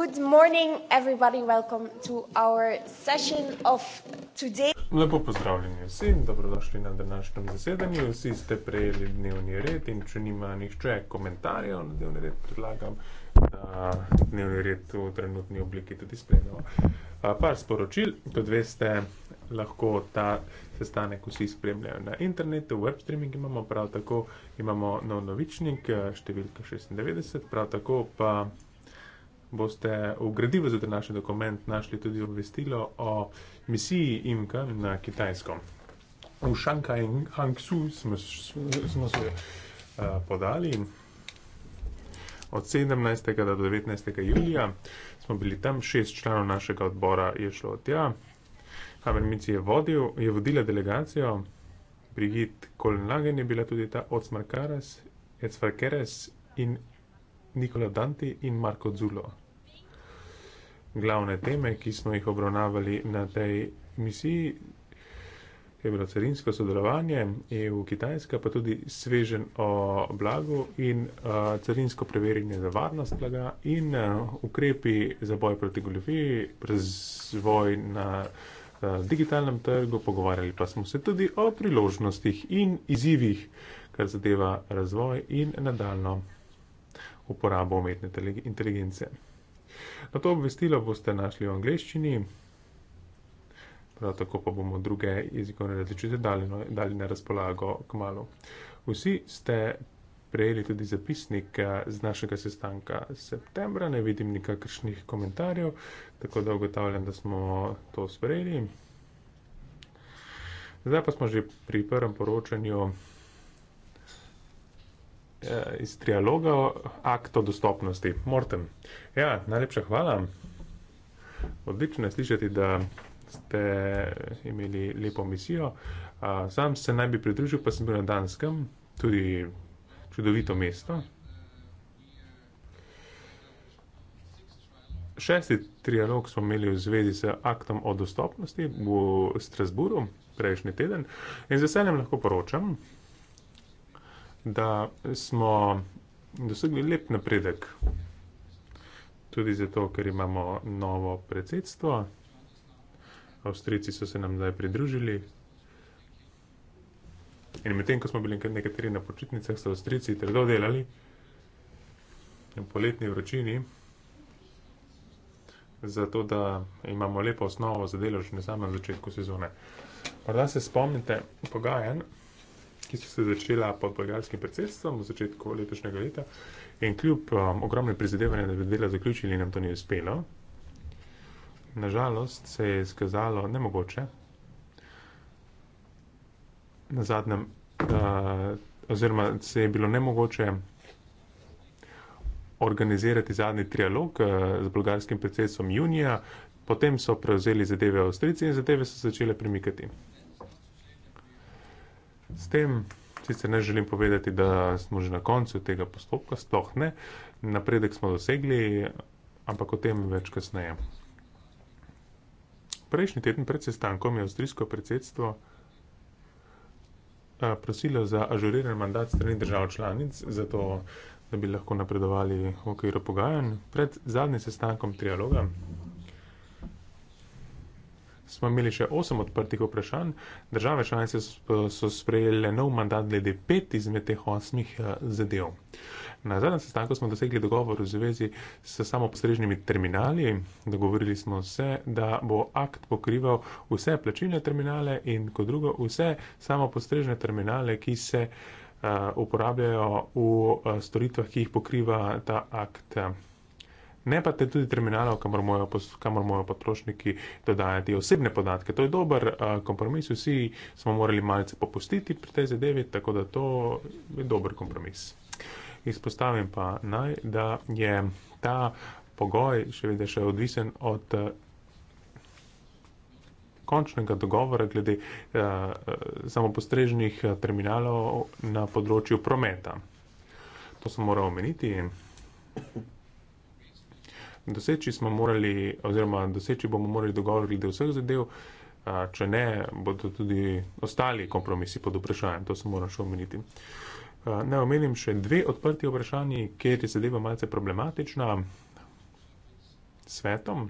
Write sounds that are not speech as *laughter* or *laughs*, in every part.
Good morning, everybody. Welcome to our session of today. Lepo pozdravljeni vsi, dobrodošli na današnjem zasedanju. Vsi ste prejeli dnevni red in če nima nihče komentarjev na dnevni red, predlagam, da dnevni red v trenutni obliki tudi spremljamo. par sporočil, kot veste, lahko ta sestanek vsi spremljajo na internetu, web streaming imamo, prav tako imamo nov novičnik, številka šestindevetdeset, prav tako pa boste v gradivu za današnji dokument našli tudi obvestilo o misiji IMK na Kitajsko. V Šanka in Hangsu smo, smo se uh, podali od 17. do 19. julija. Smo bili tam, šest članov našega odbora je šlo tja. Haver Mici je, vodil, je vodila delegacijo, Brigit Kolnagen je bila tudi ta, Otsmar Karas, Ecvar Keres in Nikola Danti in Marko Zulo glavne teme, ki smo jih obravnavali na tej misiji, je bilo carinsko sodelovanje EU-Kitajska, pa tudi svežen o blagu in uh, carinsko preverjanje za varnost blaga in uh, ukrepi za boj proti goljofiji, razvoj na uh, digitalnem trgu. Pogovarjali pa smo se tudi o priložnostih in izzivih, kar zadeva razvoj in nadaljno uporabo umetne inteligence. Na to obvestilo boste našli v angleščini, prav tako pa bomo druge jezikovne različice dali, dali na razpolago k malu. Vsi ste prejeli tudi zapisnik eh, z našega sestanka septembra, ne vidim nikakršnih komentarjev, tako da ugotavljam, da smo to sprejeli. Zdaj pa smo že pri prvem poročanju. Eh, iz trialoga akt o dostopnosti. Morten, ja, najlepša hvala. Odlično je slišati, da ste imeli lepo misijo. Sam se naj bi pridružil, pa sem bil na Danskem, tudi čudovito mesto. Šesti trialog smo imeli v zvezi s aktom o dostopnosti v Strasburu prejšnji teden in z veseljem lahko poročam, da smo dosegli lep napredek. Tudi zato, ker imamo novo predsedstvo. Avstrijci so se nam zdaj pridružili. In medtem, ko smo bili nekateri na počitnicah, so Avstrijci trdo delali v poletni vročini, zato da imamo lepo osnovo za delo že na samem začetku sezone. Morda se spomnite pogajanj ki so se začela pod bolgarskim predsedstvom v začetku letošnjega leta. In kljub um, ogromnim prizadevanjem, da bi dela zaključili, nam to ni uspelo. Nažalost se je izkazalo nemogoče. Na zadnjem, uh, oziroma se je bilo nemogoče organizirati zadnji trialog uh, z bolgarskim predsedstvom junija, potem so prevzeli zadeve Avstrici in zadeve so začele premikati. S tem sicer ne želim povedati, da smo že na koncu tega postopka, sploh ne. Napredek smo dosegli, ampak o tem več kasneje. Prejšnji teden pred sestankom je avstrijsko predsedstvo eh, prosilo za ažuriran mandat strani držav članic, zato da bi lahko napredovali v okviru pogajanj. Pred zadnjim sestankom trialoga smo imeli še osem odprtih vprašanj. Države članice so sprejele nov mandat glede pet izmed teh osmih eh, zadev. Na zadnjem sestanku smo dosegli dogovor v zvezi s samopostrežnimi terminali. Dogovorili smo se, da bo akt pokrival vse plačilne terminale in kot drugo vse samopostrežne terminale, ki se uh, uporabljajo v uh, storitvah, ki jih pokriva ta akt. Uh, ne pa te tudi terminalov, kamor morajo, kamor morajo potrošniki dodajati osebne podatke. To je dober uh, kompromis, vsi smo morali malce popustiti pri tej zadevi, tako da to je dober kompromis. Izpostavim pa naj, da je ta pogoj še vedno še odvisen od. Uh, Končnega dogovora glede uh, samopostrežnih terminalov na področju prometa. To sem moral omeniti. In... Doseči smo morali, oziroma doseči bomo morali dogovor glede vseh zadev, če ne, bodo tudi ostali kompromisi pod vprašanjem, to se moram še omeniti. Ne omenim še dve odprti vprašanji, kjer je zadeva malce problematična svetom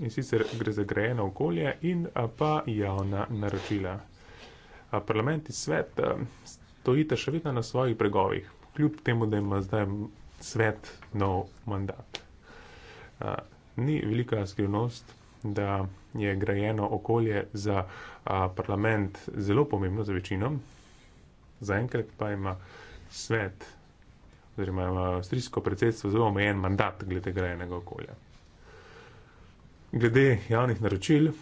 in sicer gre za grejeno okolje in pa javna naročila. Parlament in svet stojita še vedno na svojih pregovih, kljub temu, da ima zdaj svet nov mandat ni velika skrivnost, da je grajeno okolje za a, parlament zelo pomembno za večino. Zaenkrat pa ima svet oziroma ima avstrijsko predsedstvo zelo omejen mandat glede grajenega okolja. Glede javnih naročil,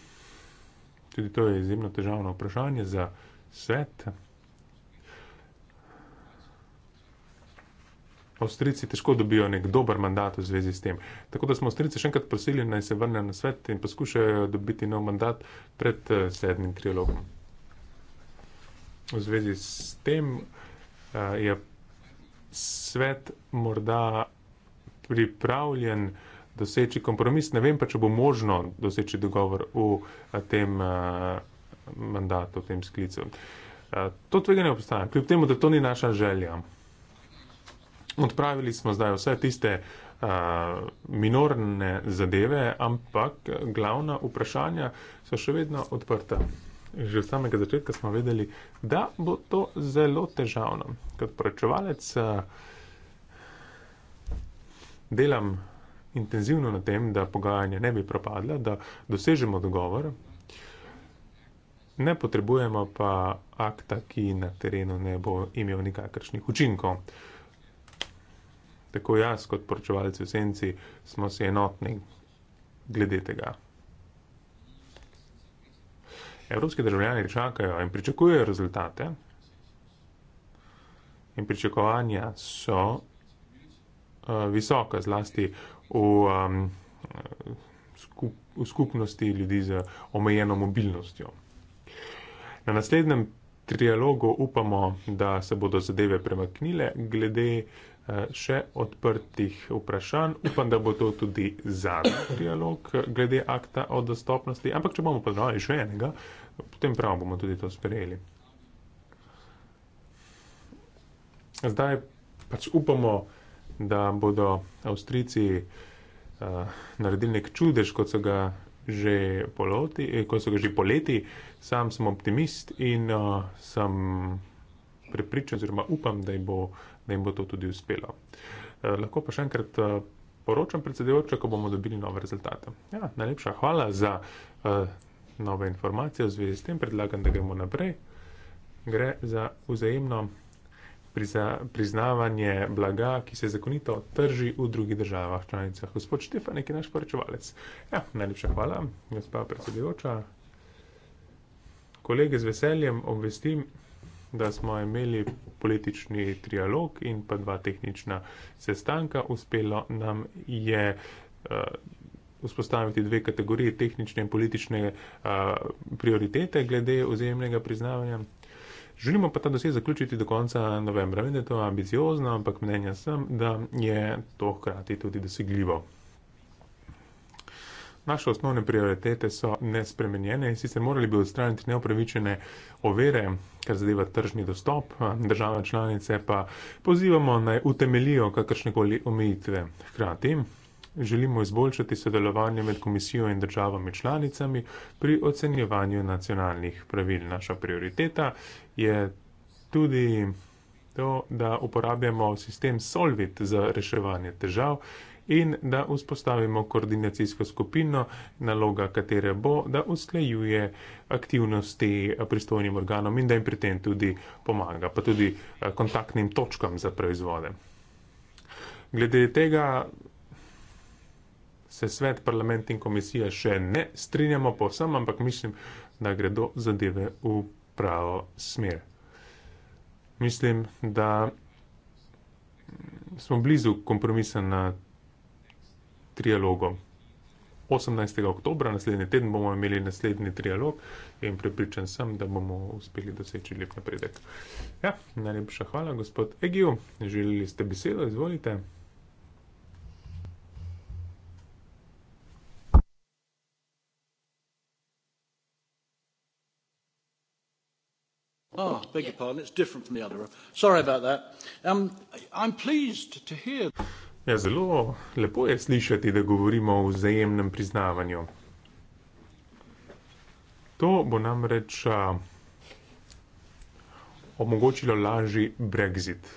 tudi to je izjemno težavno vprašanje za svet. Avstrijci težko dobijo nek dober mandat v zvezi s tem. Tako da smo Avstrijci še enkrat prosili, naj se vrne na svet in poskušajo dobiti nov mandat pred eh, sedmim trilogom. V zvezi s tem uh, je svet morda pripravljen doseči kompromis. Ne vem pa, če bo možno doseči dogovor v eh, tem uh, mandatu, v tem sklicu. Uh, to tveganje obstaja, kljub temu, da to ni naša želja. Odpravili smo zdaj vse tiste uh, minorne zadeve, ampak glavna vprašanja so še vedno odprta. Že od samega začetka smo vedeli, da bo to zelo težavno. Kot poročevalec uh, delam intenzivno na tem, da pogajanje ne bi propadla, da dosežemo dogovor. Ne potrebujemo pa akta, ki na terenu ne bo imel nikakršnih učinkov. Uh, tako jaz kot poročevalci v senci smo si enotni glede tega. Evropski državljani čakajo in pričakujejo rezultate. In pričakovanja so uh, visoka, zlasti v, um, skup, v skupnosti ljudi z omejeno mobilnostjo. Na naslednjem trialogu upamo, da se bodo zadeve premaknile glede uh, Eh, še odprtih vprašanj. Upam, da bo to tudi zadnji dialog eh, glede akta o dostopnosti, ampak če bomo podali še enega, potem prav bomo tudi to sprejeli. Zdaj pač upamo, da bodo Avstrici uh, eh, naredili nek čudež, kot so ga že, poloti, eh, kot so ga že poleti. Sam sem optimist in uh, sem prepričan, oziroma upam, da bo da jim bo to tudi uspelo. Eh, lahko pa še enkrat eh, poročam predsedujoče, ko bomo dobili nove rezultate. Ja, najlepša hvala za uh, nove informacije v zvezi s tem. Predlagam, da gremo naprej. Gre za vzajemno priza, priznavanje blaga, ki se zakonito trži v drugih državah članicah. Gospod Štefan, ki je naš poročevalec. Ja, najlepša hvala, gospa predsedujoča. Kolege z veseljem obvestim da smo imeli politični trialog in pa dva tehnična sestanka. Uspelo nam je eh, vzpostaviti dve kategorije tehnične in politične eh, prioritete glede vzajemnega priznavanja. Želimo pa ta dosež zaključiti do konca novembra. Vem, da je to ambiciozno, ampak mnenja sem, da je to hkrati tudi dosegljivo. Naše osnovne prioritete so nespremenjene in sicer morali bi odstraniti neopravičene overe, kar zadeva tržni dostop, države članice pa pozivamo naj utemelijo kakršnekoli omejitve. Hkrati želimo izboljšati sodelovanje med komisijo in državami članicami pri ocenjevanju nacionalnih pravil. Naša prioriteta je tudi to, da uporabljamo sistem Solvit za reševanje težav in da vzpostavimo koordinacijsko skupino, naloga katere bo, da usklajuje aktivnosti pristojnim organom in da jim pri tem tudi pomaga, pa tudi eh, kontaktnim točkam za proizvode. Glede tega se svet, parlament in komisija še ne strinjamo povsem, ampak mislim, da gredo zadeve v pravo smer. Mislim, da smo blizu kompromisa na trialogom. 18. oktober, naslednji teden, bomo imeli naslednji trialog in prepričan sem, da bomo uspeli doseči lep napredek. Ja, najlepša hvala, gospod Egiju. Želeli ste besedo, izvolite. Oh, beg your pardon, it's different from the other. Sorry about that. Um, I'm pleased to hear. Ja, zelo lepo je slišati, da govorimo o vzajemnem priznavanju. To bo namreč a, omogočilo lažji brexit.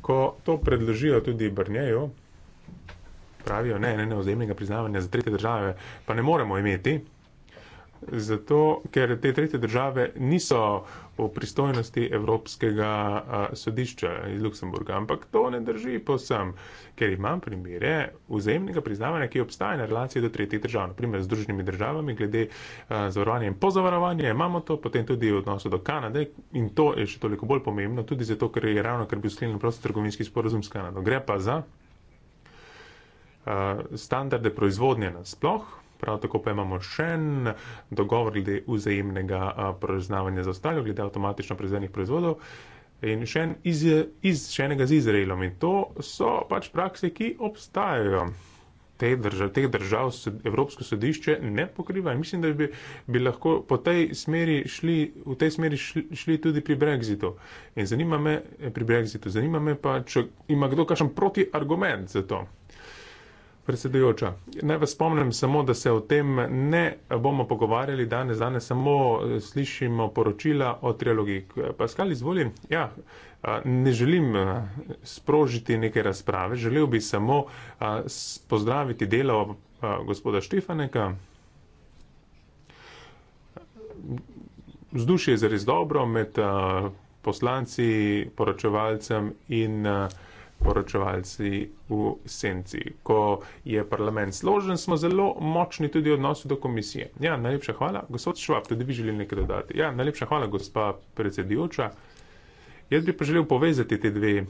Ko to predložijo tudi Brnejo, pravijo, ne, ne, ne, vzajemnega priznavanja za tretje države pa ne moremo imeti zato ker te tretje države niso v pristojnosti Evropskega sodišča iz Luksemburga. Ampak to ne drži posem, ker imam primere vzajemnega priznavanja, ki obstaja na relaciji do tretjih držav, naprimer z družnimi državami, glede zavarovanja in pozavarovanja, imamo to, potem tudi v odnosu do Kanade in to je še toliko bolj pomembno, tudi zato, ker je ravno, ker bi sklenil prosto trgovinski sporozum s Kanado. Gre pa za standarde proizvodnje nasploh. Prav tako pa imamo še en dogovor glede vzajemnega priznavanja za ostalo, glede avtomatično priznanih proizvodov in še, en iz, iz, še enega z Izraelom. In to so pač prakse, ki obstajajo. Te držav, teh držav Evropsko sodišče ne pokriva in mislim, da bi, bi lahko po tej smeri šli, v tej smeri šli, šli tudi pri Brexitu. In zanima me, pri Brexitu, zanima me pa, če ima kdo kakšen protiargument za to. Predsedujoča, naj vas spomnim samo, da se o tem ne bomo pogovarjali danes, danes samo eh, slišimo poročila o trilogiji. Paskal, izvoli. Ja, eh, ne želim eh, sprožiti neke razprave, želel bi samo pozdraviti delo gospoda Štefaneka. Vzdušje je zares dobro med poslanci, poročevalcem in poročevalci v senci. Ko je parlament složen, smo zelo močni tudi v odnosu do komisije. Ja, najlepša hvala, gospod Švab, tudi bi želeli nekaj dodati. Ja, najlepša hvala, gospa predsedujoča. Jaz bi pa želel povezati te dve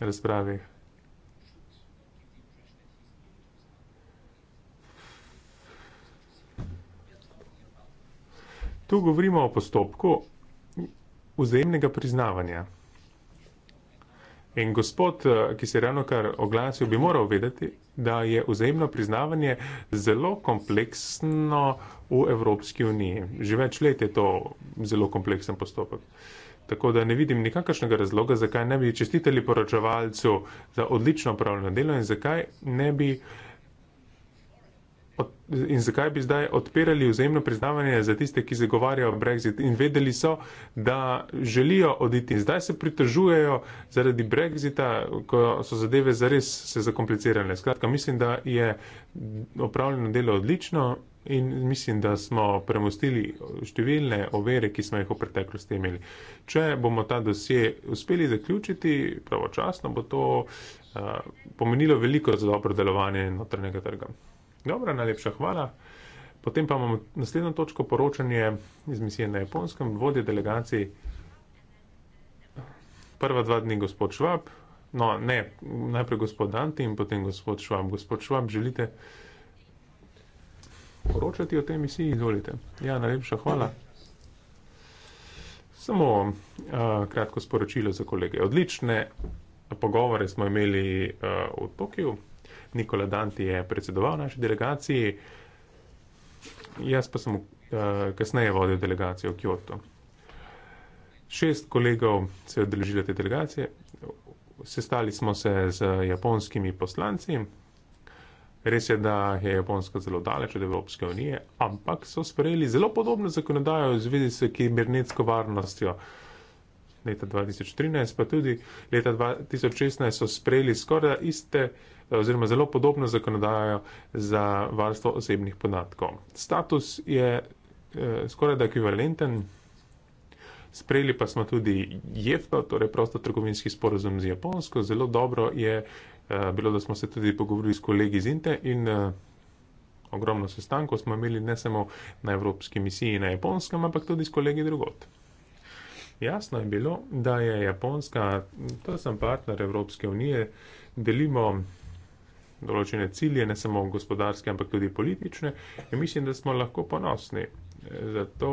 razpravi. Tu govorimo o postopku vzajemnega priznavanja. In gospod, eh, ki se je ravno kar oglasil, bi moral vedeti, da je vzajemno priznavanje zelo kompleksno v Evropski uniji. Že več let je to zelo kompleksen postopek. Tako da ne vidim nikakršnega razloga, zakaj ne bi čestiteli poročevalcu za odlično upravljeno delo in zakaj ne bi. In zakaj bi zdaj odpirali vzajemno priznavanje za tiste, ki zagovarjajo Brexit in vedeli so, da želijo oditi. Zdaj se pritožujejo zaradi Brexita, ko so zadeve zares se zakomplicirale. Skratka, mislim, da je opravljeno delo odlično in mislim, da smo premustili številne overe, ki smo jih v preteklosti imeli. Če bomo ta dosje uspeli zaključiti pravočasno, bo to uh, pomenilo veliko za dobro delovanje notranjega trga. Dobro, najlepša hvala. Potem pa imamo naslednjo točko poročanje iz misije na japonskem, vodje delegacij. Prva dva dni gospod Švab, no ne, najprej gospod Danti in potem gospod Švab. Gospod Švab, želite poročati o tej misiji? Izvolite. Ja, najlepša hvala. Samo a, kratko sporočilo za kolege. Odlične pogovore smo imeli a, v Tokiju. Nikola Danti je predsedoval naši delegaciji, jaz pa sem uh, kasneje vodil delegacijo v Kyoto. Šest kolegov se je odeležilo te delegacije, sestali smo se z japonskimi poslanci. Res je, da je Japonska zelo daleč od Evropske unije, ampak so sprejeli zelo podobno zakonodajo v zvezi s kibernetsko varnostjo. Uh, leta 2013, pa tudi leta 2016 so sprejeli skoraj iste oziroma zelo podobno zakonodajo za varstvo osebnih podatkov. Status je eh, skoraj da ekvivalenten, sprejeli pa smo tudi JEFTO, torej prosto trgovinski sporozum z Japonsko. Zelo dobro je eh, bilo, da smo se tudi pogovorili s kolegi iz Inte in eh, Ogromno sestankov smo imeli ne samo na Evropski misiji na Japonskem, ampak tudi s kolegi drugot. Jasno je bilo, da je Japonska, to sem partner Evropske unije, delimo določene cilje, ne samo gospodarske, ampak tudi politične in mislim, da smo lahko ponosni. Eh, zato,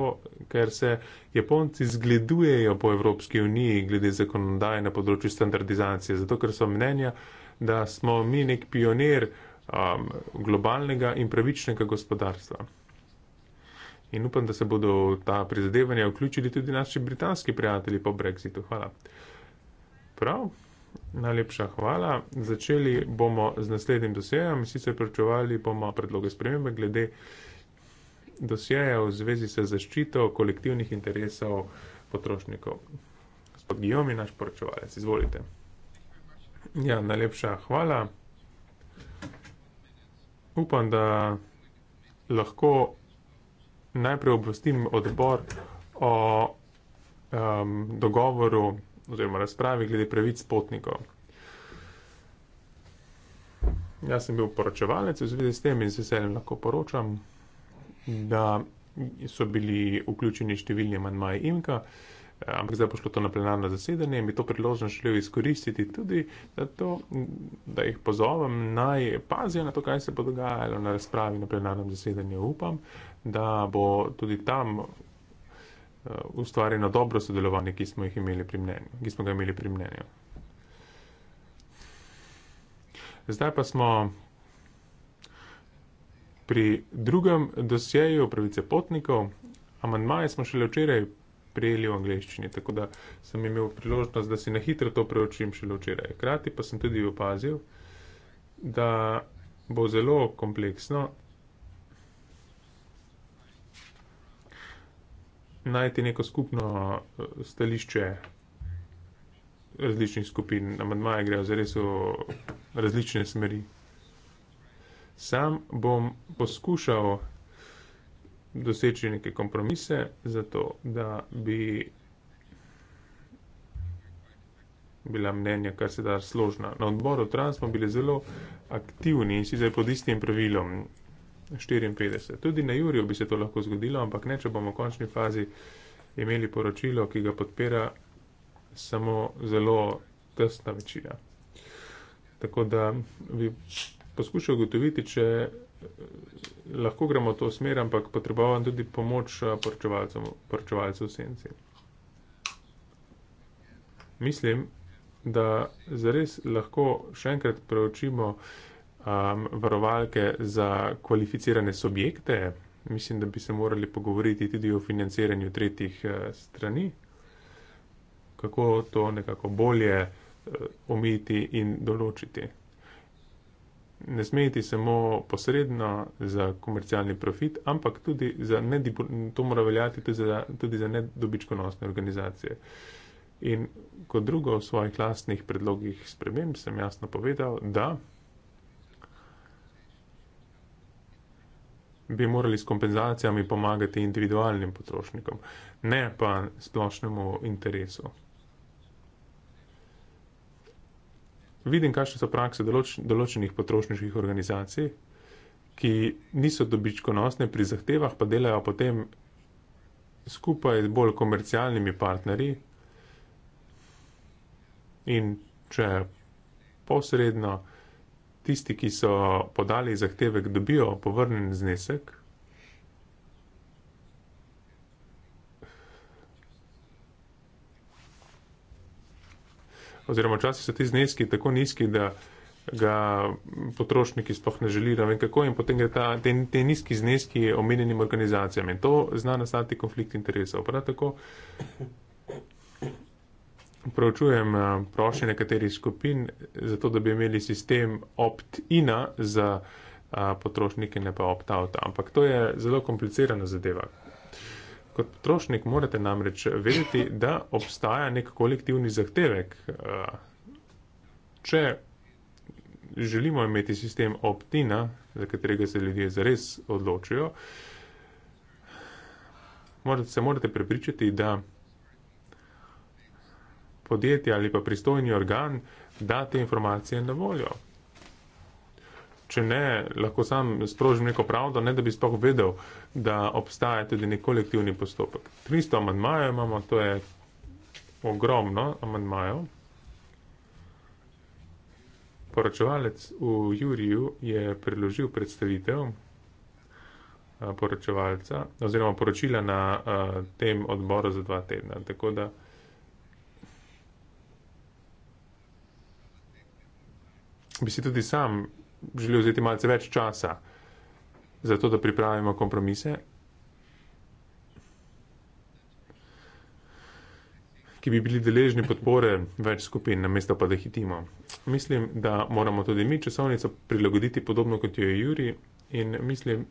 ker se Japonci zgledujejo po Evropski uniji glede zakonodaje na področju standardizacije, zato ker so mnenja, da smo mi nek pionir um, globalnega in pravičnega gospodarstva in upam, da se bodo ta prizadevanja vključili tudi naši britanski prijatelji po Brexitu. Hvala. Prav, najlepša hvala. Začeli bomo z naslednjim dosejem, sicer pričovali bomo predloge spremembe glede dosjeja v zvezi se zaščito kolektivnih interesov potrošnikov. Gospod Gijom je naš poročevalec, izvolite. Ja, najlepša hvala. Upam, da lahko najprej obvestim odbor o um, dogovoru oziroma razpravi glede pravic potnikov. Jaz sem bil poročevalec v zvezi s tem in z veseljem lahko poročam, da so bili vključeni številni manjmaji imka. Uh, Eh, ampak zdaj pošlo to na plenarno zasedanje in bi to priložnost želel izkoristiti tudi za to, da jih pozovem naj pazijo na to, kaj se bo dogajalo na razpravi na plenarnem zasedanju. Upam, da bo tudi tam eh, ustvarjeno dobro sodelovanje, ki smo, mnenju, ki smo ga imeli pri mnenju. Zdaj pa smo pri drugem dosjeju pravice potnikov. Amandmaje smo šele včeraj prijeli v angleščini. Tako da sem imel priložnost, da si na hitro to preučim šele včeraj. Hkrati pa sem tudi opazil, da bo zelo kompleksno najti neko skupno eh, stališče različnih skupin. Amadmaje grejo zares v različne smeri. Sam bom poskušal doseči neke kompromise, zato da bi bila mnenja, kar se da složna. Na odboru trans smo bili zelo aktivni in si zdaj pod istim pravilom 54. Tudi na Juriju bi se to lahko zgodilo, ampak ne, če bomo v končni fazi imeli poročilo, ki ga podpira samo zelo tesna večina. Tako da bi poskušal ugotoviti, če lahko gremo v to smer, ampak potrebujem tudi pomoč eh, poročevalcev v senci. Mislim, da zares lahko še enkrat preučimo um, varovalke za kvalificirane subjekte. Mislim, da bi se morali pogovoriti tudi o financiranju tretjih uh, strani, kako to nekako bolje uh, eh, omiti in določiti ne smejiti samo posredno za komercialni profit, ampak tudi za to mora veljati tudi za, tudi za nedobičkonosne organizacije. In kot drugo v svojih lastnih predlogih sprememb sem jasno povedal, da bi morali s kompenzacijami pomagati individualnim potrošnikom, ne pa splošnemu interesu. vidim, kakšne so prakse določ, določenih potrošniških organizacij, ki niso dobičkonosne pri zahtevah, pa delajo potem skupaj z bolj komercialnimi partnerji in če posredno tisti, ki so podali zahtevek, dobijo povrnen znesek. oziroma včasih so ti zneski tako nizki, da ga potrošniki sploh ne želijo, ne vem kako, in potem gre ta, te, te nizki zneski omenjenim organizacijam in to zna nastati konflikt interesov. Prav tako pravčujem eh, prošnje nekaterih skupin za to, da bi imeli sistem opt-ina za a, eh, potrošnike, ne pa opt-out. Ampak to je zelo komplicirana zadeva. Kot potrošnik morate namreč vedeti, da obstaja nek kolektivni zahtevek. Eh, če želimo imeti sistem optina, za katerega se ljudje zares odločijo, se morate prepričati, da podjetje ali pa pristojni organ da te informacije na voljo če ne, lahko sam sprožim neko pravdo, ne da bi sploh vedel, da obstaja tudi nek kolektivni postopek. 300 amantmajev imamo, to je ogromno amantmajev. Poročevalec v Juriju je priložil predstavitev eh, poročevalca oziroma poročila na eh, tem odboru za dva tedna. Tako da bi si tudi sam želel vzeti malce več časa za to, da pripravimo kompromise, ki bi bili deležni podpore več skupin, namesto pa da hitimo. Mislim, da moramo tudi mi časovnico prilagoditi podobno kot jo je Juri in mislim,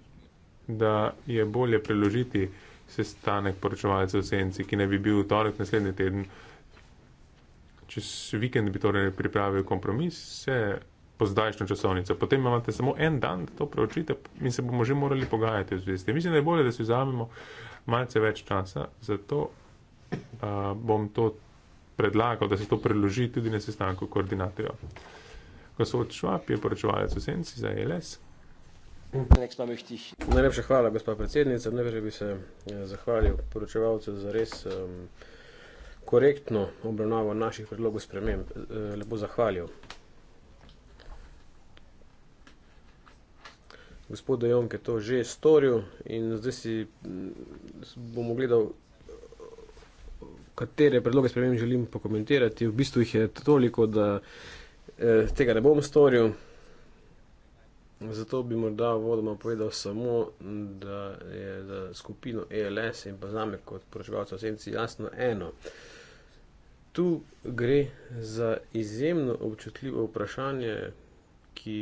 da je bolje preložiti sestanek poročevalcev v senci, ki ne bi bil v torek naslednji teden. Čez vikend bi torej pripravil kompromis, se po zdajšnjo časovnico. Potem imate samo en dan, da to preučite in se bomo že morali pogajati v zvezi s tem. Mislim, da je bolje, da si vzamemo malce več časa, zato uh, bom to predlagal, da se to preloži tudi na sestanku koordinatorja. Gospod Švab je poročevalec v Senci za ELS. Najlepša hvala, gospa predsednica. Najprej bi se eh, zahvalil poročevalcu za res um, korektno obravnavo naših predlogov sprememb. Eh, lepo zahvalil. gospod Dejong je to že storil in zdaj si mm, bomo gledal, katere predloge spremem želim pokomentirati. V bistvu jih je toliko, da eh, tega ne bom storil. Zato bi morda vodoma povedal samo, da je za skupino ELS in pa zame kot poročevalca senci jasno eno. Tu gre za izjemno občutljivo vprašanje, ki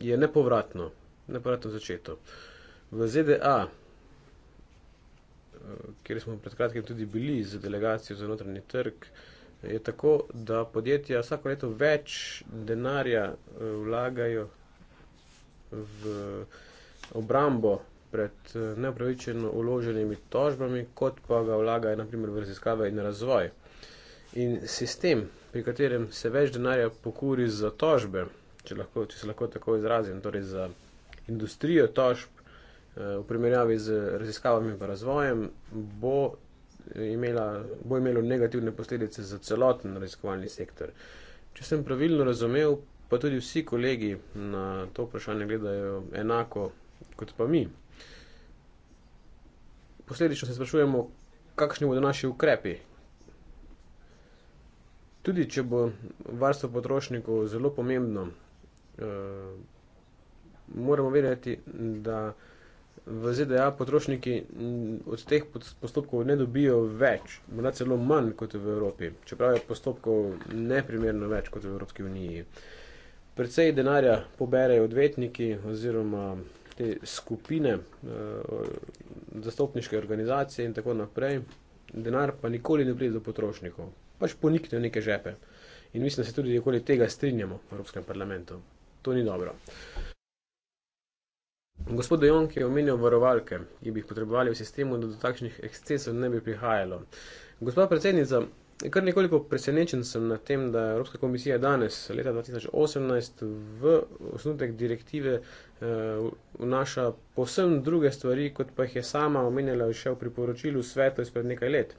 je nepovratno, nepovratno začeto. V ZDA, eh, kjer smo pred kratkim tudi bili z delegacijo za notranji trg, je tako, da podjetja vsako leto več denarja eh, vlagajo v obrambo pred eh, neupravičeno uloženimi tožbami, kot pa ga vlagajo naprimer v raziskave in razvoj. In sistem, pri katerem se več denarja pokuri za tožbe, če, lahko, če se lahko tako izrazim, torej za industrijo tožb eh, v primerjavi z raziskavami in razvojem, bo, imela, bo imelo negativne posledice za celoten raziskovalni sektor. Če sem pravilno razumel, pa tudi vsi kolegi na to vprašanje gledajo enako kot pa mi. Posledično se sprašujemo, kakšni bodo naši ukrepi. Tudi, če bo varstvo potrošnikov zelo pomembno Eh, moramo vedeti, da v ZDA potrošniki mm, od teh postopkov ne dobijo več, morda celo manj kot v Evropi, čeprav je postopkov neprimerno več kot v Evropski uniji. Predvsej denarja poberejo odvetniki oziroma te skupine, eh, zastopniške organizacije in tako naprej. Denar pa nikoli ne pride do potrošnikov, pač ponikne v neke žepe. In mislim, da se tudi okoli tega strinjamo v Evropskem parlamentu to ni dobro. Gospod Dejonk je omenil varovalke, ki bi jih potrebovali v sistemu, da do takšnih ekscesov ne bi prihajalo. Gospod predsednica, kar nekoliko presenečen sem na tem, da Evropska komisija danes, leta 2018, v osnutek direktive eh, vnaša posem druge stvari, kot pa jih je sama omenjala še v priporočilu svetu izpred nekaj let.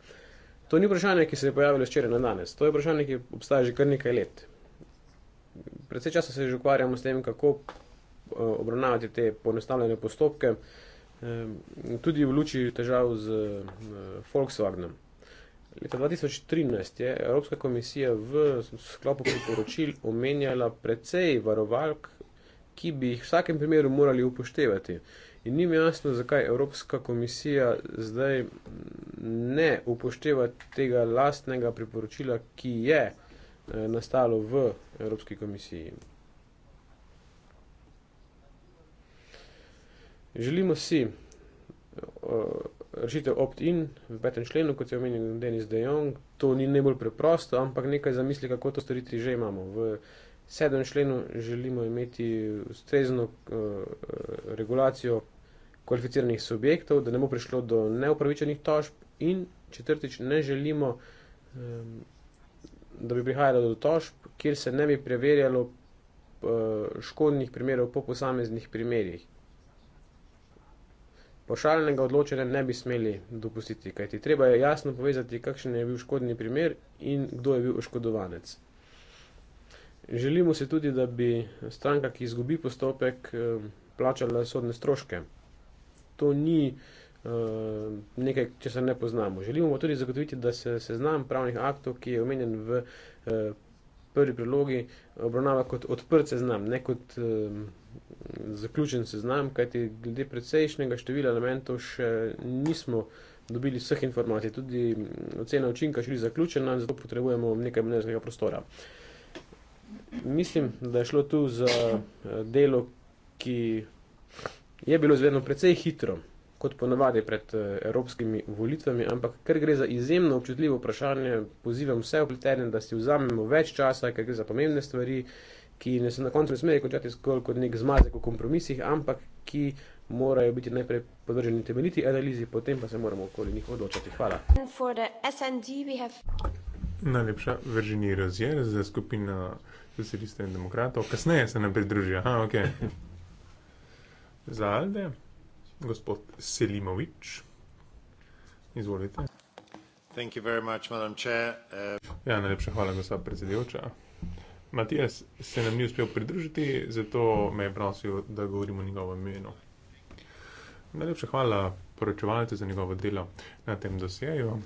To ni vprašanje, ki se je pojavilo včeraj na danes, to je vprašanje, ki obstaja že kar nekaj let. Predvsej časa se že ukvarjamo s tem, kako eh, obravnavati te poenostavljene postopke, eh, tudi v luči težav z eh, Volkswagenom. Leta 2013 je Evropska komisija v sklopu priporočil omenjala precej varovalk, ki bi jih v vsakem primeru morali upoštevati. In ni mi jasno, zakaj Evropska komisija zdaj ne upošteva tega lastnega priporočila, ki je Eh, nastalo v Evropski komisiji. Želimo si eh, rešitev opt-in v petem členu, kot je omenil Denis De Jong. To ni najbolj preprosto, ampak nekaj za misli, kako to storiti že imamo. V sedmem členu želimo imeti ustrezno eh, regulacijo kvalificiranih subjektov, da ne bo prišlo do neupravičenih tožb in četrtič ne želimo da bi prihajalo do tožb, kjer se ne bi preverjalo eh, škodnih primerov po posameznih primerjih. Pošaljenega odločenja ne bi smeli dopustiti, kajti treba je jasno povezati, kakšen je bil škodni primer in kdo je bil oškodovanec. Želimo se tudi, da bi stranka, ki izgubi postopek, eh, plačala sodne stroške. To ni eh, Eh, nekaj, če se ne poznamo. Želimo tudi zagotoviti, da se seznam pravnih aktov, ki je omenjen v eh, prvi prilogi, obravnava kot odprt seznam, ne kot eh, zaključen seznam, kajti glede precejšnjega števila elementov še nismo dobili vseh informacij, tudi mm, ocena učinka še ni zaključena in zato potrebujemo nekaj mnenjskega prostora. Mislim, da je šlo tu za delo, ki je bilo izvedeno precej hitro kot ponavadi pred eh, evropskimi volitvami, ampak ker gre za izjemno občutljivo vprašanje, pozivam vse vpletene, da si vzamemo več časa, ker gre za pomembne stvari, ki ne se na koncu ne smejo končati zgolj kot nek zmazek v kompromisih, ampak ki morajo biti najprej podvrženi temeljiti analizi, potem pa se moramo okoli njih odločati. Hvala. Najlepša Virginia Rozier za skupino socialistov in demokratov. Kasneje se nam pridružijo. Aha, ok. *laughs* Za Alde? gospod Selimovič. Izvolite. Much, uh... ja, najlepša hvala, gospod predsedujoča. Matijas se nam ni uspel pridružiti, zato me je prosil, da govorimo o njegovem imenu. Najlepša hvala poročevalcu za njegovo delo na tem dosjeju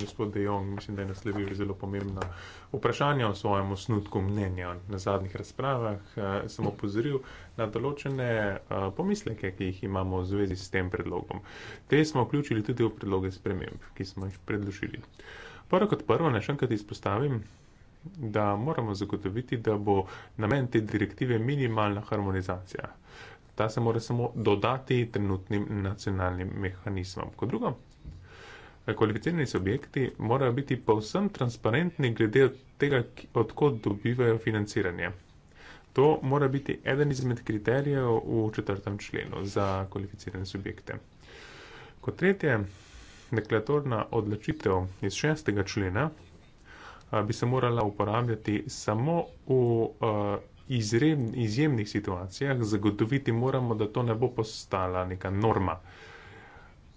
gospod De Jong, mislim, da je naslovil zelo pomembna vprašanja o svojem osnutku mnenja na zadnjih razpravah, eh, sem opozoril na določene eh, pomisleke, ki jih imamo v zvezi s tem predlogom. Te smo vključili tudi v predloge sprememb, ki smo jih predložili. Prvo kot prvo, naj še enkrat izpostavim, da moramo zagotoviti, da bo namen te direktive minimalna harmonizacija. Ta se mora samo dodati trenutnim nacionalnim mehanizmom. Kot drugo, kvalificirani subjekti morajo biti povsem transparentni glede od tega, odkot dobivajo financiranje. To mora biti eden izmed kriterijev v četrtem členu za kvalificirane subjekte. Kot tretje, deklaratorna odločitev iz šestega člena bi se morala uporabljati samo v izjemnih situacijah, zagotoviti moramo, da to ne bo postala neka norma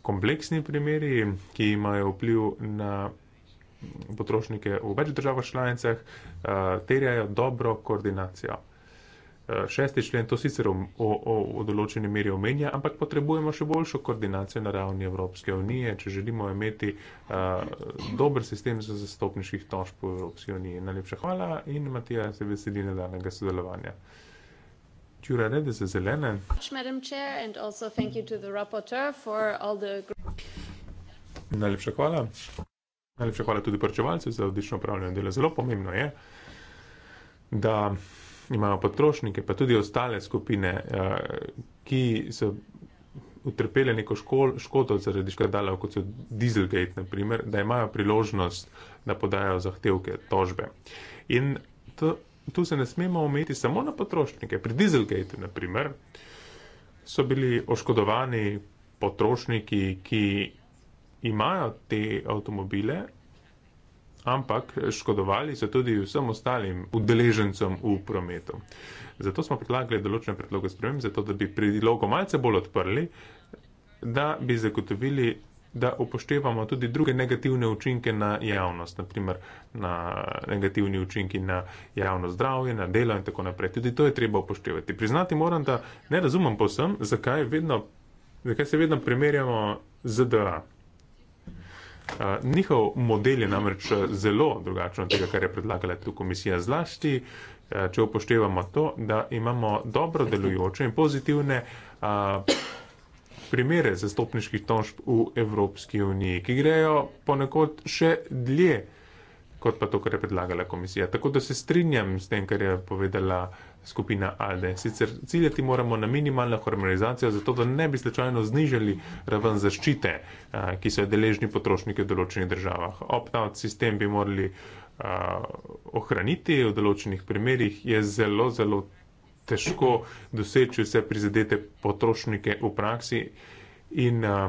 kompleksni primeri, ki imajo vpliv na potrošnike v več državah članicah, eh, terjajo dobro koordinacijo. Eh, šesti člen to sicer v določeni meri omenja, ampak potrebujemo še boljšo koordinacijo na ravni Evropske unije, če želimo imeti uh, dober sistem za zastopniških tožb v Evropski uniji. Najlepša hvala in Matija se veseli nadaljnega sodelovanja. Tura Redes, Zelene. Najlepša hvala. Najlepša hvala tudi prečevalcem za odlično upravljanje dela. Zelo pomembno je, da imamo potrošnike, pa tudi ostale skupine, eh, ki so utrpele neko škol, škoto zaradi škandalov, kot so Dieselgate, naprimer, da imajo priložnost, da podajo zahtevke, tožbe. In to tu se ne smemo omejiti samo na potrošnike. Pri Dieselgate, naprimer, so bili oškodovani potrošniki, ki imajo te avtomobile, ampak škodovali so tudi vsem ostalim udeležencem v prometu. Zato smo predlagali določene predloge sprememb, zato da bi predlogo malce bolj odprli, da bi zagotovili da upoštevamo tudi druge negativne učinke na javnost, naprimer na negativni učinki na javno zdravje, na delo in tako naprej. Tudi to je treba upoštevati. Priznati moram, da ne razumem posem, zakaj, vedno, zakaj se vedno primerjamo z DA. Uh, njihov model je namreč zelo drugačen od tega, kar je predlagala tu komisija zlasti, uh, če upoštevamo to, da imamo dobro delujoče in pozitivne uh, primere zastopniških tožb v Evropski uniji, ki grejo ponekod še dlje kot pa to, kar je predlagala komisija. Tako da se strinjam s tem, kar je povedala skupina Alde. Sicer ciljati moramo na minimalno hormonizacijo, zato da ne bi slečajno znižali raven zaščite, ki so deležni potrošniki v določenih državah. Opt-out sistem bi morali uh, ohraniti v določenih primerjih, je zelo, zelo težko doseči vse prizadete potrošnike v praksi in uh,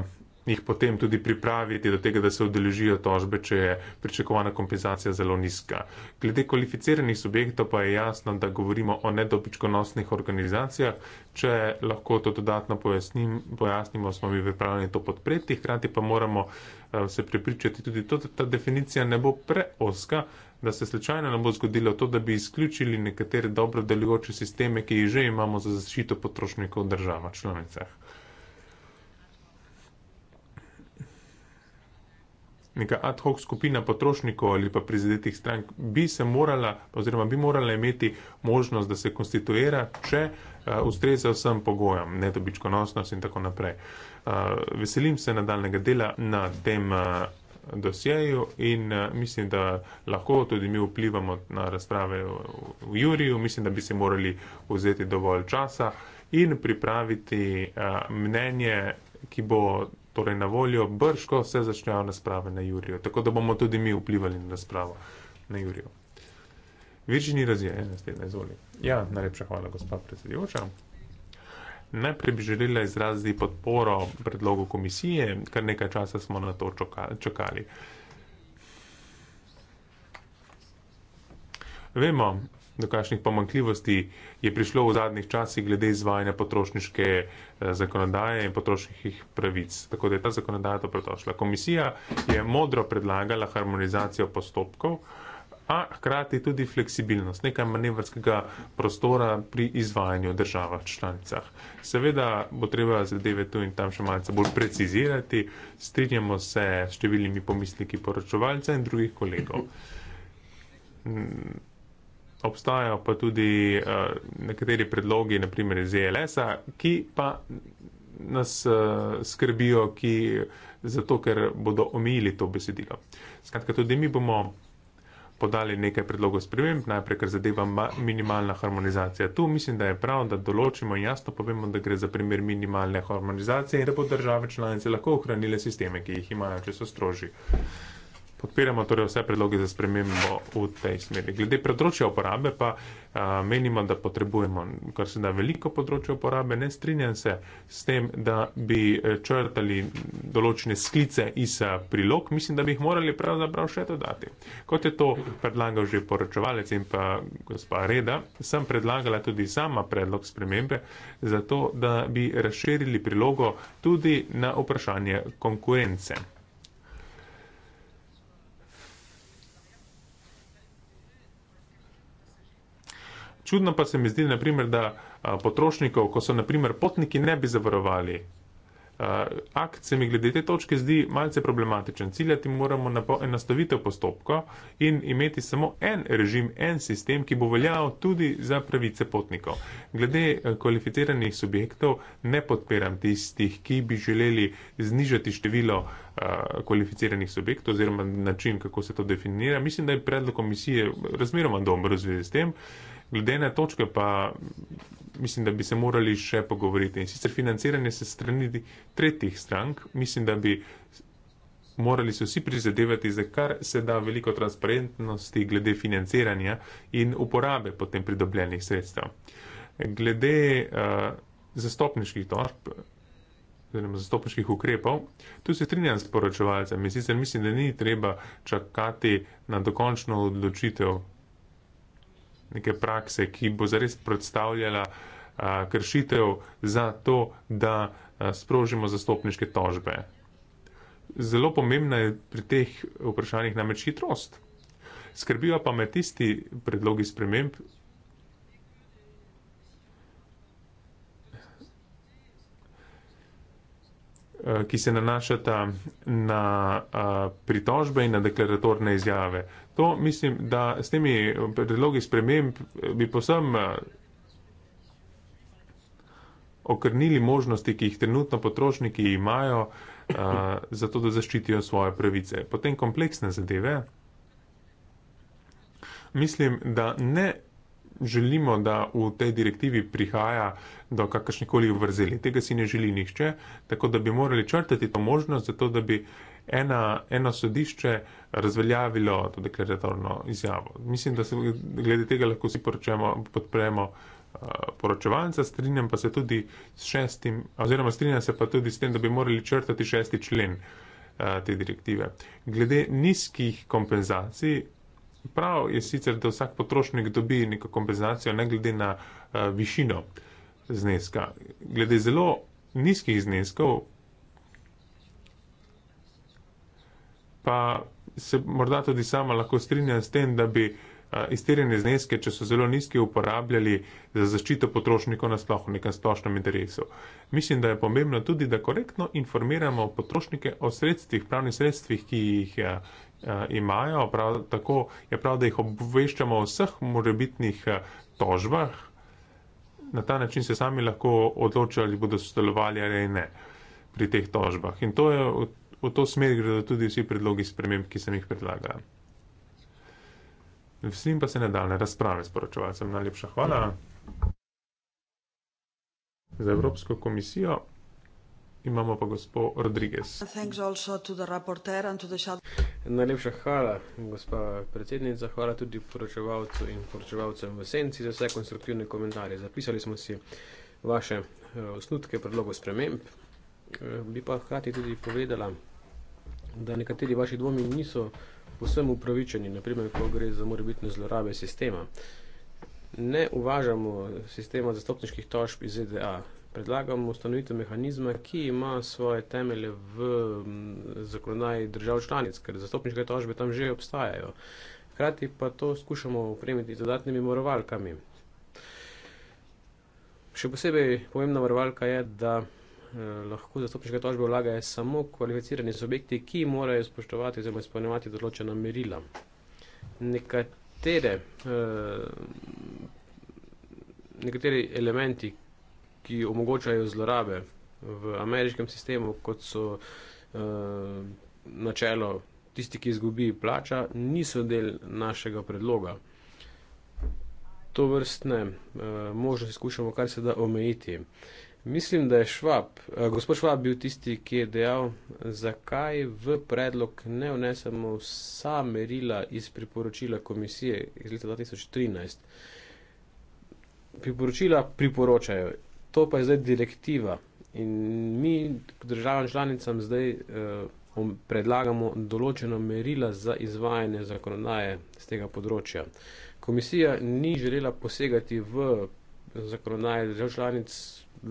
jih potem tudi pripraviti do tega, da se odeležijo tožbe, če je pričakovana kompenzacija zelo nizka. Glede kvalificiranih subjektov pa je jasno, da govorimo o nedobičkonosnih organizacijah. Če lahko to dodatno pojasnim, pojasnimo, smo mi pripravljeni to podpreti, hkrati pa moramo uh, se pripričati tudi to, da ta definicija ne bo preoska, da se slučajno ne bo zgodilo to, da bi izključili nekatere dobro delujoče sisteme, ki jih že imamo za zaščito potrošnikov v državah članicah. Neka ad hoc skupina potrošnikov ali pa prizadetih strank bi se morala oziroma bi morala imeti možnost, da se konstituira, če uh, ustreza vsem pogojem, ne dobičkonosnost in tako naprej. Uh, veselim se nadaljnega dela na tem. Uh, dosjeju in eh, mislim, da lahko tudi mi vplivamo na razprave v Juriju. Mislim, da bi si morali vzeti dovolj časa in pripraviti eh, mnenje, ki bo torej na voljo brško, se začnejo razprave na Juriju. Tako da bomo tudi mi vplivali na razpravo na Juriju. Virginia Razija, ena stedna izvoli. Ja, najlepša hvala, gospod predsedujoča. Najprej bi želela izraziti podporo predlogu komisije, kar nekaj časa smo na to čakali. Vemo, do kakšnih pomankljivosti je prišlo v zadnjih časih glede izvajanja potrošniške eh, zakonodaje in potrošniških pravic. Tako da je ta zakonodaja dobrodošla. Komisija je modro predlagala harmonizacijo postopkov a hkrati tudi fleksibilnost, nekaj manevrskega prostora pri izvajanju država v članicah. Seveda bo treba zadeve tu in tam še malce bolj precizirati, strinjamo se s številnimi pomisliki poročevalca in drugih kolegov. Obstajajo pa tudi uh, nekateri predlogi, naprimer iz ELS-a, ki pa nas uh, skrbijo, ki zato, ker bodo omejili to besedilo. Skratka, tudi mi bomo podali nekaj predlogov sprememb, najprej, ker zadeva minimalna harmonizacija. Tu mislim, da je prav, da določimo in jasno povemo, da gre za primer minimalne harmonizacije in da bo države članice lahko ohranile sisteme, ki jih imajo, če so strožji. Podpiramo torej vse predloge za spremembo v tej smeri. Glede področja uporabe pa a, menimo, da potrebujemo kar se da veliko področje uporabe. Ne strinjam se s tem, da bi e, črtali določene sklice iz prilog. Mislim, da bi jih morali pravzaprav še dodati. Kot je to predlagal že poročevalec in pa gospa Reda, sem predlagala tudi sama predlog spremembe za to, da bi razširili prilogo tudi na vprašanje konkurence. Čudno pa se mi zdi, naprimer, da a, potrošnikov, ko so naprimer potniki, ne bi zavarovali. Uh, akt se mi glede te točke zdi malce problematičen. Ciljati moramo na enostavitev postopka in imeti samo en režim, en sistem, ki bo veljal tudi za pravice potnikov. Glede kvalificiranih subjektov ne podpiram tistih, ki bi želeli znižati število uh, kvalificiranih subjektov oziroma način, kako se to definira. Mislim, da je predlog komisije razmeroma dobro v zvezi s tem. Uh, Glede na točke pa mislim, da bi se morali še pogovoriti. In sicer financiranje se strani tretjih strank, mislim, da bi morali se vsi prizadevati za kar se da veliko transparentnosti glede financiranja in uporabe potem pridobljenih sredstev. Glede uh, zastopniških torb. Oziroma, zastopniških ukrepov. Tu se strinjam s poročevalcem, in sicer mislim, da ni treba čakati na dokončno odločitev neke prakse, ki bo zares predstavljala a, kršitev za to, da a, sprožimo zastopniške tožbe. Zelo pomembna je pri teh vprašanjih namreč hitrost. Skrbijo pa me tisti predlogi sprememb, ki se nanašata na a, pritožbe in na deklaratorne izjave to mislim, da s temi eh, predlogi sprememb eh, bi posem eh, okrnili možnosti, ki jih trenutno potrošniki imajo, uh, zato da zaščitijo svoje pravice. Potem kompleksne zadeve. Mislim, da ne želimo, da v tej direktivi prihaja do kakršnekoli vrzeli. Tega si ne želi nihče, tako da bi morali črtati to možnost, zato da bi. Uh, ena, eno sodišče razveljavilo to deklaratorno izjavo. Mislim, da se glede tega lahko vsi podpremo eh, poročevalca, strinjam pa se tudi s šestim, oziroma strinjam se pa tudi s tem, da bi morali črtati šesti člen eh, te direktive. Glede nizkih kompenzacij, prav je sicer, da vsak potrošnik dobi neko kompenzacijo, ne glede na eh, višino zneska. Glede zelo nizkih zneskov, pa se morda tudi sama lahko strinjam s tem, da bi izterjene zneske, če so zelo nizke, uporabljali za zaščito potrošnikov na splošno, v nekem splošnem interesu. Mislim, da je pomembno tudi, da korektno informiramo potrošnike o sredstvih, pravnih sredstvih, ki jih a, a, imajo, prav, tako je prav, da jih obveščamo o vseh morebitnih tožbah, na ta način se sami lahko odločajo, ali bodo sodelovali ali ne pri teh tožbah. In to je v to smer gre tudi vsi predlogi sprememb, ki sem jih predlagala. Veselim pa se nadaljne razprave s poročevalcem. Najlepša hvala. Za Evropsko komisijo imamo pa gospod Rodriguez. Najlepša hvala, gospa predsednica. Hvala tudi poročevalcu in poročevalcem v senci za vse konstruktivne komentarje. Zapisali smo si vaše eh, osnutke predlogov sprememb. Eh, bi pa hkrati tudi povedala, da nekateri vaši dvomi niso posebno upravičeni, naprimer, ko gre za morebitne zlorabe sistema. Ne uvažamo sistema zastopniških tožb iz ZDA. Predlagamo ustanovitev mehanizma, ki ima svoje temelje v zakonodaji držav članic, ker zastopniške tožbe tam že obstajajo. Hkrati pa to skušamo upremiti z dodatnimi moravalkami. Še posebej pomembna moravalka je, da Eh, lahko zastopniške tožbe vlagajo samo kvalificirani subjekti, ki morajo spoštovati oziroma izpolnjevati določena merila. Nekatere, eh, nekateri elementi, ki omogočajo zlorabe v ameriškem sistemu, kot so eh, načelo tisti, ki izgubi plača, niso del našega predloga. To vrstne eh, možnosti skušamo kar se da omejiti. Eh, Mislim, da je Švab, eh, gospod Švab bil tisti, ki je dejal, zakaj v predlog ne vnesemo vsa merila iz priporočila komisije iz leta 2013. Priporočila priporočajo, to pa je zdaj direktiva in mi državam članicam zdaj eh, predlagamo določeno merila za izvajanje zakonodaje z tega področja. Komisija ni želela posegati v zakonodaje držav članic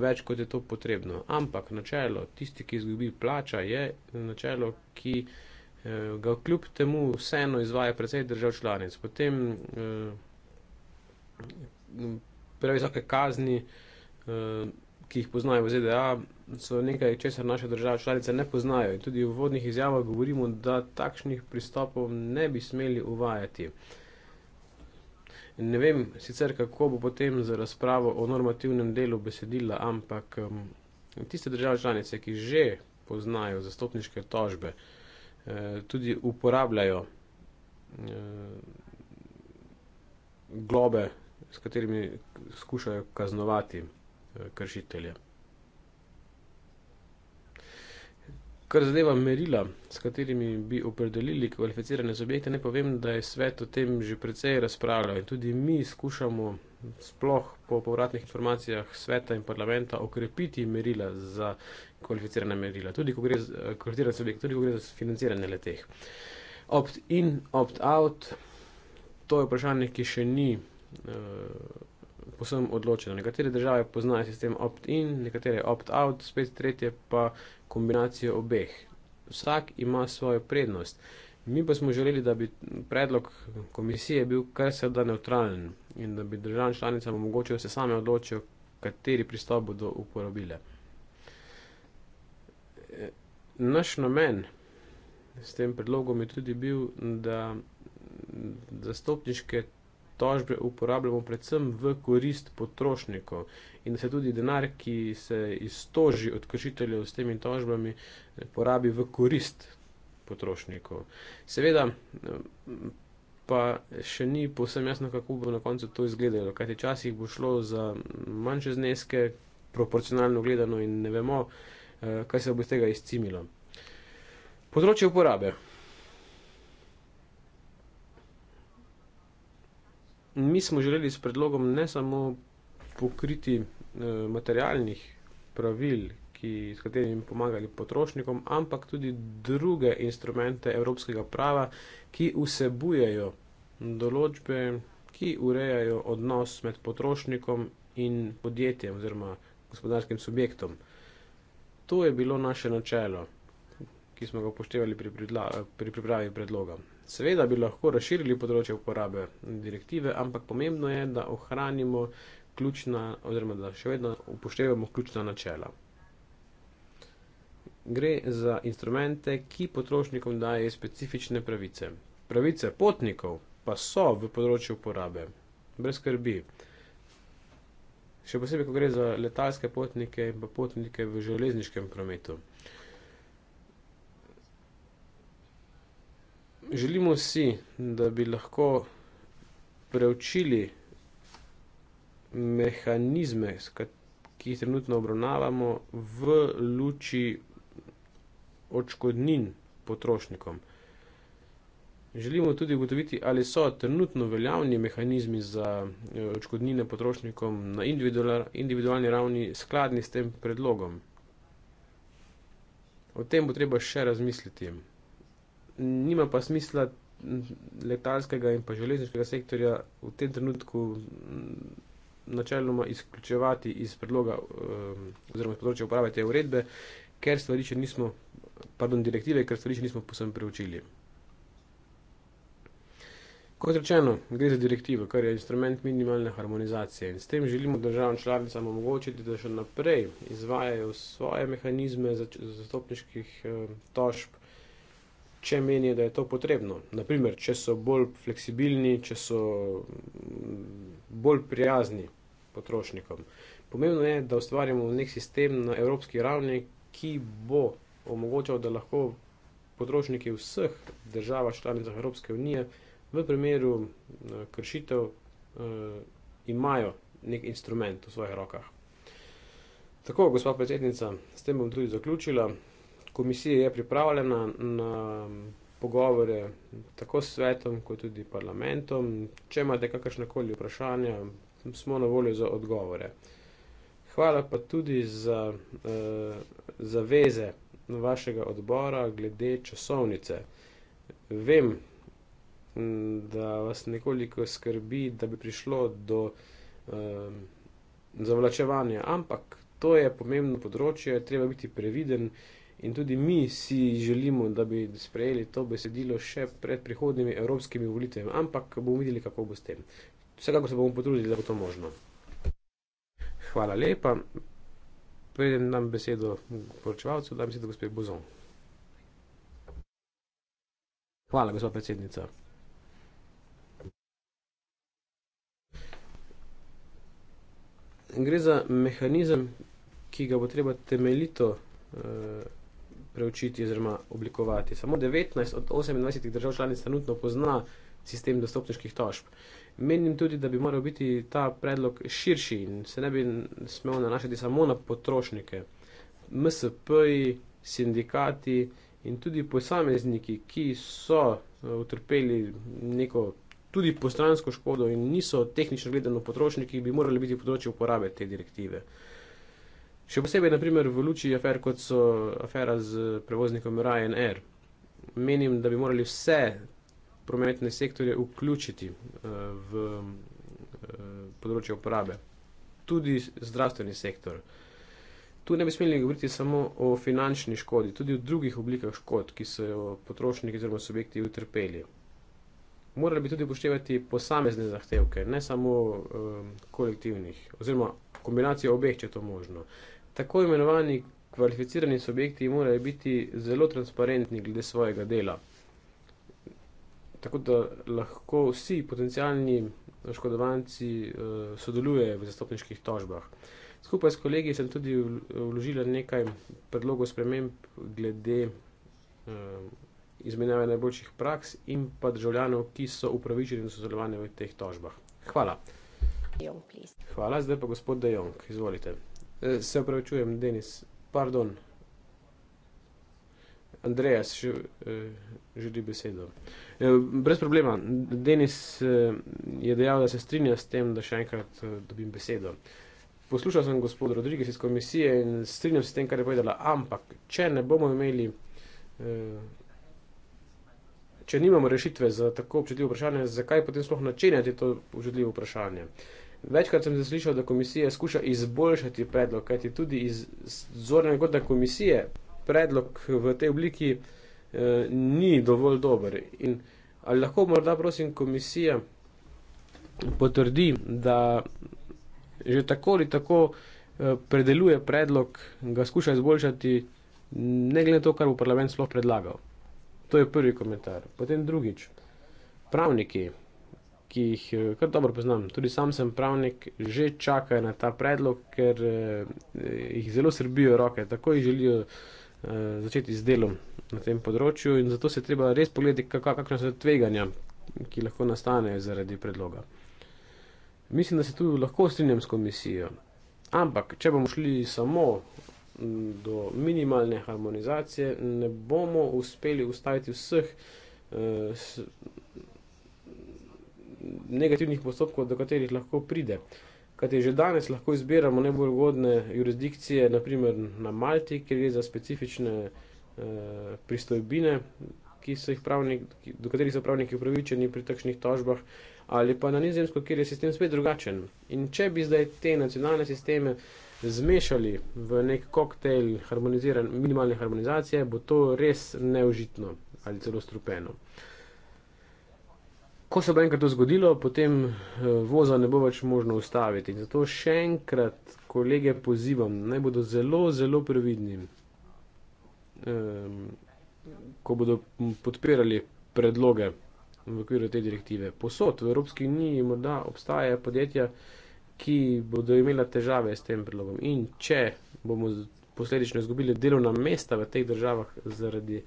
več kot je to potrebno. Ampak načelo, tisti, ki izgubi plača, je načelo, ki eh, ga kljub temu vseeno izvaja predvsej držav članic. Potem eh, previsoke kazni, eh, ki jih poznajo v ZDA, so nekaj, česar naše države članice ne poznajo. In tudi v vodnih izjavah govorimo, da takšnih pristopov ne bi smeli uvajati. Eh, In ne vem sicer, kako bo potem z razpravo o normativnem delu besedila, ampak um, tiste države članice, ki že poznajo zastopniške tožbe, eh, tudi uporabljajo eh, globe, s katerimi skušajo kaznovati eh, kršitelje. Kar zadeva merila, s katerimi bi opredelili kvalificirane subjekte, ne povem, da je svet o tem že precej razpravljal in tudi mi skušamo sploh po povratnih informacijah sveta in parlamenta okrepiti merila za kvalificirane merila, tudi ko gre za eh, kvalificirane subjekte, tudi ko gre za financiranje leteh. Opt-in, opt-out, to je vprašanje, ki še ni uh, eh, posebno odločeno. Nekatere države poznajo sistem opt-in, nekatere opt-out, spet tretje pa kombinacijo obeh. Vsak ima svojo prednost. Mi pa smo želeli, da bi predlog komisije bil kar se da neutralen in da bi državam članicam omogočil, da se same odločijo, kateri pristop bodo uporabile. Naš namen s tem predlogom je tudi bil, da zastopniške tožbe uporabljamo predvsem v korist potrošnikov in da se tudi denar, ki se iztoži od kršiteljev s temi tožbami, porabi v korist potrošnikov. Seveda pa še ni povsem jasno, kako bo na koncu to izgledalo, kajti časih bo šlo za manjše zneske, proporcionalno gledano in ne vemo, eh, kaj se bo iz tega izcimilo. Področje uporabe. mi smo želeli s predlogom ne samo pokriti eh, materialnih pravil, ki, s katerimi bi pomagali potrošnikom, ampak tudi druge instrumente evropskega prava, ki vsebujejo določbe, ki urejajo odnos med potrošnikom in podjetjem oziroma gospodarskim subjektom. To je bilo naše načelo, ki smo ga upoštevali pri, pri pripravi predloga. Seveda bi lahko razširili področje uporabe direktive, ampak pomembno je, da ohranimo ključna, oziroma da še vedno upoštevamo ključna načela. Gre za instrumente, ki potrošnikom daje specifične pravice. Pravice potnikov pa so v področju uporabe, brez skrbi. Še posebej, ko gre za letalske potnike in pa potnike v železniškem prometu. Želimo si, da bi lahko preučili mehanizme, ki jih trenutno obravnavamo, v luči odškodnin potrošnikom. Želimo tudi ugotoviti, ali so trenutno veljavni mehanizmi za eh, odškodnine potrošnikom na individualni ravni skladni s tem predlogom. O tem bo treba še razmisliti nima pa smisla letalskega in pa železniškega sektorja v tem trenutku mm, načeloma izključevati iz predloga ehm, oziroma iz področja uprave te uredbe, ker stvari še nismo, pardon, direktive, ker stvari še nismo posebno preučili. Kot rečeno, gre za direktivo, kar je instrument minimalne harmonizacije in s tem želimo državam članicam omogočiti, da še naprej izvajajo svoje mehanizme zastopniških ehm, tožb če menijo, da je to potrebno. Naprimer, če so bolj fleksibilni, če so mm, bolj prijazni potrošnikom. Pomembno je, da ustvarjamo nek sistem na evropski ravni, ki bo omogočal, da lahko potrošniki vseh držav članicah Evropske unije v primeru mm, kršitev mm, imajo nek instrument v svojih rokah. Tako, gospod predsednica, s tem bom tudi zaključila komisija je pripravljena na pogovore tako s svetom, kot tudi parlamentom. Če imate kakršne koli vprašanja, smo na voljo za odgovore. Hvala pa tudi za uh, zaveze vašega odbora glede časovnice. Vem, da vas nekoliko skrbi, da bi prišlo do um, zavlačevanja, ampak to je pomembno področje, treba biti previden, In tudi mi si želimo, da bi sprejeli to besedilo še pred prihodnimi evropskimi volitvami, ampak bomo videli, kako bo s tem. Vsekakor se bomo potrudili, da bo to možno. Hvala lepa. Preden dam besedo poročevalcu, dam besedo gospe Bozon. Hvala, gospod predsednica. Gre za mehanizem, ki ga bo treba temeljito uh, preučiti oziroma oblikovati. Samo 19 od 28 držav članic trenutno pozna sistem dostopniških tožb. Menim tudi, da bi moral biti ta predlog širši in se ne bi smel nanašati samo na potrošnike. MSP-ji, sindikati in tudi posamezniki, ki so eh, utrpeli neko tudi postransko škodo in niso tehnično gledano potrošniki, bi morali biti področje uporabe te direktive. Še posebej naprimer v luči afer, kot so afera z prevoznikom Ryanair. Menim, da bi morali vse prometne sektorje vključiti eh, v eh, področje uporabe. Tudi zdravstveni sektor. Tu ne bi smeli govoriti samo o finančni škodi, tudi o drugih oblikah škod, ki so jo potrošniki oziroma subjekti utrpeli. Morali bi tudi upoštevati posamezne zahtevke, ne samo um, kolektivnih, oziroma kombinacijo obeh, če je to možno. Tako imenovani kvalificirani subjekti morajo biti zelo transparentni glede svojega dela, tako da lahko vsi potencijalni oškodovanci uh, sodelujejo v zastopniških tožbah. Skupaj s kolegi sem tudi vložila nekaj predlogov sprememb glede uh, izmenjave najboljših praks in pa državljanov, ki so upravičeni do sodelovanja v teh tožbah. Hvala. Hvala, zdaj pa gospod Dejong, izvolite. Eh, se opravičujem, Denis, pardon. Andreas še, eh, želi besedo. Eh, brez problema, Denis eh, je dejal, da se strinja s tem, da še enkrat eh, dobim besedo. Poslušal sem gospod Rodriguez iz komisije in strinjam se s tem, kar je povedala, ampak če ne bomo imeli, eh, če nimamo rešitve za tako občutljivo vprašanje, zakaj potem sploh načenjati to občutljivo vprašanje? Eh, Večkrat sem zaslišal, da komisija skuša izboljšati predlog, kajti tudi iz zornega kota komisije predlog v tej obliki eh, ni dovolj dober. In ali lahko morda prosim komisija potrdi, da že tako ali tako eh, predeluje predlog, ga skuša izboljšati, ne glede na to, kar bo parlament sploh predlagal. To je prvi komentar. Potem drugič. Pravniki ki jih eh, kar dobro poznam. Tudi sam sem pravnik, že čakajo na ta predlog, ker eh, jih zelo srbijo roke, tako jih želijo eh, začeti z delom na tem področju in zato se treba res pogledati, kakšne so tveganja, ki lahko nastanejo zaradi predloga. Mislim, da se tu lahko strinjam s komisijo, ampak če bomo šli samo do minimalne harmonizacije, ne bomo uspeli ustaviti vseh negativnih postopkov, do katerih lahko pride. Kaj je že danes, lahko izbiramo najbolj ugodne jurisdikcije, naprimer na Malti, kjer gre za specifične eh, pristojbine, pravnik, do katerih so pravniki upravičeni pri takšnih tožbah, ali pa na nizemsko, kjer je sistem spet drugačen. In če bi zdaj te nacionalne sisteme zmešali v nek koktejl harmoniziran, minimalne harmonizacije, bo to res neužitno ali celo strupeno. Ko se bo enkrat to zgodilo, potem eh, voza ne bo več možno ustaviti. In zato še enkrat kolege pozivam, naj bodo zelo, zelo previdni, um, ko bodo podpirali predloge v okviru te direktive. Posod v Evropski uniji morda obstaja podjetja, ki bodo imela težave s tem predlogom. In če bomo posledično izgubili delovna mesta v teh državah zaradi.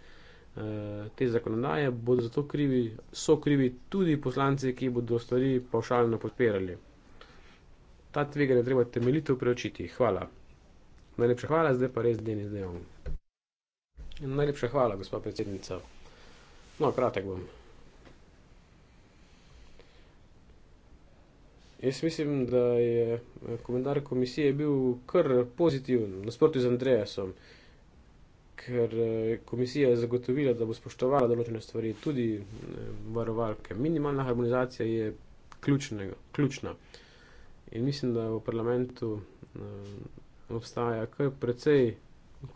Eh, te zakonodaje, bodo zato krivi, so krivi tudi poslanci, ki bodo stvari pavšalno podpirali. Ta tveganja treba temeljito preučiti. Hvala. Najlepša hvala, zdaj pa res deni zdaj on. Najlepša hvala, gospa predsednica. No, kratek bom. Jaz mislim, da je eh, komentar komisije bil kar pozitiven, nasprotno z Andrejasom. Uh, ker eh, komisija je zagotovila, da bo spoštovala določene stvari, tudi eh, varovalke. Minimalna harmonizacija je ključnega, ključna. In mislim, da v parlamentu eh, obstaja kar precej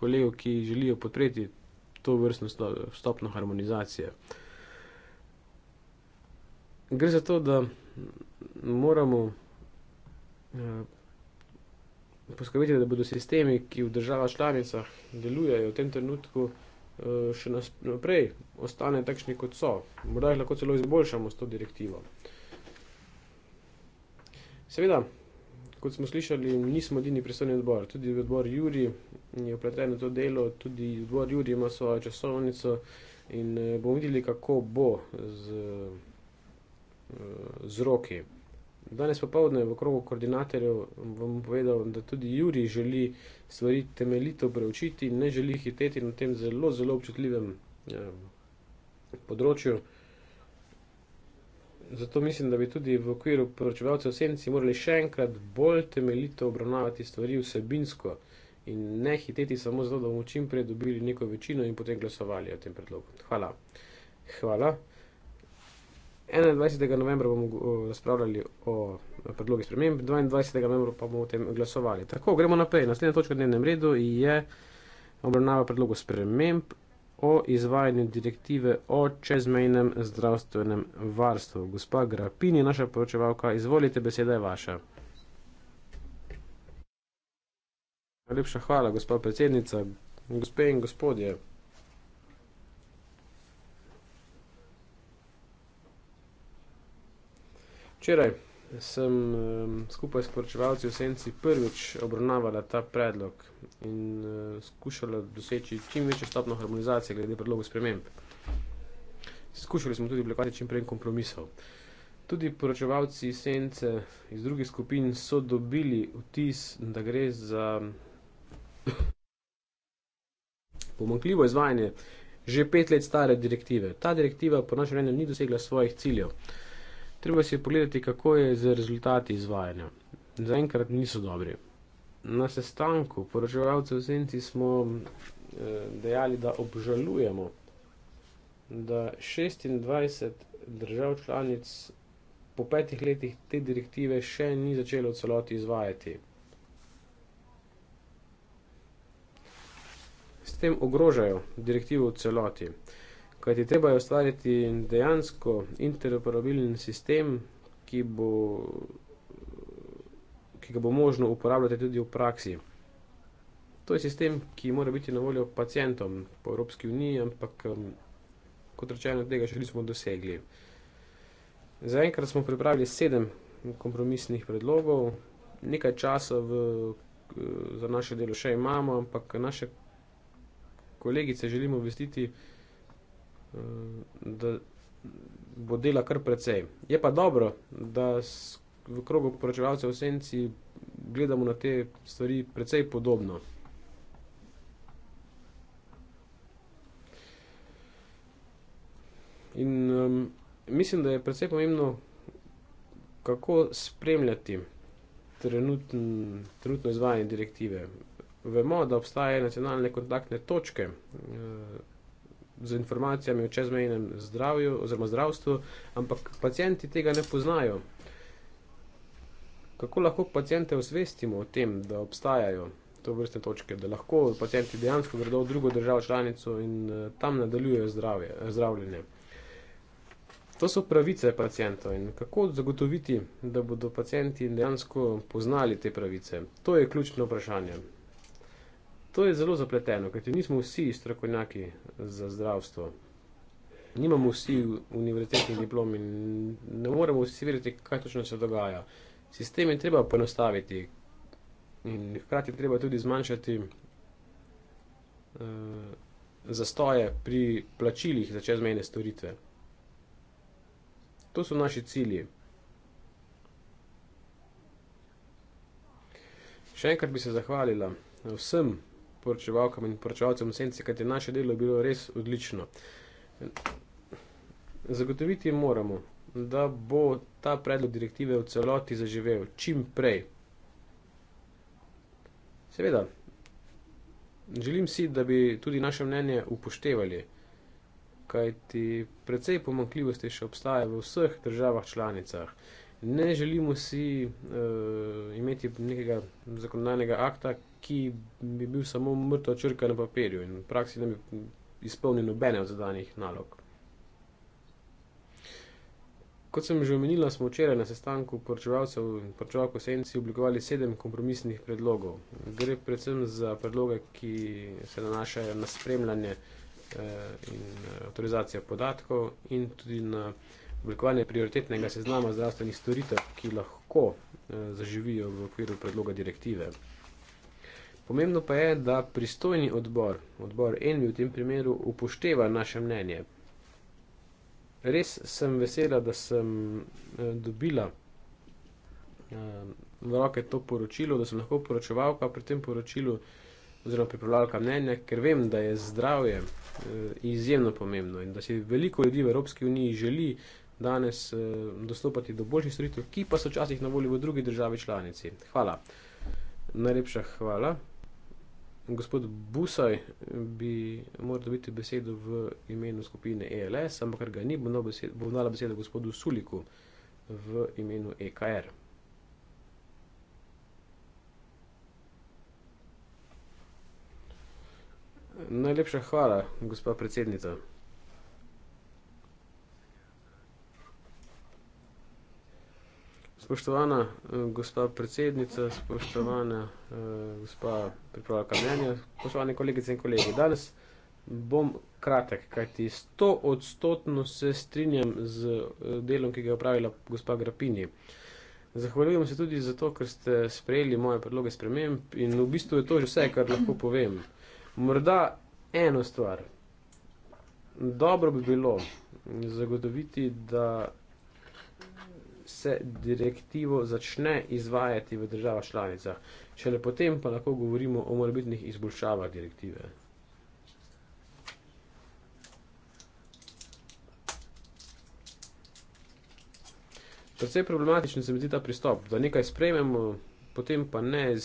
kolegov, ki želijo podpreti to vrstno stopno harmonizacije. Gre za to, da moramo eh, poskrbeti, da bodo sistemi, ki v državah članicah delujejo v tem trenutku, eh, še naprej ostane takšni, kot so. Morda jih lahko celo izboljšamo s to direktivo. Seveda, kot smo slišali, nismo edini pristojni odbor. Tudi odbor Juri je upleten v to delo, tudi odbor Juri ima svojo časovnico in eh, bomo videli, kako bo z, eh, z roki. Danes popovdne v krogu koordinatorjev vam povedal, da tudi Juri želi stvari temeljito preučiti in ne želi hiteti na tem zelo, zelo občutljivem eh, področju. Zato mislim, da bi tudi v okviru poročevalcev senci morali še enkrat bolj temeljito obravnavati stvari vsebinsko in ne hiteti samo zato, da bomo čim prej dobili neko večino in potem glasovali o tem predlogu. Hvala. Hvala. 21. novembra bomo uh, razpravljali o predlogih sprememb, 22. novembra pa bomo o tem glasovali. Tako, gremo naprej. Naslednja točka na dnevnem redu je obravnava predlogov sprememb o izvajanju direktive o čezmejnem zdravstvenem varstvu. Gospa Grapini, naša poročevalka, izvolite, beseda je vaša. Najlepša hvala, gospa predsednica, gospe in gospodje. Včeraj sem um, skupaj s poročevalci v Senci prvič obravnavala ta predlog in uh, skušala doseči čim večjo stopno harmonizacije glede predlogov sprememb. Skušali smo tudi oblikovati čim prej kompromisov. Tudi poročevalci iz Sence iz drugih skupin so dobili vtis, da gre za pomankljivo izvajanje že pet let stare direktive. Ta direktiva po našem mnenju ni dosegla svojih ciljev. Treba si je pogledati, kako je z rezultati izvajanja. Zaenkrat niso dobri. Na sestanku poročevalcev senci smo eh, dejali, da obžalujemo, da 26 držav članic po petih letih te direktive še ni začelo v celoti izvajati. S tem ogrožajo direktivo v celoti. Kajti treba je ustvariti dejansko interoperabilen sistem, ki, bo, ki ga bo možno uporabljati tudi v praksi. To je sistem, ki mora biti na voljo pacijentom po Evropski uniji, ampak um, kot rečeno, tega še nismo dosegli. Zaenkrat smo pripravili sedem kompromisnih predlogov, nekaj časa v, eh, za naše delo še imamo, ampak naše kolegice želimo vestiti, da Eh, da bo dela kar precej. Je pa dobro, da v krogu poročevalcev v senci gledamo na te stvari precej podobno. In um, mislim, da je predvsej pomembno, kako spremljati trenutn, trenutno izvajanje direktive. Vemo, da obstajajo nacionalne kontaktne točke, eh, z informacijami o čezmejnem zdravju oziroma zdravstvu, ampak pacijenti tega ne poznajo. Kako lahko pacijente osvestimo o tem, da obstajajo to vrste točke, da lahko pacijenti dejansko gredo v drugo državo članico in uh, tam nadaljujejo eh, zdravljenje? To so pravice pacijentov in kako zagotoviti, da bodo pacijenti dejansko poznali te pravice? To je ključno vprašanje. To je zelo zapleteno, ker nismo vsi strokovnjaki za zdravstvo. Nimamo vsi univerzitetnih diplom in ne moremo vsi vedeti, kaj točno se dogaja. Sistem je treba poenostaviti in hkrati treba tudi zmanjšati uh, zastoje pri plačilih za čezmejne storitve. To so naši cilji. Še enkrat bi se zahvalila vsem poročevalkam in poročevalcem senci, kaj je naše delo bilo res odlično. Zagotoviti moramo, da bo ta predlog direktive v celoti zaživel čim prej. Seveda, želim si, da bi tudi naše mnenje upoštevali, kajti precej pomankljivosti še obstaja v vseh državah članicah. Ne želimo si uh, imeti nekega zakonodajnega akta, ki bi bil samo mrtva črka na papirju in v praksi ne bi izpolnil nobene od zadanjih nalog. Kot sem že omenila, smo včeraj na sestanku poročevalcev in poročevalko senci oblikovali sedem kompromisnih predlogov. Gre predvsem za predloge, ki se nanašajo na spremljanje eh, in eh, autorizacijo podatkov in tudi na oblikovanje prioritetnega seznama zdravstvenih storitev, ki lahko eh, zaživijo v okviru predloga direktive. Pomembno pa je, da pristojni odbor, odbor Envi v tem primeru, upošteva naše mnenje. Res sem vesela, da sem eh, dobila eh, v roke to poročilo, da sem lahko poročevalka pri tem poročilu oziroma pripravljalka mnenja, ker vem, da je zdravje eh, izjemno pomembno in da si veliko ljudi v Evropski uniji želi danes dostopati do boljših storitev, ki pa so včasih na voljo v drugi državi članici. Hvala. Najlepša hvala gospod Busaj bi moral dobiti besedo v imenu skupine ELS, ampak ker ga ni, bo dala besedo gospodu Suliku v imenu EKR. Najlepša hvala, gospa predsednica. Spoštovana eh, gospa predsednica, spoštovana eh, gospa pripravljaka mnenja, spoštovane kolegice in kolegi. Danes bom kratek, kajti sto odstotno se strinjam z eh, delom, ki ga je upravila gospa Grapini. Zahvaljujem se tudi zato, ker ste sprejeli moje predloge sprememb in v bistvu je to že vse, kar lahko povem. Morda eno stvar. Dobro bi bilo zagotoviti, da se direktivo začne izvajati v državah članicah. Šele potem pa lahko govorimo o morbitnih izboljšavah direktive. Predvsej problematičen se mi zdi ta pristop, da nekaj sprejmemo, potem pa ne eh,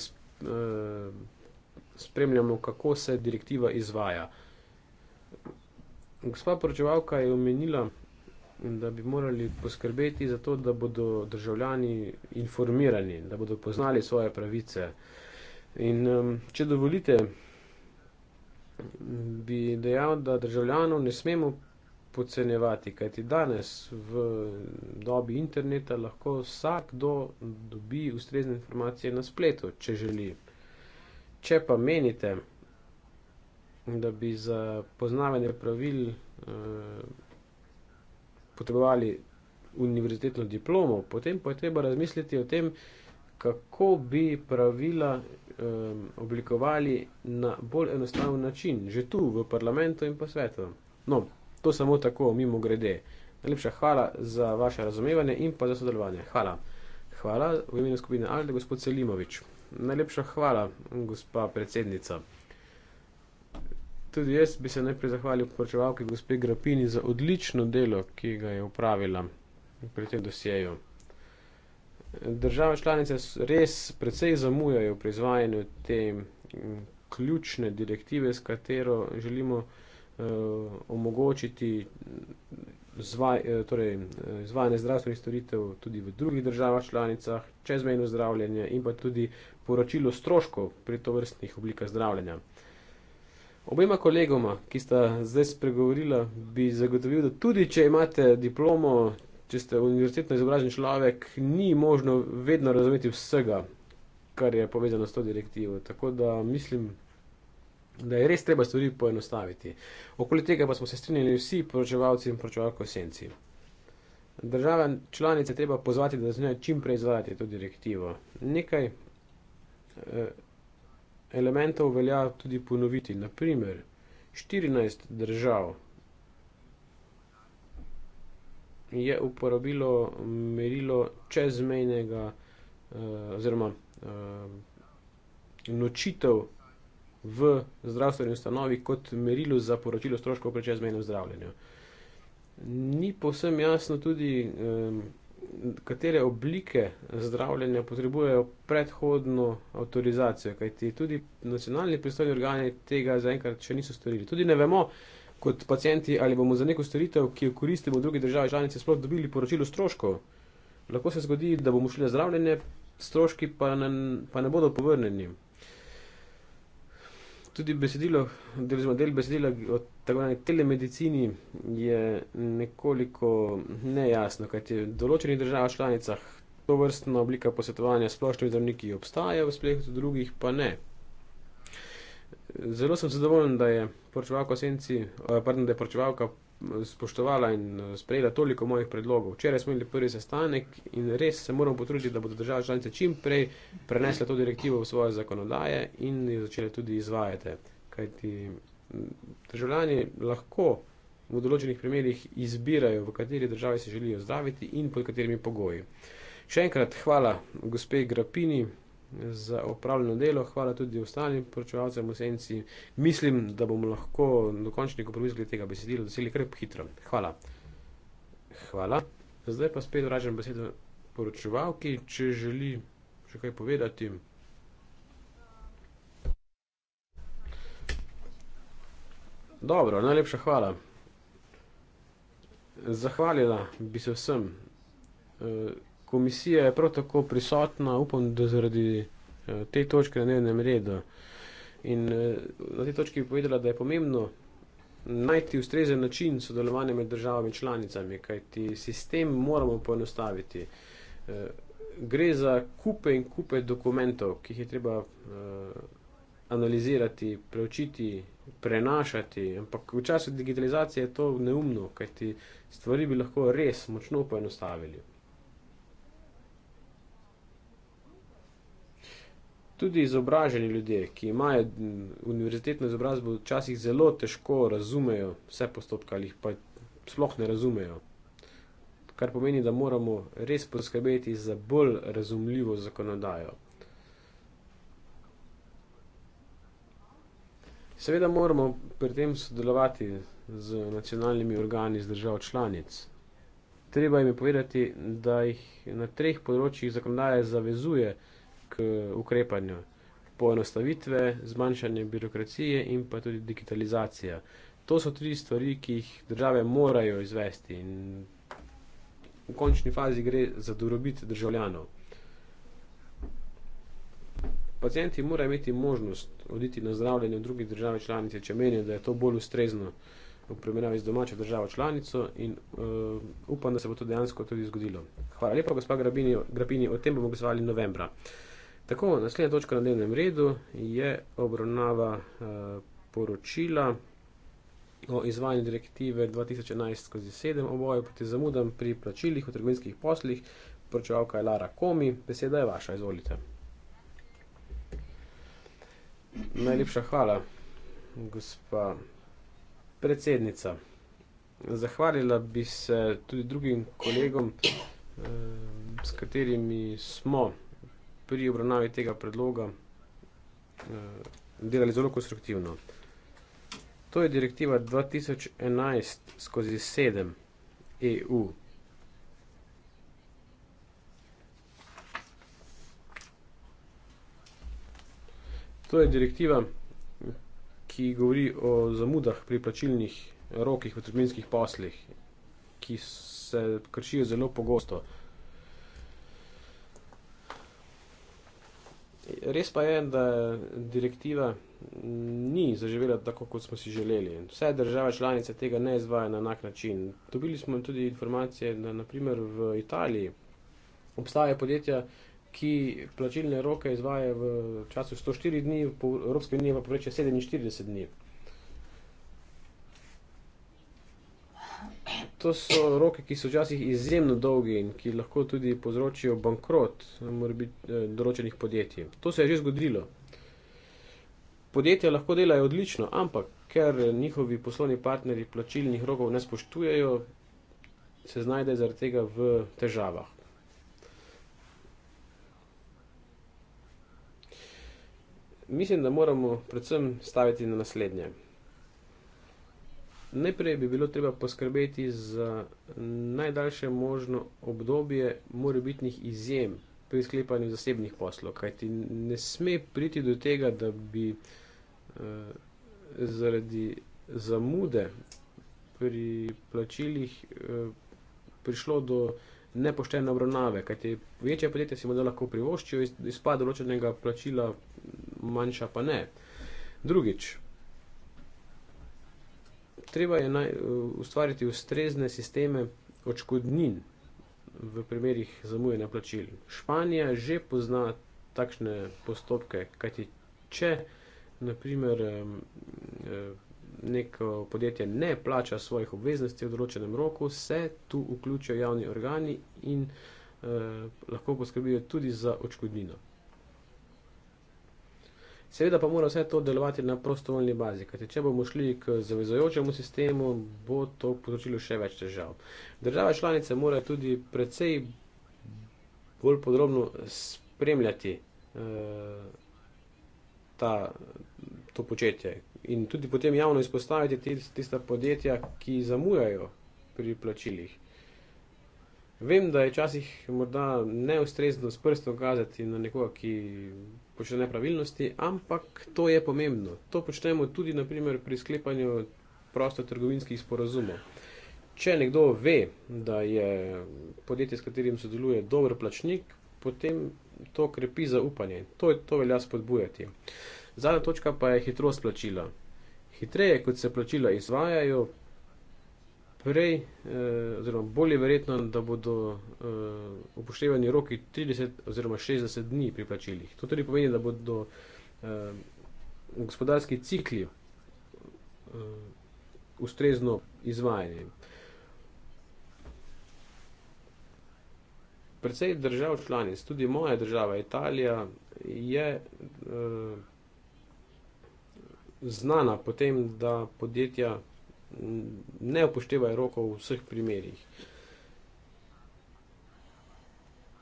spremljamo, kako se direktiva izvaja. Gospa poročevalka je omenila, in da bi morali poskrbeti za to, da bodo državljani informirani, da bodo poznali svoje pravice. In um, če dovolite, bi dejal, da državljanov ne smemo podcenjevati, kajti danes v dobi interneta lahko vsakdo dobi ustrezne informacije na spletu, če želi. Če pa menite, da bi za poznavanje pravil. Eh, potrebovali univerzitetno diplomo, potem pa je treba razmisliti o tem, kako bi pravila um, oblikovali na bolj enostaven način, že tu v parlamentu in pa svetu. No, to samo tako, mimo grede. Najlepša hvala za vaše razumevanje in pa za sodelovanje. Hvala. Hvala v imenu skupine Alde, gospod Selimovič. Najlepša hvala, gospa predsednica. Tudi jaz bi se najprej zahvalil poročevalki gospe Grapini za odlično delo, ki ga je upravila pri tem dosjeju. Države članice res precej zamujajo pri izvajanju te mm, ključne direktive, s katero želimo eh, omogočiti zvaj, eh, torej, eh, izvajanje zdravstvenih storitev tudi v drugih državah članicah, čezmejno zdravljenje in pa tudi poročilo stroškov pri tovrstnih oblikah zdravljenja. Obema kolegoma, ki sta zdaj spregovorila, bi zagotovil, da tudi če imate diplomo, če ste univerzitetno izobražen človek, ni možno vedno razumeti vsega, kar je povezano s to direktivo. Tako da mislim, da je res treba stvari poenostaviti. Okoli tega pa smo se strinjali vsi poročevalci in poročevalko senci. Država članice treba pozvati, da začnejo čimprej izvajati to direktivo. Nekaj. Eh, elementov velja tudi ponoviti. Naprimer, 14 držav je uporabilo merilo čezmejnega eh, oziroma eh, nočitev v zdravstveni ustanovi kot merilo za poročilo stroškov pri čezmejnem zdravljenju. Ni povsem jasno tudi, eh, katere oblike zdravljenja potrebujejo predhodno avtorizacijo, kajti tudi nacionalni pristojni organi tega zaenkrat še niso storili. Tudi ne vemo, kot pacijenti, ali bomo za neko storitev, ki jo koristimo v drugi državi članice, sploh dobili poročilo stroškov. Lahko se zgodi, da bomo šli na zdravljenje, stroški pa ne, pa ne bodo povrnjeni tudi besedilo, oziroma del besedila o tako imenovani telemedicini je nekoliko nejasno, kajti v določenih državah članicah to vrstno oblika posvetovanja splošnimi zdravniki obstaja, v spleh tudi drugih pa ne. Zelo sem zadovoljen, da je poročevalka v senci, eh, pardon, da je poročevalka spoštovala in eh, sprejela toliko mojih predlogov. Včeraj smo imeli prvi sestanek in res se moramo potruditi, da bodo države članice čim prej prenesle to direktivo v svoje zakonodaje in jo začele tudi izvajati. Kajti državljani lahko v določenih primerjih izbirajo, v kateri državi se želijo zdraviti in pod katerimi pogoji. Še enkrat hvala gospe Grapini za opravljeno delo, hvala tudi ostalim poročevalcem v senci. Mislim, da bomo lahko do končnega kompromisa glede tega besedila dosegli kar hitro. Hvala. Hvala. Zdaj pa spet vračam besedo poročevalki, če želi še kaj povedati. Dobro, najlepša hvala. Zahvalila bi se vsem. Uh, komisija je prav tako prisotna, upam, da zaradi eh, te točke na dnevnem redu. In eh, na tej točki bi povedala, da je pomembno najti ustrezen način sodelovanja med državami članicami, kajti sistem moramo poenostaviti. Eh, gre za kupe in kupe dokumentov, ki jih je treba analizirati, preučiti, prenašati, ampak v času digitalizacije je to neumno, kajti stvari bi lahko res močno poenostavili. tudi izobraženi ljudje, ki imajo mm, univerzitetno izobrazbo, včasih zelo težko razumejo vse postopke ali pa sploh ne razumejo. Kar pomeni, da moramo res poskrbeti za bolj razumljivo zakonodajo. Seveda moramo pri tem sodelovati z nacionalnimi organi z držav članic. Treba jim je povedati, da jih na treh področjih zakonodaje zavezuje, da k ukrepanju. Poenostavitve, zmanjšanje birokracije in pa tudi digitalizacija. To so tri stvari, ki jih države morajo izvesti in v končni fazi gre za dorobit državljanov. Pacijenti morajo imeti možnost oditi na zdravljenje v drugi države članice, če menijo, da je to bolj ustrezno v primerjavi z domačo državo članico in uh, upam, da se bo to dejansko tudi zgodilo. Hvala lepa, gospa Grabini, Grabini o tem bomo glasovali novembra. Tako, naslednja točka na dnevnem redu je obravnava eh, poročila o izvajanju direktive 2011-7 o boju proti zamudam pri plačilih v trgovinskih poslih. Poročevalka je Lara Komi, beseda je vaša, izvolite. Najlepša hvala, gospa predsednica. Zahvalila bi se tudi drugim kolegom, eh, s katerimi smo pri obravnavi tega predloga eh, delali zelo konstruktivno. To je direktiva 2011 skozi 7 EU. To je direktiva, ki govori o zamudah pri plačilnih rokih v trgovinskih poslih, ki se kršijo zelo pogosto. Eh, res pa je, da direktiva ni zaživela tako, kot smo si želeli. Vse države članice tega ne izvajajo na enak način. Dobili smo tudi informacije, da naprimer v Italiji obstajajo podjetja, ki plačilne roke izvaja v času 104 dni, v Evropski uniji pa poveče 47 dni. to so roke, ki so včasih izjemno dolge in ki lahko tudi povzročijo bankrot eh, biti, eh, določenih podjetij. To se je že zgodilo. Podjetja lahko delajo odlično, ampak ker njihovi poslovni partnerji plačilnih rokov ne spoštujejo, se znajde zaradi tega v težavah. Mislim, da moramo predvsem staviti na naslednje. Najprej bi bilo treba poskrbeti za najdaljše možno obdobje morebitnih izjem pri sklepanju zasebnih poslov, kajti ne sme priti do tega, da bi eh, zaradi zamude pri plačilih eh, prišlo do nepoštene obravnave, kajti večje podjetje si morda lahko privoščijo izpad določenega plačila, manjša pa ne. Drugič treba je naj, eh, ustvariti ustrezne sisteme očkodnin v primerih zamujanja plačil. Španija že pozna takšne postopke, kajti če naprimer eh, neko podjetje ne plača svojih obveznosti v določenem roku, se tu vključijo javni organi in eh, lahko poskrbijo tudi za očkodnino. Seveda pa mora vse to delovati na prostovoljni bazi, kajte če bomo šli k zavezojočemu sistemu, bo to povzročilo še več težav. Države članice morajo tudi precej bolj podrobno spremljati eh, ta, to početje in tudi potem javno izpostaviti tista podjetja, ki zamujajo pri plačilih. Vem, da je včasih morda neustrezno s prstom kazati na nekoga, ki počne nepravilnosti, ampak to je pomembno. To počnemo tudi naprimer, pri sklepanju prostotrgovinskih sporazumov. Če nekdo ve, da je podjetje, s katerim sodeluje, dober plačnik, potem to krepi zaupanje. To, to velja spodbujati. Zadnja točka pa je hitrost plačila. Hitreje, kot se plačila izvajajo, prej, eh, oziroma bolje verjetno, da bodo eh, upoštevani roki 30 oziroma 60 dni pri plačilih. To tudi pomeni, da bodo eh, gospodarski cikli ustrezno izvajanje. Predvsej držav članic, tudi moja država Italija, je eh, znana potem, da podjetja ne upoštevajo roko v vseh primerjih.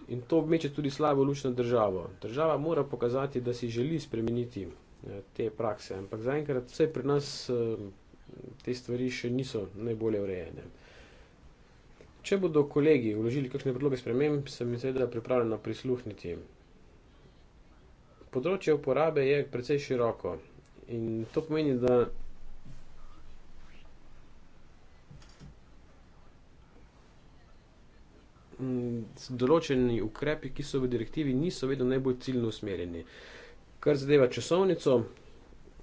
In to meče tudi slabo luč na državo. Država mora pokazati, da si želi spremeniti eh, te prakse, ampak zaenkrat vse pri nas eh, te stvari še niso najbolje urejene. Če bodo kolegi vložili kakšne predloge sprememb, sem jim seveda pripravljen prisluhniti. Področje uporabe je precej široko in to pomeni, da določeni ukrepi, ki so v direktivi, niso vedno najbolj ciljno usmerjeni. Kar zadeva časovnico,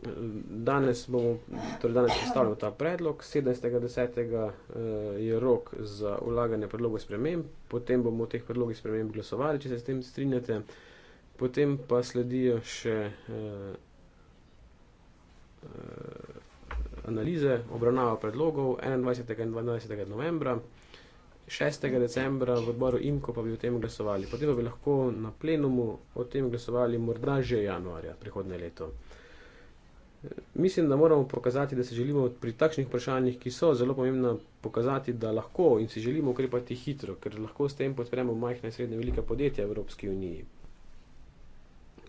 danes bomo, torej danes predstavljamo ta predlog, 17.10. Eh, je rok za ulaganje predlogov sprememb, potem bomo o teh predlogih sprememb glasovali, če se s tem strinjate, potem pa sledijo še eh, eh, analize, obravnava predlogov 21. in 22. novembra. 6. decembra v odboru IMKO pa bi o tem glasovali. Potem bi lahko na plenumu o tem glasovali morda že januarja prihodne leto. Mislim, da moramo pokazati, da se želimo pri takšnih vprašanjih, ki so zelo pomembna, pokazati, da lahko in si želimo ukrepati hitro, ker lahko s tem podpremo majhna in srednja velika podjetja v Evropski uniji.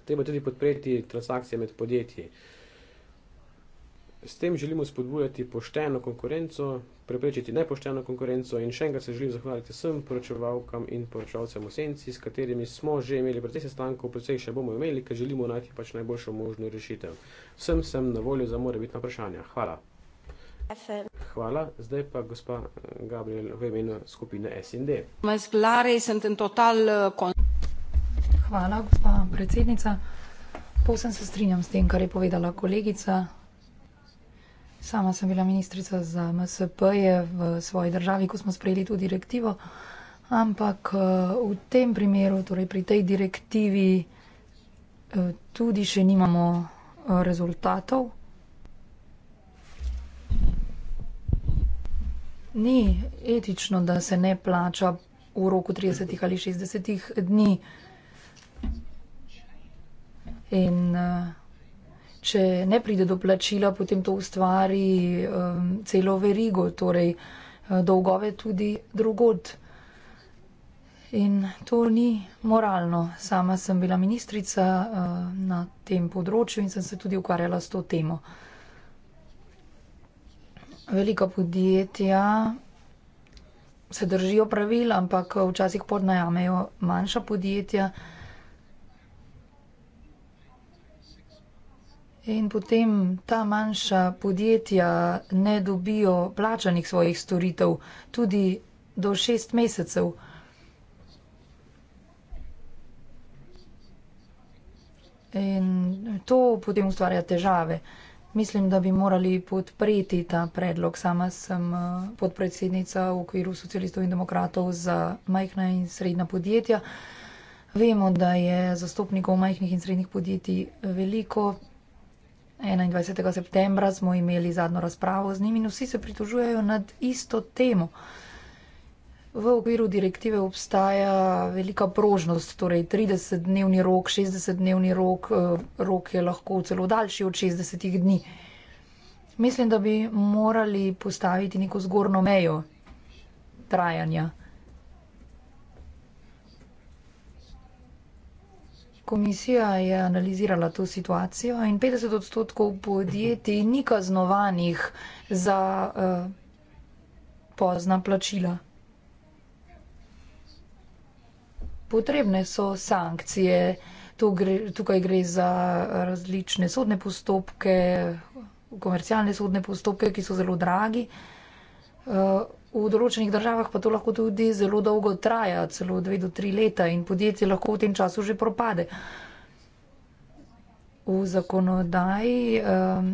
Treba tudi podpreti transakcije med podjetji. S tem želimo spodbujati pošteno konkurenco, preprečiti nepošteno konkurenco in še enkrat se želim zahvaliti vsem poročevalkam in poročevalcem v senci, s katerimi smo že imeli precej sestankov, precej še bomo imeli, ker želimo najti pač najboljšo možno rešitev. Vsem sem na voljo za morebitna vprašanja. Hvala. Hvala, zdaj pa gospa Gabriel v imenu skupine SND. Eh, Hvala, gospa predsednica. Povsem se strinjam s tem, kar je povedala kolegica. Sama sem bila ministrica za MSP v svoji državi, ko smo sprejeli to direktivo, ampak v tem primeru, torej pri tej direktivi, tudi še nimamo rezultatov. Ni etično, da se ne plača v roku 30 ali 60 dni. In, uh, če ne pride do plačila, potem to ustvari um, celo verigo, torej uh, dolgove tudi drugod. In to ni moralno. Sama sem bila ministrica uh, na tem področju in sem se tudi ukvarjala s to temo. Velika podjetja se držijo pravil, ampak uh, včasih podnajamejo manjša podjetja. In potem ta manjša podjetja ne dobijo plačanih svojih storitev tudi do šest mesecev. In to potem ustvarja težave. Mislim, da bi morali podpreti ta predlog. Sama sem eh, podpredsednica v okviru socialistov in demokratov za majhna in srednja podjetja. Vemo, da je zastopnikov majhnih in srednjih podjetij veliko, 21. septembra smo imeli zadnjo razpravo z njimi in vsi se pritožujejo nad isto temo. V okviru direktive obstaja velika prožnost, torej 30-dnevni rok, 60-dnevni rok, eh, rok je lahko celo daljši od 60 dni. Mislim, da bi morali postaviti neko zgorno mejo trajanja. Komisija je analizirala to situacijo in 50 odstotkov podjetij ni kaznovanih za uh, pozna plačila. Potrebne so sankcije, gre, tukaj gre za različne sodne postopke, komercialne sodne postopke, ki so zelo dragi. Uh, v določenih državah pa to lahko tudi zelo dolgo traja, celo dve do tri leta in podjetje lahko v tem času že propade. V zakonodaji um,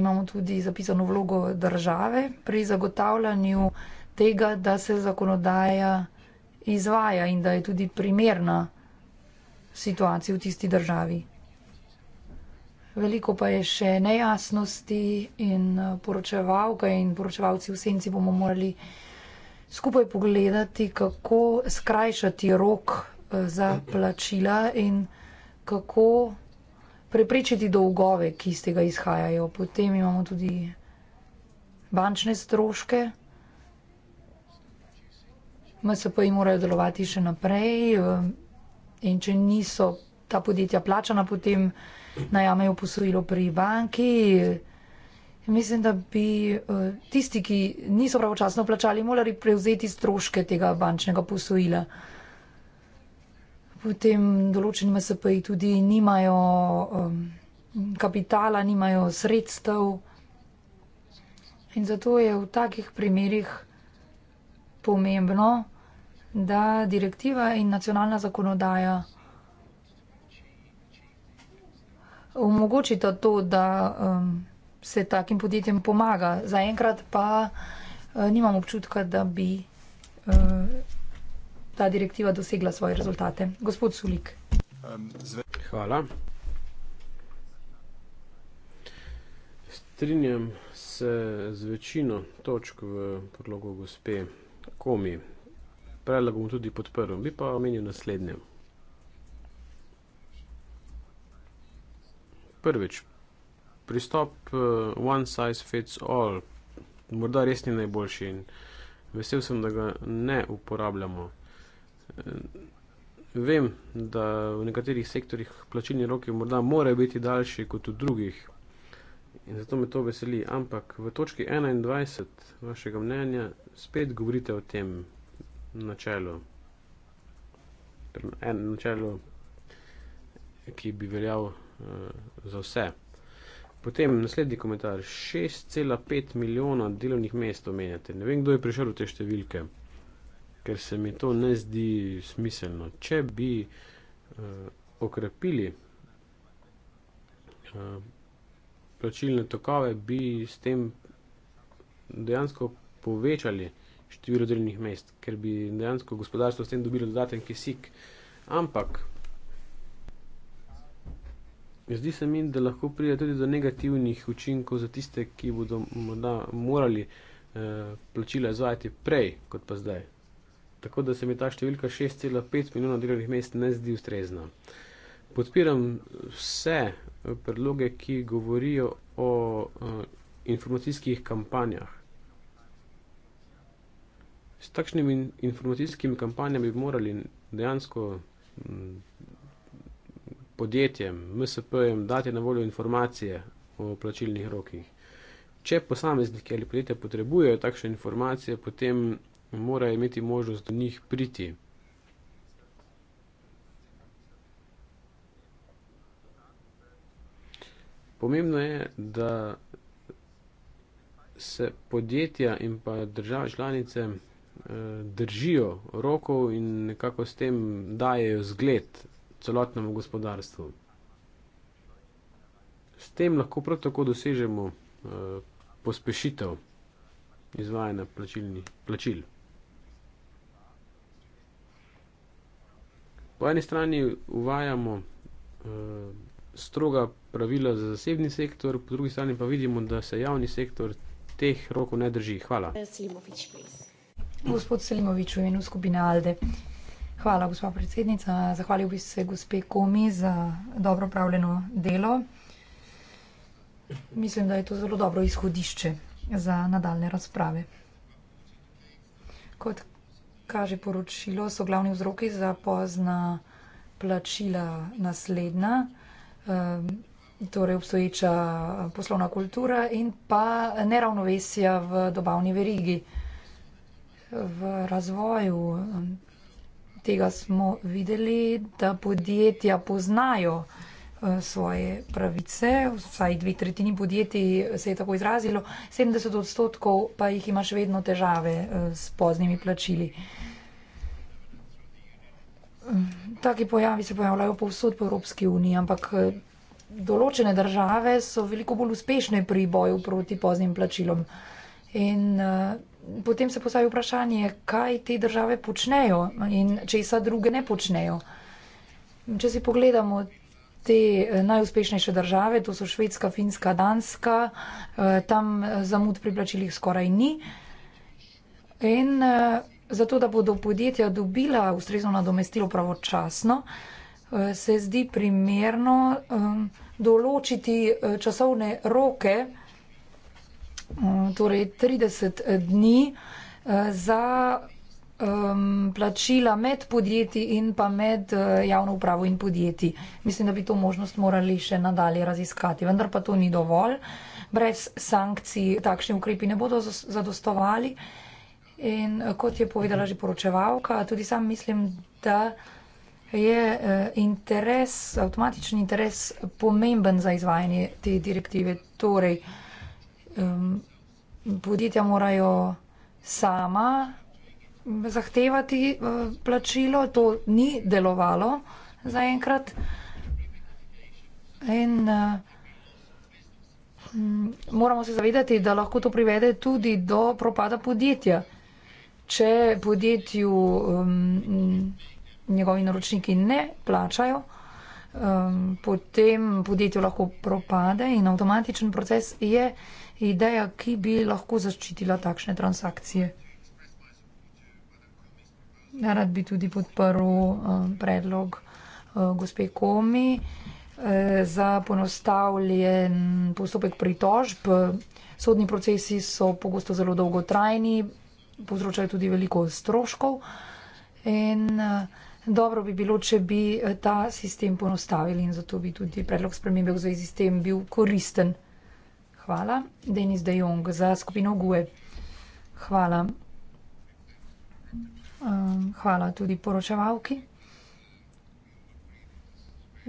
imamo tudi zapisano vlogo države pri zagotavljanju tega, da se zakonodaja izvaja in da je tudi primerna situacija v tisti državi. Veliko pa je še nejasnosti in eh, poročevalke in poročevalci v senci bomo morali skupaj pogledati, kako skrajšati rok eh, za plačila in kako preprečiti dolgove, ki iz tega izhajajo. Potem imamo tudi bančne stroške. MSP jim morajo delovati še naprej eh, in če niso ta podjetja plačana, potem najamejo posojilo pri banki. Mislim, da bi uh, tisti, ki niso pravočasno plačali, morali prevzeti stroške tega bančnega posojila. Potem določeni MSP-ji tudi nimajo um, kapitala, nimajo sredstev. In zato je v takih primerih pomembno, da direktiva in nacionalna zakonodaja omogočita to, da um, se takim podjetjem pomaga. Zaenkrat pa uh, nimam občutka, da bi uh, ta direktiva dosegla svoje rezultate. Gospod Sulik. Um, Hvala. Strinjam se z večino točk v podlogu gospe Komi. Predlog bom tudi podprl, bi pa omenil naslednje. prvič, pristop uh, one size fits all, morda res ni najboljši in vesel sem, da ga ne uporabljamo. Eh, vem, da v nekaterih sektorjih plačilni roki morda morajo biti daljši kot v drugih in zato me to veseli, ampak v točki 21 vašega mnenja spet govorite o tem načelu. En načelu, ki bi veljal Eh, za vse. Potem naslednji komentar. 6,5 milijona delovnih mest omenjate. Ne vem, kdo je prišel v te številke, ker se mi to ne zdi smiselno. Če bi uh, okrepili uh, plačilne tokove, bi s tem dejansko povečali število delovnih mest, ker bi dejansko gospodarstvo s tem dobilo dodaten kisik. Ampak Zdi se mi, da lahko pride tudi do negativnih učinkov za tiste, ki bodo morda morali eh, plačila izvajati prej kot pa zdaj. Tako da se mi ta številka 6,5 milijona delovnih mest ne zdi ustrezna. Podpiram vse eh, predloge, ki govorijo o eh, informacijskih kampanjah. S takšnimi informacijskimi kampanjami bi morali dejansko. Hm, podjetjem, MSP-jem dati na voljo informacije o plačilnih rokih. Če posamezniki ali podjetja potrebujejo takšne informacije, potem morajo imeti možnost do njih priti. Pomembno je, da se podjetja in pa države članice eh, držijo rokov in nekako s tem dajejo zgled celotnemu gospodarstvu. S tem lahko prav tako dosežemo eh, pospešitev izvajanja plačilni, plačil. Po eni strani uvajamo uh, stroga pravila za zasebni sektor, po drugi strani pa vidimo, da se javni sektor teh rokov ne drži. Hvala. Selimovič, Gospod Selimovič, v imenu skupine Alde. Uh, Hvala, gospa predsednica. Zahvalil bi se gospe Komi za dobro upravljeno delo. Mislim, da je to zelo dobro izhodišče za nadaljne razprave. Kot kaže poročilo, so glavni vzroki za pozna plačila naslednja, ehm, torej obstoječa eh, poslovna kultura in pa neravnovesja v dobavni verigi. V razvoju ehm, tega smo videli, da podjetja poznajo eh, svoje pravice, vsaj dve tretjini podjetij se je tako izrazilo, 70 odstotkov pa jih ima še vedno težave eh, s poznimi plačili. Taki pojavi se pojavljajo povsod po Evropski uniji, ampak eh, določene države so veliko bolj uspešne pri boju proti poznim plačilom. In potem se postavi vprašanje, kaj te države počnejo in če jih sad druge ne počnejo. Če si pogledamo te eh, najuspešnejše države, to so Švedska, Finska, Danska, eh, tam eh, zamud pri plačilih skoraj ni. In zato, da bodo podjetja dobila ustrezno nadomestilo pravočasno, se zdi primerno določiti časovne roke, Mm, torej 30 eh, dni eh, za plačila med podjetji in pa med eh, javno upravo in podjetji. Mislim, da bi to možnost morali še nadalje raziskati, vendar pa to ni dovolj. Brez sankcij takšni ukrepi ne bodo zadostovali. In kot je povedala že poročevalka, tudi sam mislim, da je interes, avtomatični interes pomemben za izvajanje te direktive. Torej, um, podjetja morajo sama zahtevati uh, plačilo, to ni delovalo zaenkrat. In uh, moramo se zavedati, da lahko to privede tudi do propada podjetja. Če podjetju um, njegovi naročniki ne plačajo, um, potem podjetju lahko propade in avtomatičen proces je ideja, ki bi lahko zaščitila takšne transakcije. Rad bi tudi podprl eh, predlog eh, gospe Komi eh, za ponostavljen postopek pritožb. Sodni procesi so pogosto zelo dolgotrajni, povzročajo tudi veliko stroškov in dobro bi bilo, če bi ta sistem ponostavili in zato bi tudi predlog spremembe v zvezi s tem bil koristen. Hvala. Denis De Jong za skupino GUE. Hvala. Ehm, hvala tudi poročevalki.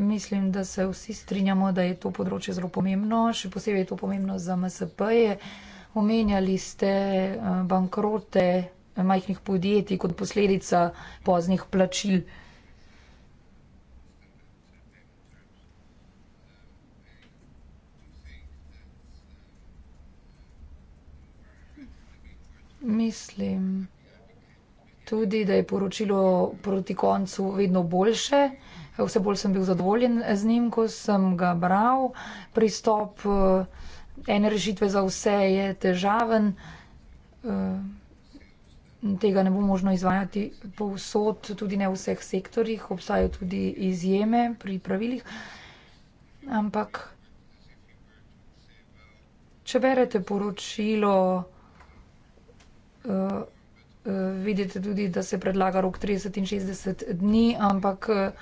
Mislim, da se vsi strinjamo, da je to področje zelo pomembno. Še posebej je to pomembno za MSP-je. Omenjali ste eh, bankrote majhnih podjetij kot posledica poznih plačil. Mislim tudi, da je poročilo proti koncu vedno boljše. Vse bolj sem bil zadovoljen z njim, ko sem ga bral. Pristop eh, ene rešitve za vse je težaven. Eh, tega ne bo možno izvajati povsod, tudi ne v vseh sektorjih. Obstajajo tudi izjeme pri pravilih. Ampak, če berete poročilo, Eh, eh, vidite tudi, da se predlaga rok 30 in 60 dni, ampak eh,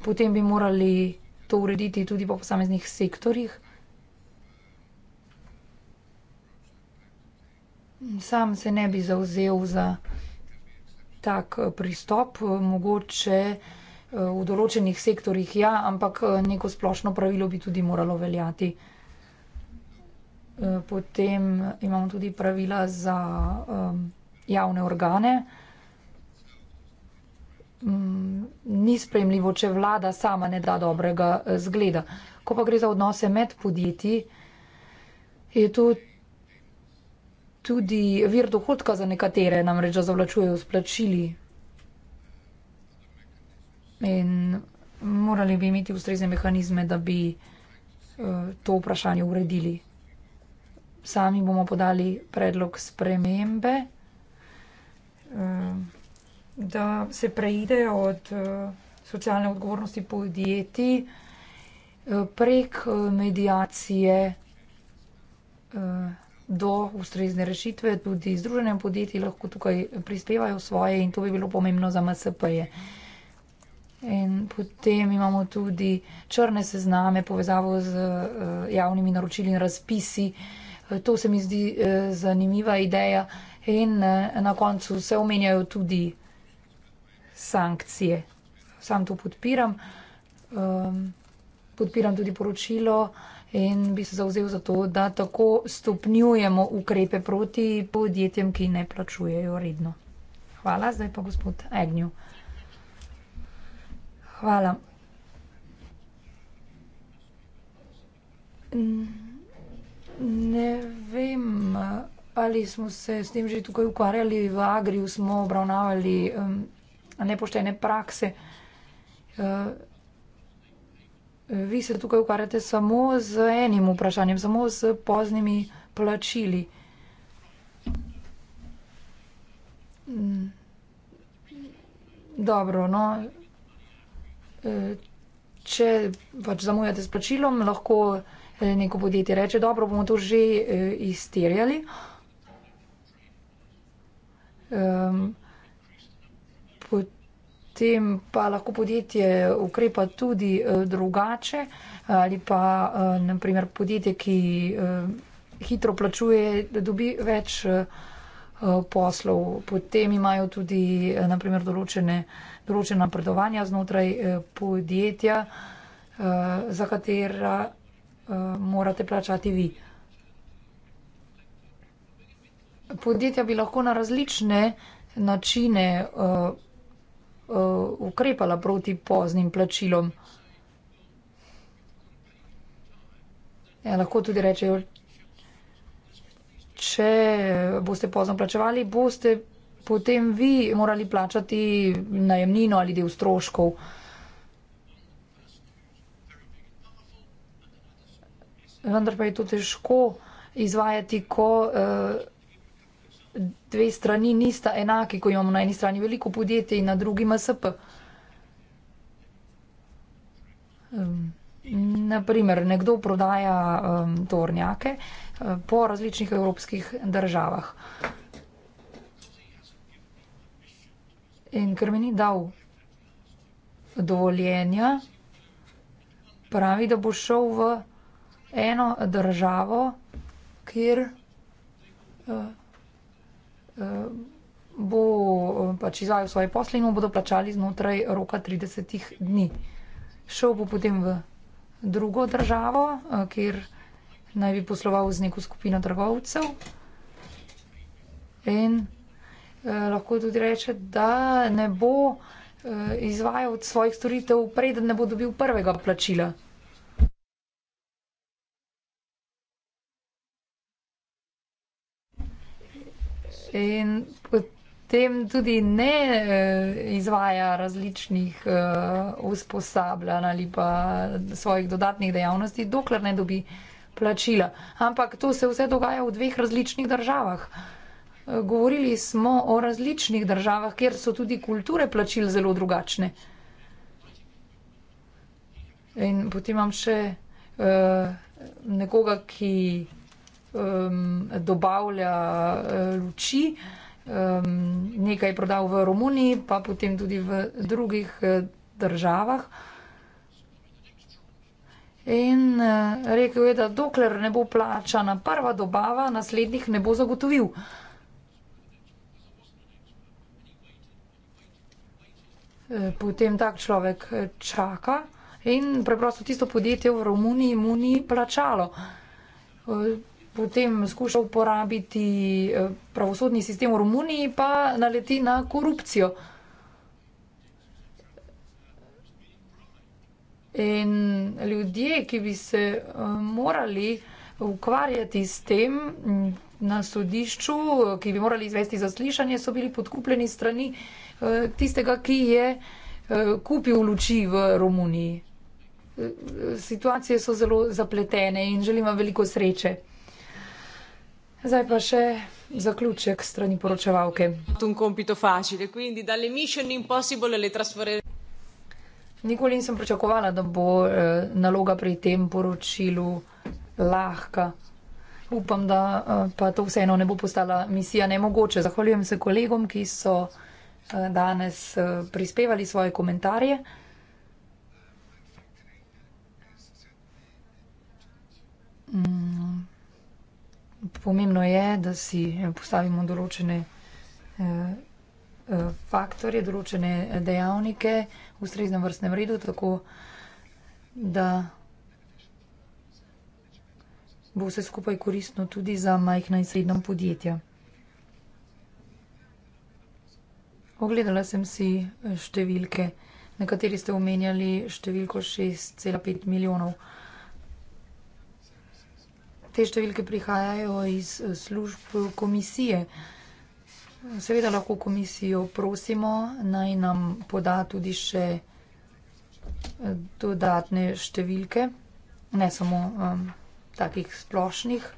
potem bi morali to urediti tudi po posameznih sektorjih. Sam se ne bi zauzel za tak pristop, mogoče v določenih sektorjih ja, ampak neko splošno pravilo bi tudi moralo veljati. Eh, potem imamo tudi pravila za javne organe. Mm, ni sprejemljivo, če vlada sama ne da dobrega eh, zgleda. Ko pa gre za odnose med podjetji, je to tudi vir dohodka za nekatere, namreč da zavlačujejo splačili. In morali bi imeti ustrezne mehanizme, da bi eh, to vprašanje uredili sami bomo podali predlog spremembe, eh, da se preidejo od eh, socialne odgovornosti podjetij eh, prek medijacije do ustrezne rešitve. Tudi združene podjetji lahko tukaj prispevajo svoje in to bi bilo pomembno za MSP-je. In potem imamo tudi črne sezname, povezavo z javnimi naročili in razpisi, Eh, to se mi zdi eh, zanimiva ideja in eh, na koncu se omenjajo tudi sankcije. Sam to podpiram. Ehm, podpiram tudi poročilo in bi se zauzel za to, da tako stopnjujemo ukrepe proti podjetjem, ki ne plačujejo redno. Hvala, zdaj pa gospod Agnew. Hvala. 嗯。Mm. Ne vem, ali smo se s tem že tukaj ukvarjali, v Agriju smo obravnavali um, nepoštene prakse. Uh, vi se tukaj ukvarjate samo z enim vprašanjem, samo z poznimi plačili. Mm. Dobro, no. Uh, če pač zamujate s plačilom, lahko. Eh, neko podjetje reče, dobro, bomo to že eh, izterjali. Um, potem pa lahko podjetje ukrepa tudi uh, drugače ali pa uh, naprimer podjetje, ki uh, hitro plačuje, da dobi več uh, poslov. Potem imajo tudi uh, naprimer določene, določena predovanja znotraj uh, podjetja, uh, za katera. Eh, morate plačati vi. Podjetja bi lahko na različne načine uh, uh, ukrepala proti poznim plačilom. Ja, lahko tudi rečejo, če boste pozno plačevali, boste potem vi morali plačati najemnino ali del stroškov. Uh, vendar pa je to težko izvajati, ko eh, dve strani nista enaki, ko imamo na eni strani veliko podjetje in na drugi MSP. Naprimer, nekdo prodaja tornjake eh, po različnih evropskih državah. In ker mi ni dal dovoljenja, pravi, da bo šel v Evropi eno državo, kjer eh, eh, bo eh, pač izvajal svoje posle in mu bodo plačali znotraj roka 30 dni. Šel bo potem v drugo državo, kjer naj bi posloval z neko skupino trgovcev. In eh, lahko tudi reče, da ne bo eh, izvajal svojih storitev, preden ne bo dobil prvega plačila. in potem tudi ne eh, izvaja različnih eh, usposabljanj ali pa svojih dodatnih dejavnosti, dokler ne dobi plačila. Ampak to se vse dogaja v dveh različnih državah. Eh, govorili smo o različnih državah, kjer so tudi kulture plačil zelo drugačne. In potem imam še uh, nekoga, ki um, dobavlja uh, luči. Um, nekaj je prodal v Romuniji, pa potem tudi v drugih uh, državah. In uh, rekel je, da dokler ne bo plačana prva dobava, naslednjih ne bo zagotovil. Potem tak človek čaka in preprosto tisto podjetje v Romuniji mu ni plačalo potem skuša uporabiti eh, pravosodni sistem v Romuniji, pa naleti na korupcijo. In ljudje, ki bi se eh, morali ukvarjati s tem mm, na sodišču, eh, ki bi morali izvesti zaslišanje, so bili podkupljeni strani tistega, ki je kupil luči v Romuniji. Situacije so zelo zapletene in želim vam veliko sreče. Zdaj pa še. Zaključek strani poročevalke. Nikoli nisem pričakovala, da bo eh, naloga pri tem poročilu lahka. Upam, da eh, pa to vseeno ne bo postala misija nemogoče. Zahvaljujem se kolegom, ki so eh, danes eh, prispevali svoje komentarje. Mm pomembno je, da si eh, postavimo določene eh, eh, faktorje, določene dejavnike v ustreznem vrstnem redu, tako da bo vse skupaj koristno tudi za majhna in srednja podjetja. Ogledala sem si številke. Nekateri ste omenjali številko 6,5 milijonov te številke prihajajo iz eh, služb eh, komisije. Seveda lahko komisijo prosimo, naj nam poda tudi še eh, dodatne številke, ne samo um, takih splošnih.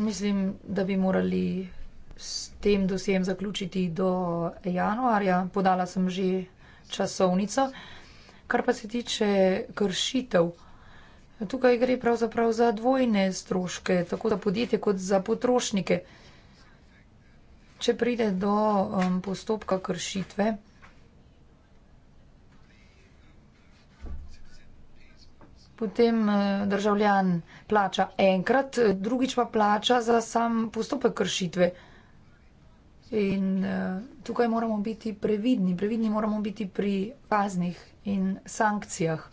Mislim, da bi morali s tem dosjem zaključiti do januarja. Podala sem že časovnico. Kar pa se tiče kršitev, Tukaj gre pravzaprav za dvojne stroške, tako za podjetje kot za potrošnike. Če pride do um, postopka kršitve, potem uh, državljan plača enkrat, drugič pa plača za sam postopek kršitve. In uh, tukaj moramo biti previdni, previdni moramo biti pri paznih in sankcijah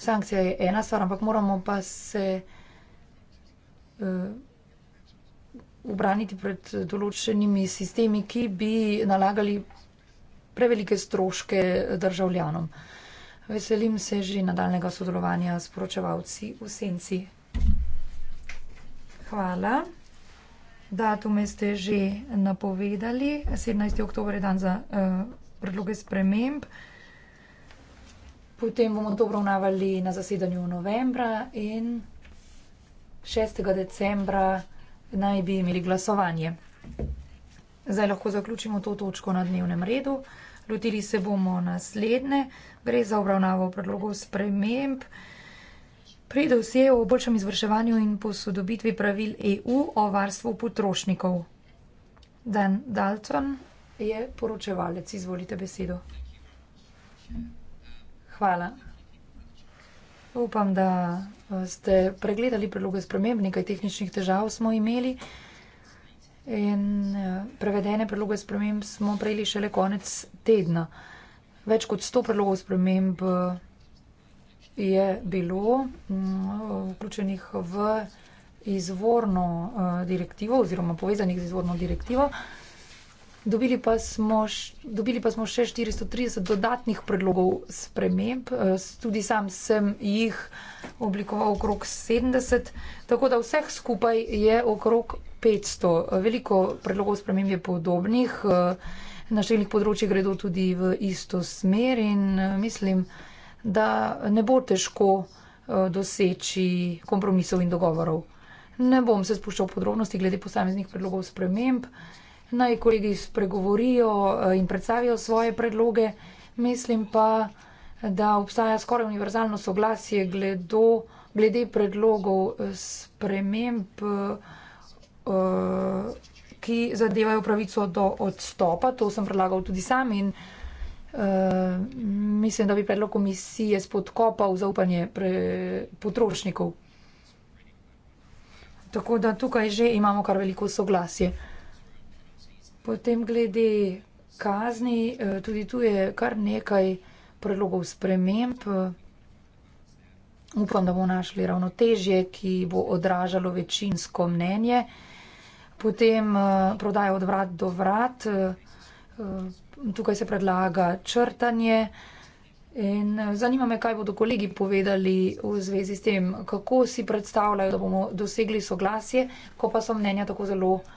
sankcija je ena stvar, ampak moramo pa se uh, eh, obraniti pred določenimi sistemi, ki bi nalagali prevelike stroške državljanom. Veselim se že nadaljnega sodelovanja s poročevalci v Senci. Hvala. Datume ste že napovedali. 17. oktober je dan za uh, predloge sprememb. Potem bomo to obravnavali na zasedanju novembra in 6. decembra naj bi imeli glasovanje. Zdaj lahko zaključimo to točko na dnevnem redu. Lotili se bomo naslednje. Gre za obravnavo predlogov sprememb. Prede vse o boljšem izvrševanju in posodobitvi pravil EU o varstvu potrošnikov. Dan Dalton je poročevalec. Izvolite besedo. Thank you. Hvala. Upam, da eh, ste pregledali predloge sprememb, nekaj tehničnih težav smo imeli in eh, prevedene predloge sprememb smo prejeli šele konec tedna. Več kot 100 predlogov sprememb eh, je bilo mm, vključenih v izvorno direktivo oziroma povezanih z izvorno direktivo. Dobili pa, smo, dobili pa smo še 430 dodatnih predlogov sprememb, eh, tudi sam sem jih oblikoval okrog 70, tako da vseh skupaj je okrog 500. Veliko predlogov sprememb je podobnih, eh, na številnih področjih gredo tudi v isto smer in eh, mislim, da ne bo težko doseči kompromisov in dogovorov. Ne bom se spuščal v podrobnosti glede posameznih predlogov sprememb naj kolegi spregovorijo eh, in predstavijo svoje predloge. Mislim pa, da obstaja skoraj univerzalno soglasje glede, glede predlogov eh, sprememb, eh, ki zadevajo pravico do odstopa. To sem predlagal tudi sam in mislim, da bi predlog komisije spodkopal zaupanje potrošnikov. Tako da tukaj že imamo kar veliko soglasje. Potem glede kazni, eh, tudi tu je kar nekaj predlogov sprememb. Upam, da bomo našli ravnotežje, ki bo odražalo večinsko mnenje. Potem eh, prodaja od vrat do vrat. Eh, tukaj se predlaga črtanje. In zanima me, kaj bodo kolegi povedali v zvezi s tem, kako si predstavljajo, da bomo dosegli soglasje, ko pa so mnenja tako zelo različna.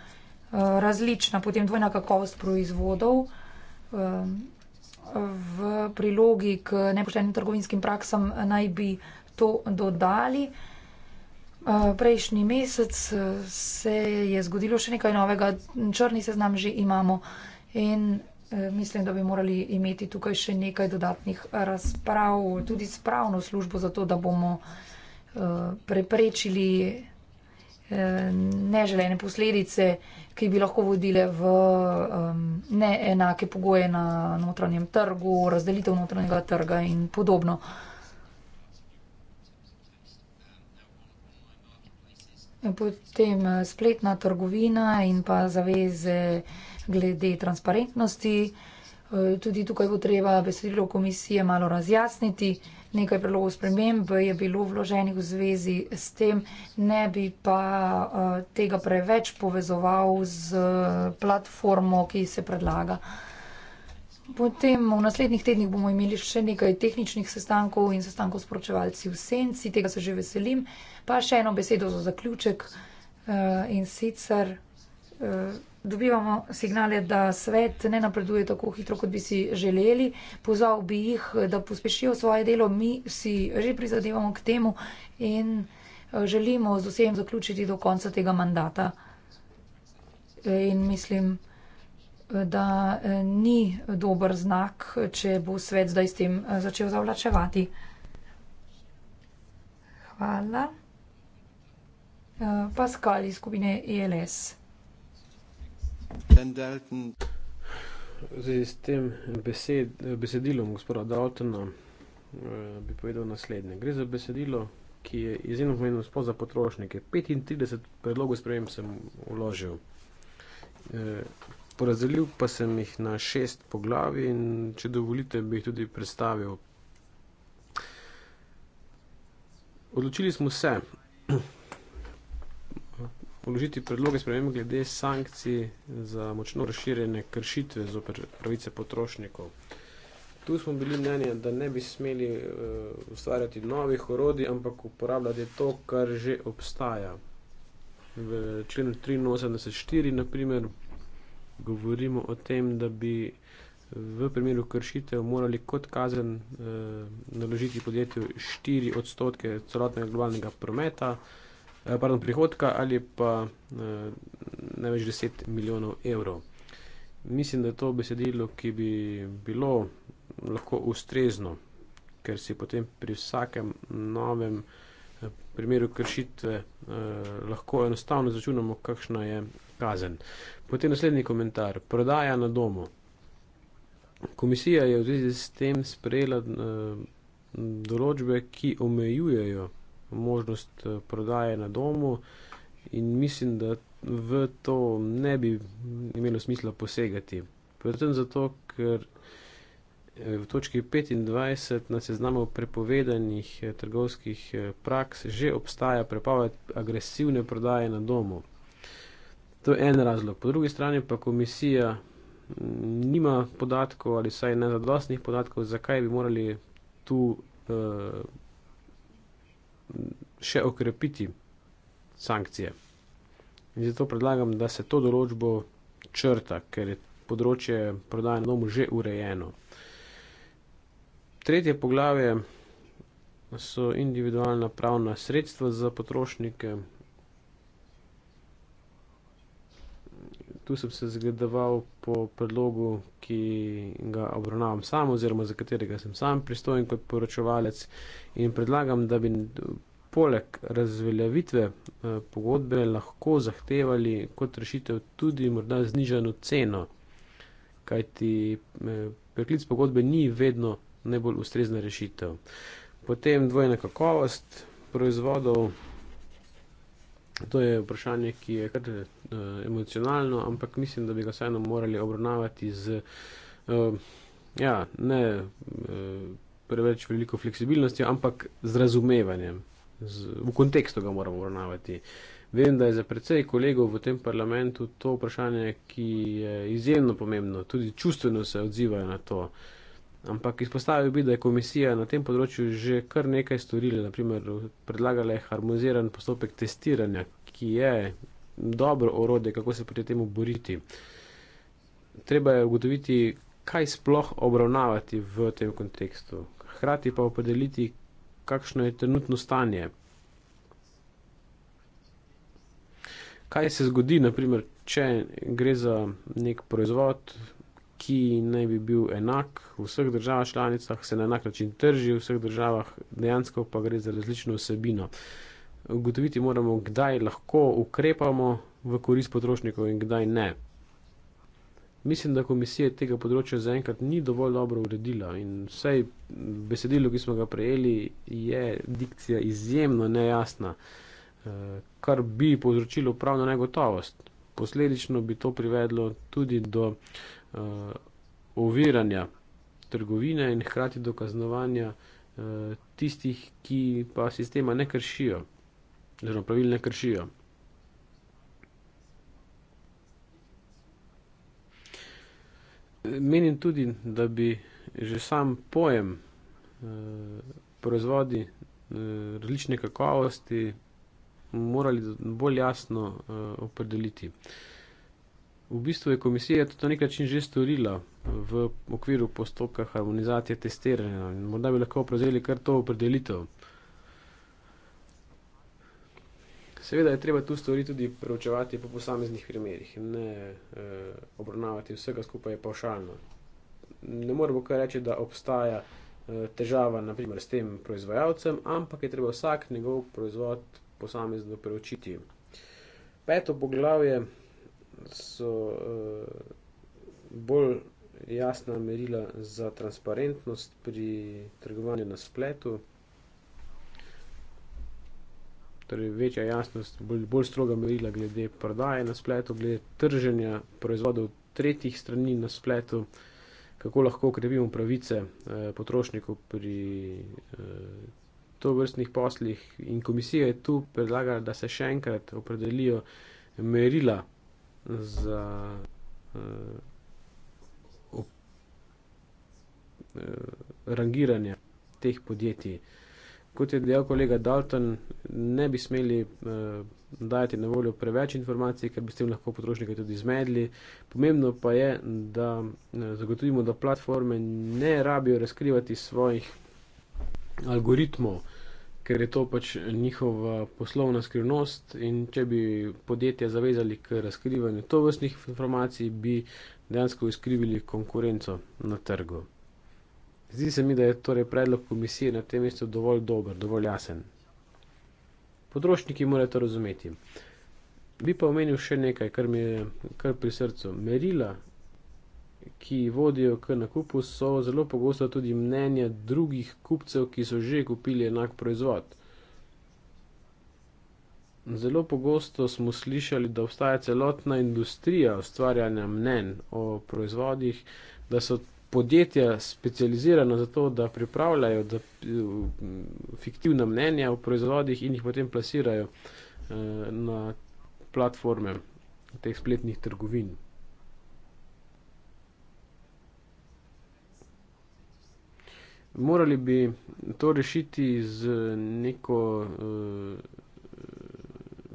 Eh, različna, potem dvojna kakovost proizvodov. Eh, v prilogi k nepoštenim trgovinskim praksam naj bi to dodali. Eh, prejšnji mesec se je zgodilo še nekaj novega, črni seznam že imamo in mislim, da bi morali imeti tukaj še nekaj dodatnih razprav, tudi spravno službo za to, da bomo preprečili Eh, neželene posledice, ki bi lahko vodile v neenake pogoje na notranjem trgu, razdelitev notranjega trga in podobno. Potem eh, spletna trgovina in pa zaveze glede transparentnosti. Eh, tudi tukaj bo treba besedilo komisije malo razjasniti nekaj predlogov sprememb je bilo vloženih v zvezi s tem, ne bi pa eh, tega preveč povezoval z eh, platformo, ki se predlaga. Potem v naslednjih tednih bomo imeli še nekaj tehničnih sestankov in sestankov s poročevalci v senci, tega se že veselim. Pa še eno besedo za zaključek eh, in sicer dobivamo signale, da svet ne napreduje tako hitro, kot bi si želeli. Pozval bi jih, da pospešijo svoje delo, mi si že prizadevamo k temu in eh, želimo z vsem zaključiti do konca tega mandata. In mislim, eh, da eh, ni dober znak, če bo svet zdaj s tem začel zavlačevati. Hvala. Pascal iz skupine ELS. Pendleton. Z tem besed, besedilom gospoda Daltona eh, bi povedal naslednje. Gre za besedilo, ki je izjemno pomembno sploh za potrošnike. 35 predlogov sprejem sem uložil. Eh, porazdelil pa sem jih na šest poglavi in če dovolite, bi jih tudi predstavil. Odločili smo se, vložiti predloge sprememb glede sankcij za močno razširjene kršitve zoper pravice potrošnikov. Tu smo bili mnenja, da ne bi smeli uh, ustvarjati novih orodij, ampak uporabljati to, kar že obstaja. V členu 83.4. naprimer govorimo o tem, da bi eh, v primeru kršitev morali kot kazen uh, naložiti podjetju 4 odstotke celotnega globalnega prometa, uh, Eh, pardon, prihodka ali pa uh, največ 10 milijonov evrov. Mislim, da je to besedilo, ki bi bilo lahko ustrezno, ker si potem pri vsakem novem eh, primeru kršitve eh, lahko enostavno začunamo, kakšna je kazen. Potem naslednji komentar. Prodaja na domu. Komisija je v zvezi s tem sprejela eh, določbe, ki omejujejo možnost eh, prodaje na domu in mislim, da v to ne bi imelo smisla posegati. Predvsem zato, ker eh, v točki 25 na seznamu prepovedanih eh, trgovskih praks že obstaja prepoved agresivne prodaje na domu. To je en razlog. Po drugi strani pa komisija mm, nima podatkov ali saj ne zadostnih podatkov, zakaj bi morali tu eh, še okrepiti sankcije. In zato predlagam, da se to določbo črta, ker je področje prodaje na domu že urejeno. Tretje poglavje so individualna pravna sredstva za potrošnike, tu sem se zgledoval po predlogu, ki ga obravnavam sam, oziroma za katerega sem sam pristojen kot poročevalec. In predlagam, da bi poleg razveljavitve eh, pogodbe lahko zahtevali kot rešitev tudi morda znižano ceno, kajti eh, preklic pogodbe ni vedno najbolj ustrezna rešitev. Potem dvojna kakovost proizvodov. To je vprašanje, ki je kar uh, emocionalno, ampak mislim, da bi ga vseeno morali obravnavati z uh, ja, ne uh, preveč veliko fleksibilnosti, ampak z razumevanjem. Z, v kontekstu ga moramo obravnavati. Vem, da je za precej kolegov v tem parlamentu to vprašanje, ki je izjemno pomembno, tudi čustveno se odzivajo na to. Uh, Ampak izpostavil bi, da je komisija na tem področju že kar nekaj storila. Naprimer, predlagala je harmoniziran postopek testiranja, ki je dobro orode, kako se proti temu boriti. Treba je ugotoviti, kaj sploh obravnavati v tem kontekstu. Hrati pa opredeliti, kakšno je trenutno stanje. Kaj se zgodi, naprimer, če gre za nek proizvod, ki naj bi bil enak v vseh državah članicah, se na enak način trži v vseh državah, dejansko pa gre za različno vsebino. Ugotoviti moramo, kdaj lahko ukrepamo v korist potrošnikov in kdaj ne. Mislim, da komisija tega področja zaenkrat ni dovolj dobro uredila in vse besedilo, ki smo ga prejeli, je dikcija izjemno nejasna, eh, kar bi povzročilo pravno negotovost. Posledično bi to privedlo tudi do uh, oviranja trgovine in hkrati do kaznovanja uh, eh, tistih, ki pa sistema ne kršijo, oziroma pravil ne kršijo. Menim tudi, da bi že sam pojem uh, proizvodi uh, različne kakovosti morali bolj jasno uh, opredeliti. Uh, V bistvu je komisija to na nek način že storila v okviru postopka harmonizacije testiranja. Morda bi lahko prevzeli kar to opredelitev. Seveda je treba tu stvari tudi preučevati po posameznih primerjih in ne eh, obravnavati vsega skupaj pašalno. Ne moremo kar reči, da obstaja eh, težava naprimer, s tem proizvajalcem, ampak je treba vsak njegov proizvod posamezno preučiti. Peto poglavje so eh, bolj jasna merila za transparentnost pri trgovanju na spletu. Torej, večja jasnost, bolj, bolj stroga merila glede prodaje na spletu, glede trženja proizvodov tretjih strani na spletu, kako lahko okrepimo pravice eh, potrošnikov pri eh, to vrstnih poslih. In komisija je tu predlagala, da se še enkrat opredelijo merila za uh, op, uh, rangiranje teh podjetij. Kot je dejal kolega Dalton, ne bi smeli uh, dajati na voljo preveč informacij, ker bi s tem lahko potrošnike tudi zmedli. Pomembno pa je, da uh, zagotovimo, da platforme ne rabijo razkrivati svojih algoritmov ker je to pač njihova poslovna skrivnost. In če bi podjetje zavezali k razkrivanju to vrstnih informacij, bi dejansko izkrivili konkurenco na trgu. Zdi se mi, da je torej predlog komisije na tem mestu dovolj dober, dovolj jasen. Potrošniki morajo to razumeti. Bi pa omenil še nekaj, kar mi je kar pri srcu. Merila ki vodijo k nakupu, so zelo pogosto tudi mnenja drugih kupcev, ki so že kupili enak proizvod. Zelo pogosto smo slišali, da obstaja celotna industrija ustvarjanja mnen o proizvodih, da so podjetja specializirana za to, da pripravljajo da, eh, fiktivna mnenja o proizvodih in jih potem plasirajo eh, na platforme teh spletnih trgovin. Morali bi to rešiti z neko e,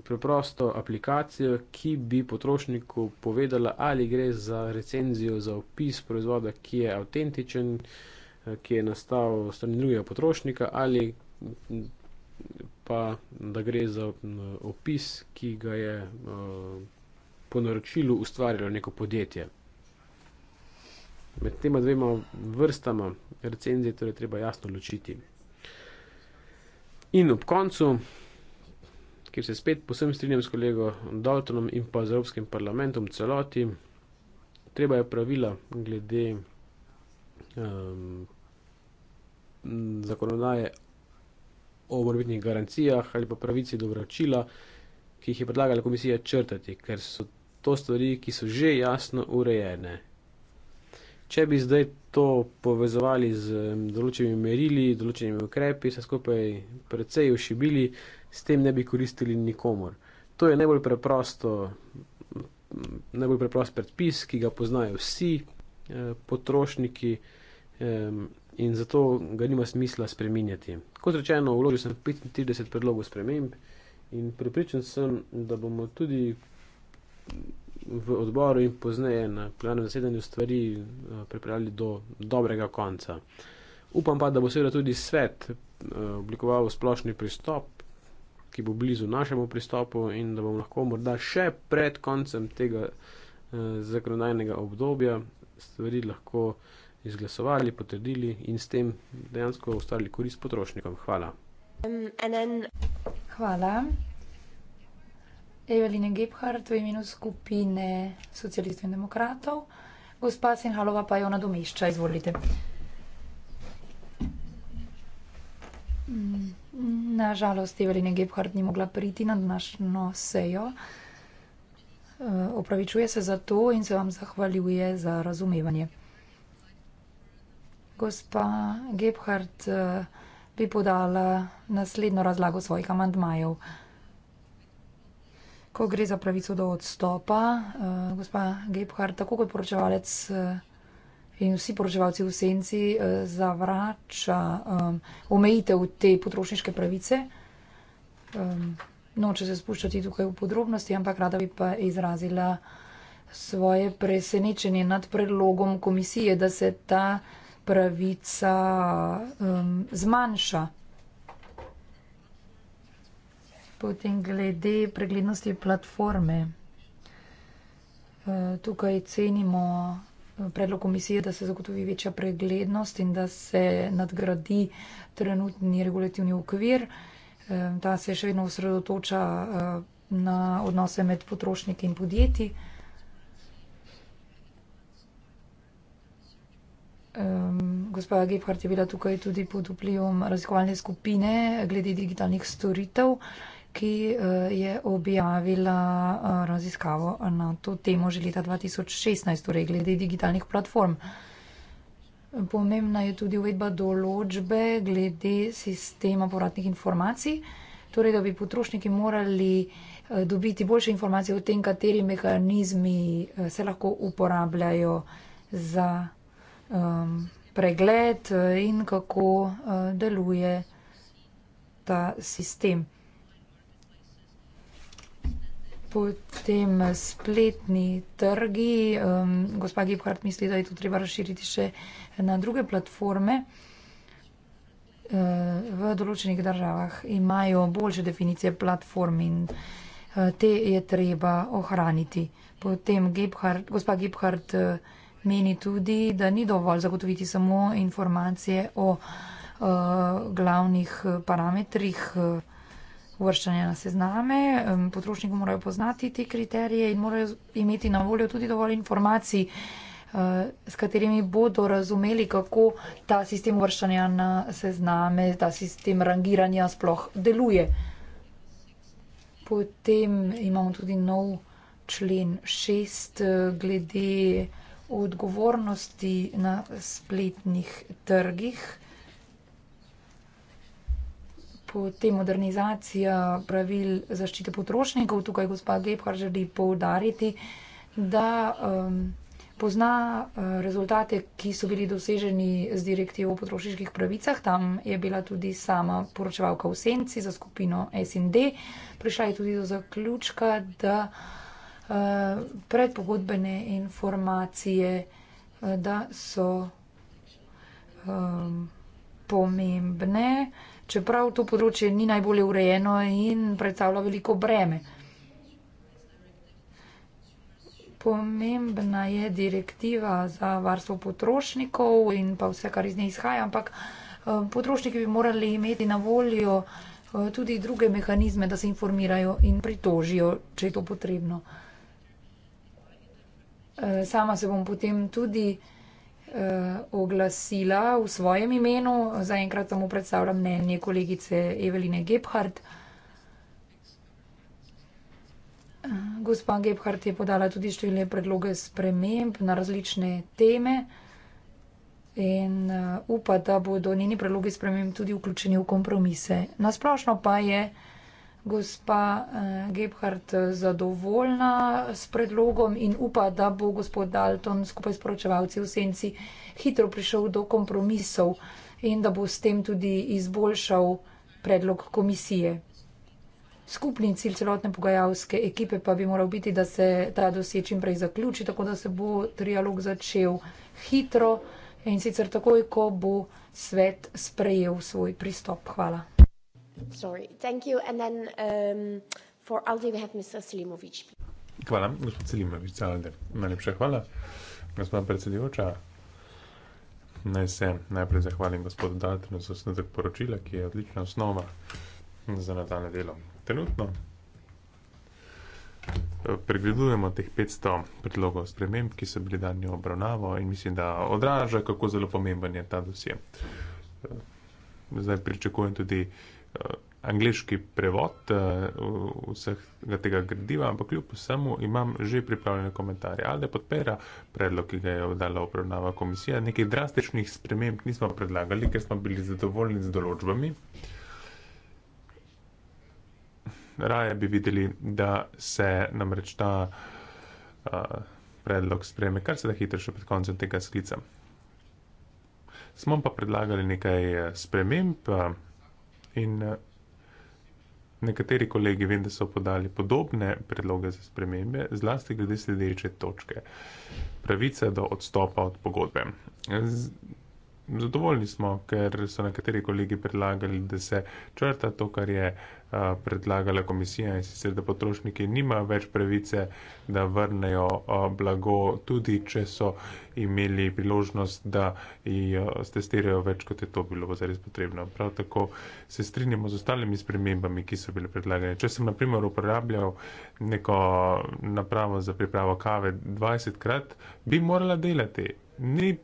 preprosto aplikacijo, ki bi potrošniku povedala, ali gre za recenzijo, za opis proizvoda, ki je avtentičen, eh, ki je nastal strani drugega potrošnika, ali pa da gre za opis, ki ga je e, po naročilu ustvarilo neko podjetje. Med tema dvema vrstama recenzije, torej treba jasno ločiti. In ob koncu, kjer se spet posebno strinjam s kolego Daltonom in pa z Evropskim parlamentom celoti, treba je pravila glede um, zakonodaje o morbitnih garancijah ali pa pravici do vračila, ki jih je predlagala komisija, črtati, ker so to stvari, ki so že jasno urejene Če bi zdaj to povezovali z določenimi merili, določenimi ukrepi, se skupaj precej ošibili, s tem ne bi koristili nikomor. To je najbolj, najbolj preprost predpis, ki ga poznajo vsi e, potrošniki in zato ga nima smisla spreminjati. Kot rečeno, vložil sem 35 predlogov sprememb in pripričan sem, da bomo tudi v odboru in pozneje na plenarnem zasedanju stvari eh, pripeljali do dobrega konca. Upam pa, da bo seveda tudi svet eh, oblikoval splošni pristop, ki bo blizu našemu pristopu in da bomo lahko morda še pred koncem tega eh, zakonodajnega obdobja stvari lahko izglasovali, potrdili in s tem dejansko ustvarili korist potrošnikom. Hvala. Um, Hvala. Evelina Gebhardt v imenu skupine socialistov in demokratov. Gospa Senhalova pa jo nadomešča. Izvolite. Nažalost, Evelina Gebhardt ni mogla priti na današnjo sejo. Opravičuje se za to in se vam zahvaljuje za razumevanje. Gospa Gebhardt eh, bi podala naslednjo razlago svojih amantmajev ko gre za pravico do odstopa, uh, gospa Gebhardt, tako kot poročevalec uh, in vsi poročevalci v senci, uh, zavrača um, omejitev te potrošniške pravice. Um, ehm, Noče se spuščati tukaj v podrobnosti, ampak rada bi pa izrazila svoje presenečenje nad predlogom komisije, da se ta pravica um, zmanjša. Potem glede preglednosti platforme. Eh, tukaj cenimo eh, predlog komisije, da se zagotovi večja preglednost in da se nadgradi trenutni regulativni okvir. Eh, ta se še vedno osredotoča na odnose med potrošniki in podjetji. Ehm, gospa Gephardt je bila tukaj tudi pod vplivom raziskovalne skupine glede digitalnih storitev ki eh, je objavila eh, raziskavo na to temo že leta 2016, torej glede digitalnih platform. Pomembna je tudi uvedba določbe glede sistema povratnih informacij, torej da bi potrošniki morali eh, dobiti boljše informacije o tem, kateri mehanizmi se lahko uporabljajo za um, pregled in kako uh, deluje ta sistem. Potem spletni trgi. Um, gospa Gibhart misli, da je to treba razširiti še na druge platforme. V določenih državah imajo boljše definicije platform in e, te je treba ohraniti. Potem Gebhard, gospa Gebhardt e, meni tudi, da ni dovolj zagotoviti samo informacije o uh, glavnih parametrih. Uh, uvrščanja na sezname. Potrošniki morajo poznati te kriterije in morajo imeti na voljo tudi dovolj informacij, eh, s katerimi bodo razumeli, kako ta sistem uvrščanja na sezname, ta sistem rangiranja sploh deluje. Potem imamo tudi nov člen šest eh, glede odgovornosti na spletnih trgih. Potem modernizacija pravil zaščite potrošnikov. Tukaj gospa Gebhar želi povdariti, da um, pozna uh, rezultate, ki so bili doseženi z direktivo o potrošniških pravicah. Tam je bila tudi sama poročevalka v senci za skupino SND. Prišla je tudi do zaključka, da uh, predpogodbene informacije, uh, da so um, pomembne čeprav to področje ni najbolje urejeno in predstavlja veliko breme. Pomembna je direktiva za varstvo potrošnikov in pa vse, kar iz nje izhaja, ampak eh, potrošniki bi morali imeti na voljo eh, tudi druge mehanizme, da se informirajo in pritožijo, če je to potrebno. Eh, sama se bom potem tudi. Eh, oglasila v svojem imenu. Zaenkrat samo predstavljam mnenje kolegice Eveline Gebhardt. Gospa Gebhardt je podala tudi številne predloge sprememb na različne teme in eh, upa, da bodo njeni predlogi sprememb tudi vključeni v kompromise. Nasplošno pa je gospa eh, Gebhardt zadovoljna s predlogom in upa, da bo gospod Dalton skupaj s poročevalci v senci hitro prišel do kompromisov in da bo s tem tudi izboljšal predlog komisije. Skupni cilj celotne pogajalske ekipe pa bi moral biti, da se ta dosje čim prej zaključi, tako da se bo trialog začel hitro in sicer takoj, ko bo svet sprejel svoj pristop. Hvala. Sorry. Thank you. And then um, for Aldi, we have Mr. Selimovic. Hvala, gospod Selimovic, za Aldi. Najlepša hvala, gospod predsedujoča. Naj se najprej zahvalim gospodu Daltonu za snedek poročila, ki je odlična osnova za nadaljne delo. Trenutno eh, pregledujemo teh 500 predlogov sprememb, ki so bili dani v obravnavo in mislim, da odraža, kako zelo pomemben je ta dosje. Eh, zdaj pričakujem tudi uh, Eh, angliški prevod eh, vseh tega gradiva, ampak kljub vsemu imam že pripravljene komentarje. Alde podpira predlog, ki ga je dala obravnava komisija. Nekih drastičnih sprememb nismo predlagali, ker smo bili zadovoljni z določbami. Raje bi videli, da se namreč ta a, eh, predlog spreme, kar se da hitro še pred koncem tega sklica. Smo pa predlagali nekaj sprememb. A, In eh, nekateri kolegi vem, da so podali podobne predloge za spremembe, zlasti glede sledeče točke. Pravica do odstopa od pogodbe. Z zadovoljni smo, ker so nekateri kolegi predlagali, da se črta to, kar je predlagala komisija in sicer, da potrošniki nimajo več pravice, da vrnejo blago, tudi če so imeli priložnost, da jih testirajo več, kot je to bilo zares potrebno. Prav tako se strinjamo z ostalimi spremembami, ki so bile predlagane. Če sem, na primer, uporabljal neko napravo za pripravo kave 20 krat, bi morala delati. Ni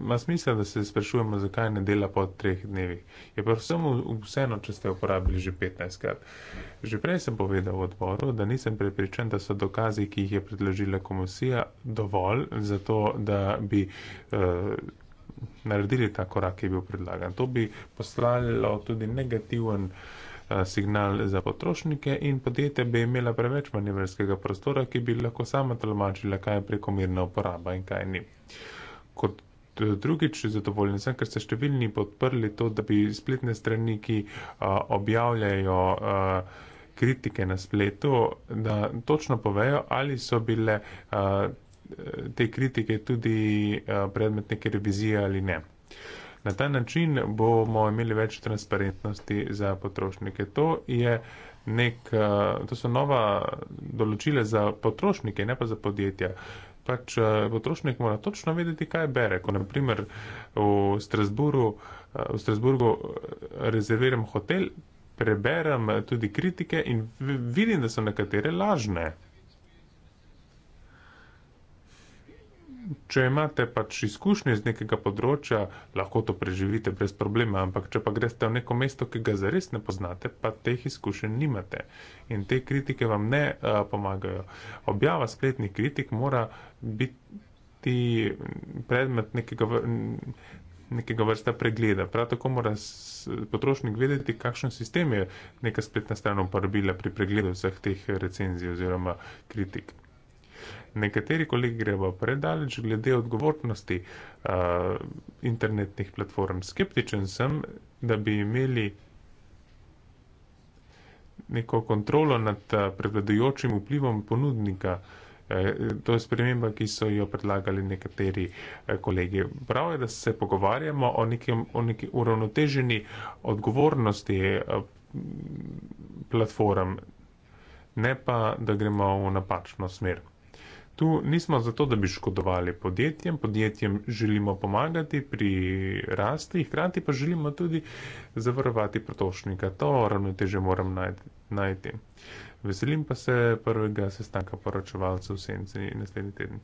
ima smisel, da se sprašujemo, zakaj ne dela po treh dnevih. Je pa vsem vseeno, če ste uporabili že 15 krat. Že prej sem povedal v odboru, da nisem prepričan, da so dokazi, ki jih je predložila komisija, dovolj za to, da bi uh, naredili ta korak, ki je bil predlagan. To bi poslalo tudi negativen eh, signal za potrošnike in podjetje bi imela preveč manevrskega prostora, ki bi lahko sama tolmačila, kaj je prekomirna uporaba in kaj ni. Kot Eh, drugič zadovoljen sem, ker ste številni podprli to, da bi spletne strani, ki eh, objavljajo eh, kritike na spletu, da točno povejo, ali so bile te kritike tudi predmet neke revizije ali ne. Na ta način bomo imeli več transparentnosti za potrošnike. To, je nek, to so nova določila za potrošnike, ne pa za podjetja pač eh, potrošnik mora točno vedeti, kaj bere. Ko naprimer v Strasburgu, eh, v Strasburgu eh, rezerviram hotel, preberem tudi kritike in vidim, da so nekatere lažne. če imate pač izkušnje z nekega področja, lahko to preživite brez problema, ampak če pa greste v neko mesto, ki ga zares ne poznate, pa teh izkušenj nimate in te kritike vam ne a, pomagajo. Objava spletnih kritik mora biti predmet nekega, nekega vrsta pregleda. Prav tako mora potrošnik vedeti, kakšen sistem je neka spletna stran uporabila pri pregledu vseh teh recenzij oziroma kritik. Nekateri kolegi grejo predaleč glede odgovornosti uh, internetnih platform. Skeptičen sem, da bi imeli neko kontrolo nad prevladujočim vplivom ponudnika. E, to je sprememba, ki so jo predlagali nekateri e, kolegi. Prav je, da se pogovarjamo o nekem o neki uravnoteženi odgovornosti e, platform, ne pa, da gremo v napačno smer tu nismo zato, da bi škodovali podjetjem, podjetjem želimo pomagati pri rasti, hkrati pa želimo tudi zavarovati potrošnika. To ravnoteže moram najti. Veselim pa se prvega sestanka poročevalcev v senci naslednji teden.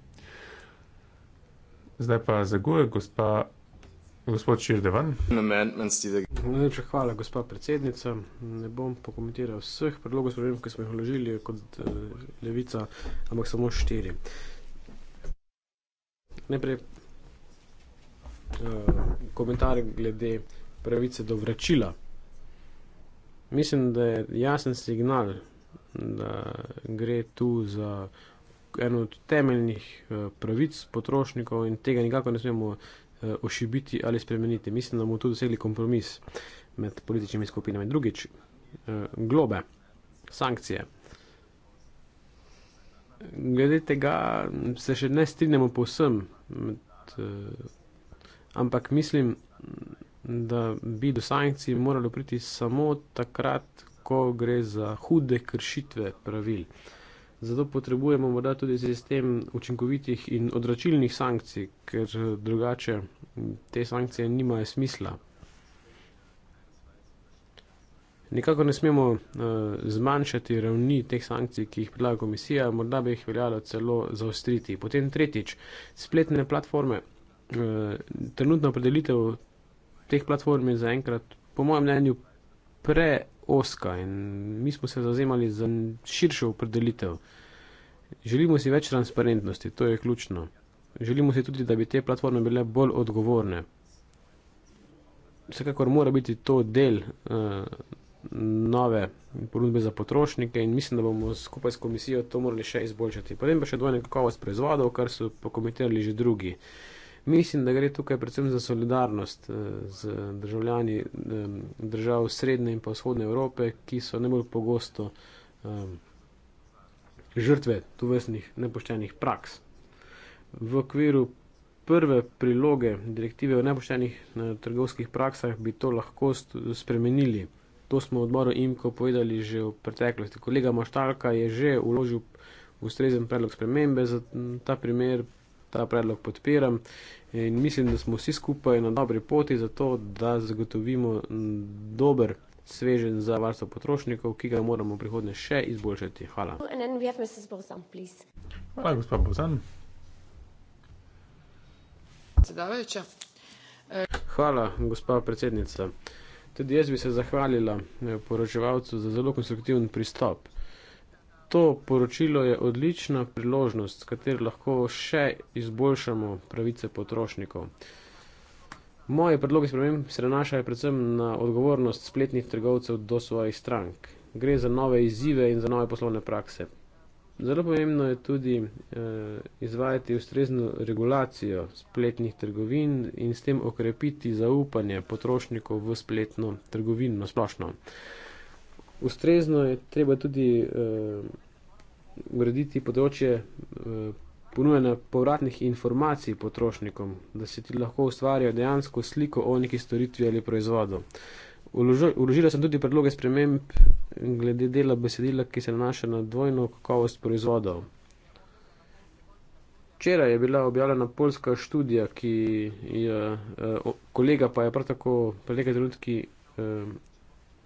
Zdaj pa zaguje gospa. Gospod Širdevan. Hvala, gospod predsednica. Ne bom pokomentiral vseh predlogov sprememb, ki smo jih vložili kot eh, levica, ampak samo štiri. Najprej eh, komentar glede pravice do vračila. Mislim, da je jasen signal, da gre tu za eno od temeljnih eh, pravic potrošnikov in tega nikako ne smemo Eh, ošibiti ali spremeniti. Mislim, da bomo tu dosegli kompromis med političnimi skupinami. Drugič, eh, globe, sankcije. Glede tega se še ne strinjamo povsem, eh, ampak mislim, da bi do sankcij moralo priti samo takrat, ko gre za hude kršitve pravil. Zato potrebujemo morda tudi sistem učinkovitih in odračilnih sankcij, ker drugače te sankcije nimajo smisla. Nikako ne smemo uh, zmanjšati ravni teh sankcij, ki jih predlaga komisija, morda bi jih veljalo celo zaostriti. Potem tretjič, spletne platforme. Uh, trenutna opredelitev teh platform je zaenkrat, po mojem mnenju, preoska in mi smo se zauzemali za širšo opredelitev. Želimo si več transparentnosti, to je ključno. Želimo si tudi, da bi te platforme bile bolj odgovorne. Vsekakor mora biti to del uh, nove ponudbe za potrošnike in mislim, da bomo skupaj s komisijo to morali še izboljšati. Potem pa še dvojne kakovost proizvodov, kar so pokomentirali že drugi. Mislim, da gre tukaj predvsem za solidarnost eh, z državljani eh, držav Srednje in pa Vzhodne Evrope, ki so najbolj pogosto um, žrtve tu vrstnih nepoštenih praks. V okviru prve priloge direktive o nepoštenih eh, trgovskih praksah bi to lahko spremenili. To smo odboru IMKO povedali že v preteklosti. Kolega Maštalka je že uložil ustrezen predlog spremembe za ta primer, ta predlog podpiram in mislim, da smo vsi skupaj na dobri poti za to, da zagotovimo dober svežen za varstvo potrošnikov, ki ga moramo v prihodnje še izboljšati. Hvala. Hvala, gospod Bozan. Hvala, gospa predsednica. Tudi jaz bi se zahvalila eh, poročevalcu za zelo konstruktiven pristop. To poročilo je odlična priložnost, s katero lahko še izboljšamo pravice potrošnikov. Moje predloge sprememb se nanašajo predvsem na odgovornost spletnih trgovcev do svojih strank. Gre za nove izzive in za nove poslovne prakse. Zelo pomembno je tudi eh, izvajati ustrezno regulacijo spletnih trgovin in s tem okrepiti zaupanje potrošnikov v spletno trgovino splošno. Ustrezno je treba tudi eh, urediti področje eh, ponujanja povratnih informacij potrošnikom, da si ti lahko ustvarijo dejansko sliko o neki storitvi ali proizvodu. Uložila sem tudi predloge sprememb glede dela besedila, ki se nanaša na dvojno kakovost proizvodov. Včeraj je bila objavljena polska študija, ki je eh, kolega pa je prav tako pred nekaj trenutki eh,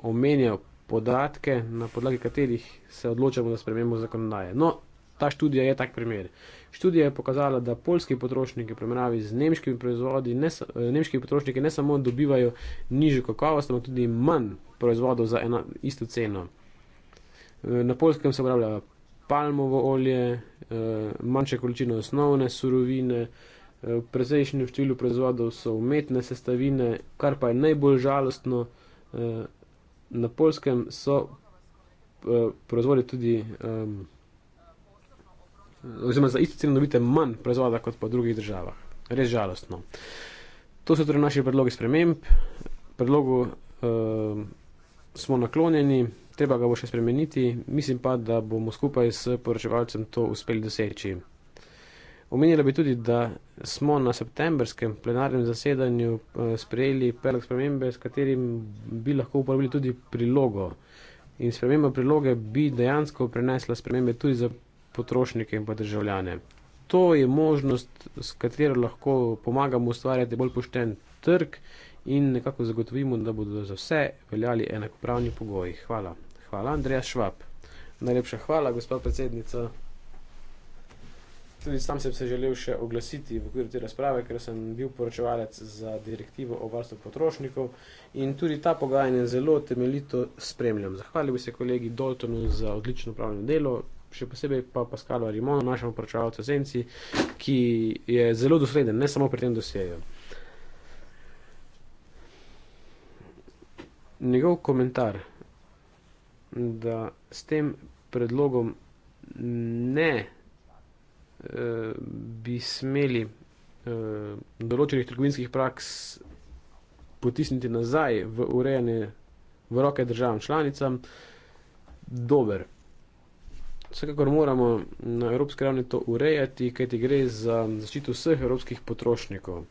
omenjal podatke, na podlagi katerih se odločamo za spremembo zakonodaje. No, ta študija je tak primer. Študija je pokazala, da polski potrošniki, primerjavi z nemškimi proizvodi, ne, eh, nemški potrošniki ne samo dobivajo nižjo kakovost, ampak tudi manj proizvodov za eno isto ceno. Eh, na polskem se uporablja palmovo olje, eh, manjše količine osnovne surovine, v precejšnjem številu proizvodov so umetne sestavine, kar pa je najbolj žalostno, na polskem so proizvodi tudi. Um, oziroma za isto ceno dobite manj proizvoda kot po drugih državah. Res žalostno. To so torej naši predlogi sprememb. Predlogu uh, smo naklonjeni, treba ga bo še spremeniti, mislim pa, da bomo skupaj s poročevalcem to uspeli doseči. Omenila bi tudi, da smo na septembrskem plenarnem zasedanju eh, sprejeli predlog spremembe, s katerim bi lahko uporabili tudi prilogo. In sprememba priloge bi dejansko prenesla spremembe tudi za potrošnike in pa državljane. To je možnost, s katero lahko pomagamo ustvarjati bolj pošten trg in nekako zagotovimo, da bodo za vse veljali enakopravni pogoji. Hvala. Hvala, Andreja Švab. Najlepša hvala, gospa predsednica. Tudi sam sem se želel še oglasiti v okviru te razprave, ker sem bil poročevalec za direktivo o varstvu potrošnikov in tudi ta pogajanja zelo temeljito spremljam. Zahvalil bi se kolegi Daltonu za odlično upravljeno delo, še posebej pa Paskalo Arimono, našemu pročevalcu Zenci, ki je zelo dosleden, ne samo pri tem dosjeju. Njegov komentar, da s tem predlogom ne e, bi smeli e, določenih trgovinskih praks potisniti nazaj v urejanje v roke državam članicam, dober vsekakor moramo na evropski ravni to urejati, kajti gre za zaščito vseh evropskih potrošnikov.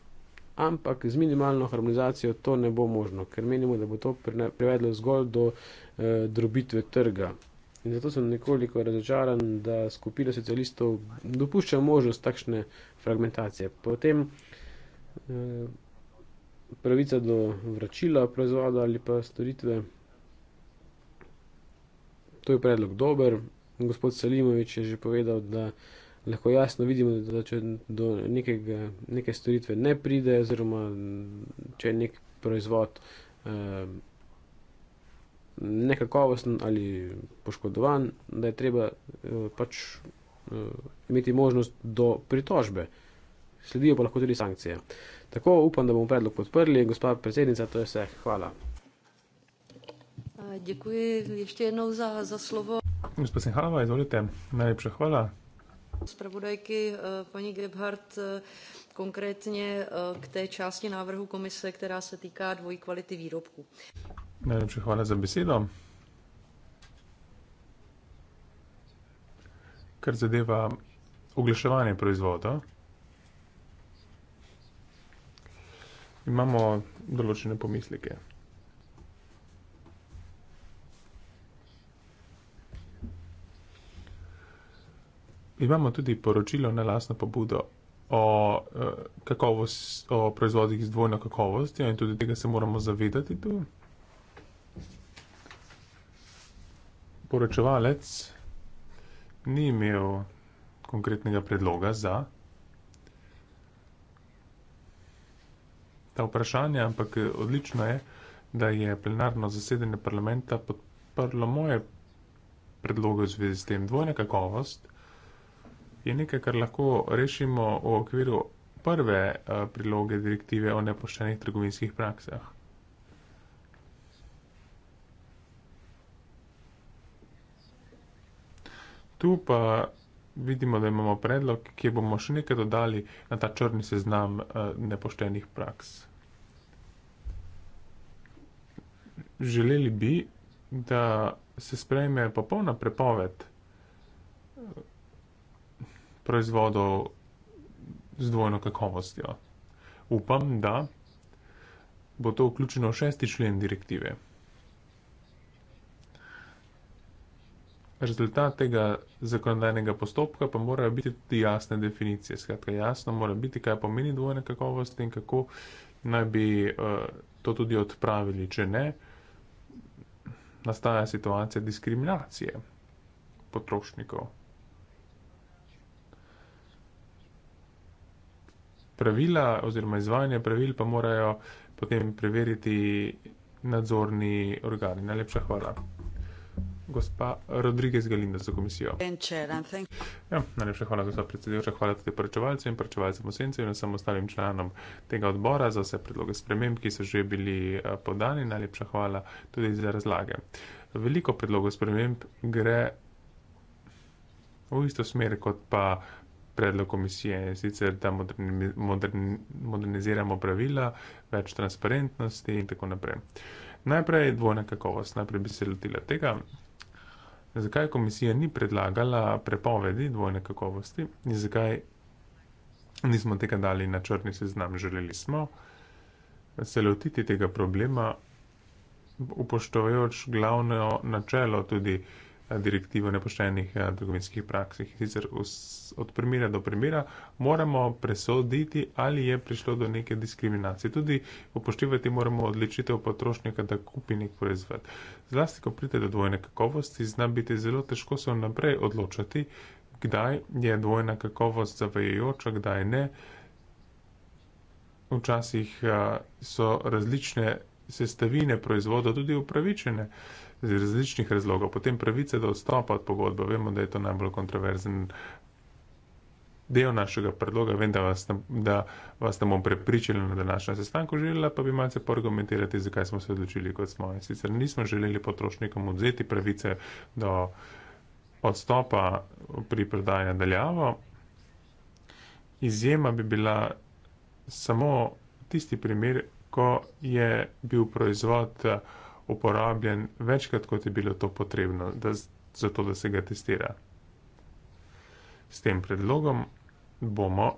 Ampak z minimalno harmonizacijo to ne bo možno, ker menimo, da bo to privedlo zgolj do eh, drobitve trga. In zato sem nekoliko razočaran, da skupina socialistov dopušča možnost takšne fragmentacije. Potem eh, pravica do vračila proizvoda ali pa storitve. To je predlog dober, gospod Salimovič je že povedal, da lahko jasno vidimo, da če do nekega, neke storitve ne pride, oziroma če je nek proizvod eh, nekakovosten ali poškodovan, da je treba eh, pač eh, imeti možnost do pritožbe. Sledijo pa lahko tudi sankcije. Tako upam, da bomo predlog podprli. Gospa predsednica, to je vse. Hvala. Děkuji ještě jednou za, za slovo. Gospod Sinhalova, izvolite, najlepša hvala. Spravodajky eh, paní Gebhardt eh, konkrétně eh, k té části návrhu komise, která se týká dvojí kvality výrobku. Najlepša hvala za besedo. Kar zadeva oglaševanje proizvoda, imamo določene pomisleke. imamo tudi poročilo na lasno pobudo o, eh, kakovost, o proizvodih z dvojno kakovostjo in tudi tega se moramo zavedati tu. Poročevalec ni imel konkretnega predloga za ta vprašanja, ampak eh, odlično je, da je plenarno zasedanje parlamenta podprlo moje predloge v zvezi s tem dvojna kakovost je nekaj, kar lahko rešimo v okviru prve eh, priloge direktive o nepoštenih trgovinskih praksah. Tu pa vidimo, da imamo predlog, ki bomo še nekaj dodali na ta črni seznam eh, nepoštenih praks. Želeli bi, da se sprejme popolna prepoved proizvodov z dvojno kakovostjo. Upam, da bo to vključeno v šesti člen direktive. Rezultat tega zakonodajnega postopka pa morajo biti tudi jasne definicije. Skratka, jasno mora biti, kaj pomeni dvojna kakovost in kako naj bi uh, to tudi odpravili. Če ne, nastaja situacija diskriminacije potrošnikov. pravila oziroma izvajanje pravil pa morajo potem preveriti nadzorni organi. Najlepša hvala. Gospa Rodriguez Galinda za komisijo. Ja, najlepša hvala, gospod predsedujoča. Hvala tudi poročevalcem in poročevalcem osencev in vsem ostalim članom tega odbora za vse predloge sprememb, ki so že bili eh, podani. Najlepša hvala tudi za razlage. Veliko predlogov sprememb gre v isto smer kot pa uh, predlog komisije in sicer, da moderni, moderni, moderniziramo pravila, več transparentnosti in tako naprej. Najprej dvojna kakovost, najprej bi se lotila tega, zakaj komisija ni predlagala prepovedi dvojne kakovosti in zakaj nismo tega dali na črni seznam. Želeli smo se lotiti tega problema, upoštovajoč glavno načelo tudi direktivo nepoštenih eh, trgovinskih praksih. Sicer od primera do primera moramo presoditi, ali je prišlo do neke diskriminacije. Tudi upoštevati moramo odločitev potrošnika, da kupi nek proizvod. Zlasti, ko pride do dvojne kakovosti, zna biti zelo težko se vnaprej odločati, kdaj je dvojna kakovost zavajajoča, kdaj ne. Včasih eh, so različne sestavine proizvoda tudi upravičene iz različnih razlogov, potem pravice do odstopa od pogodbe. Vemo, da je to najbolj kontroverzen del našega predloga, vem, da vas, da vas ne bom prepričali na današnjem sestanku, želela pa bi malce porgumentirati, zakaj smo se odločili, kot smo. In sicer nismo želeli potrošnikom odzeti pravice do odstopa pri prodaji daljavo. Izjema bi bila samo tisti primer, ko je bil proizvod uh, uporabljen večkrat, kot je bilo to potrebno, da, zato da se ga testira. S tem predlogom bomo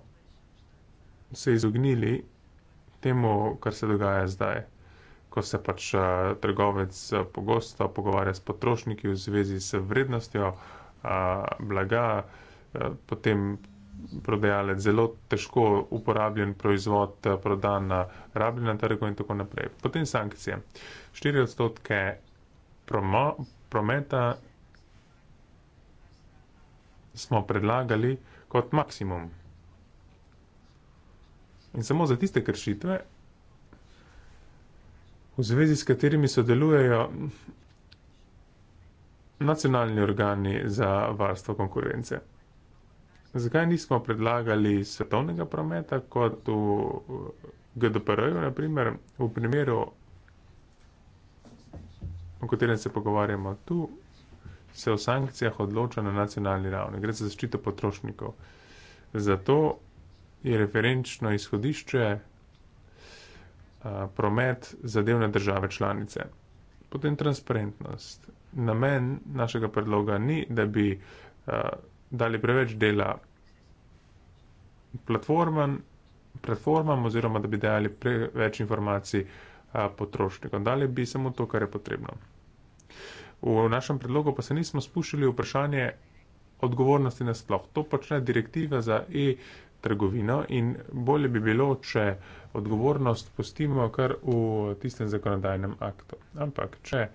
se izognili temu, kar se dogaja zdaj, ko se pač trgovec pogosto pogovarja s potrošniki v zvezi s vrednostjo a, blaga, a, potem prodajalec, zelo težko uporabljen proizvod eh, prodan na rabljenem trgu in tako naprej. Potem sankcije. 4 odstotke promo, prometa smo predlagali kot maksimum. In samo za tiste kršitve, v zvezi s katerimi sodelujejo nacionalni organi za varstvo konkurence. Zakaj nismo predlagali svetovnega prometa kot v GDPR-ju, naprimer v primeru, o katerem se pogovarjamo tu, se o sankcijah odloča na nacionalni ravni, gre za zaščito potrošnikov. Zato je referenčno izhodišče a, promet zadevne države članice. Potem transparentnost. Namen našega predloga ni, da bi. A, dali preveč dela platformam oziroma da bi dali preveč informacij potrošnikom. Dali bi samo to, kar je potrebno. V našem predlogu pa se nismo spuščali v vprašanje odgovornosti nasploh. To počne direktiva za e-trgovino in bolje bi bilo, če odgovornost postimo kar v tistem zakonodajnem aktu. Ampak, če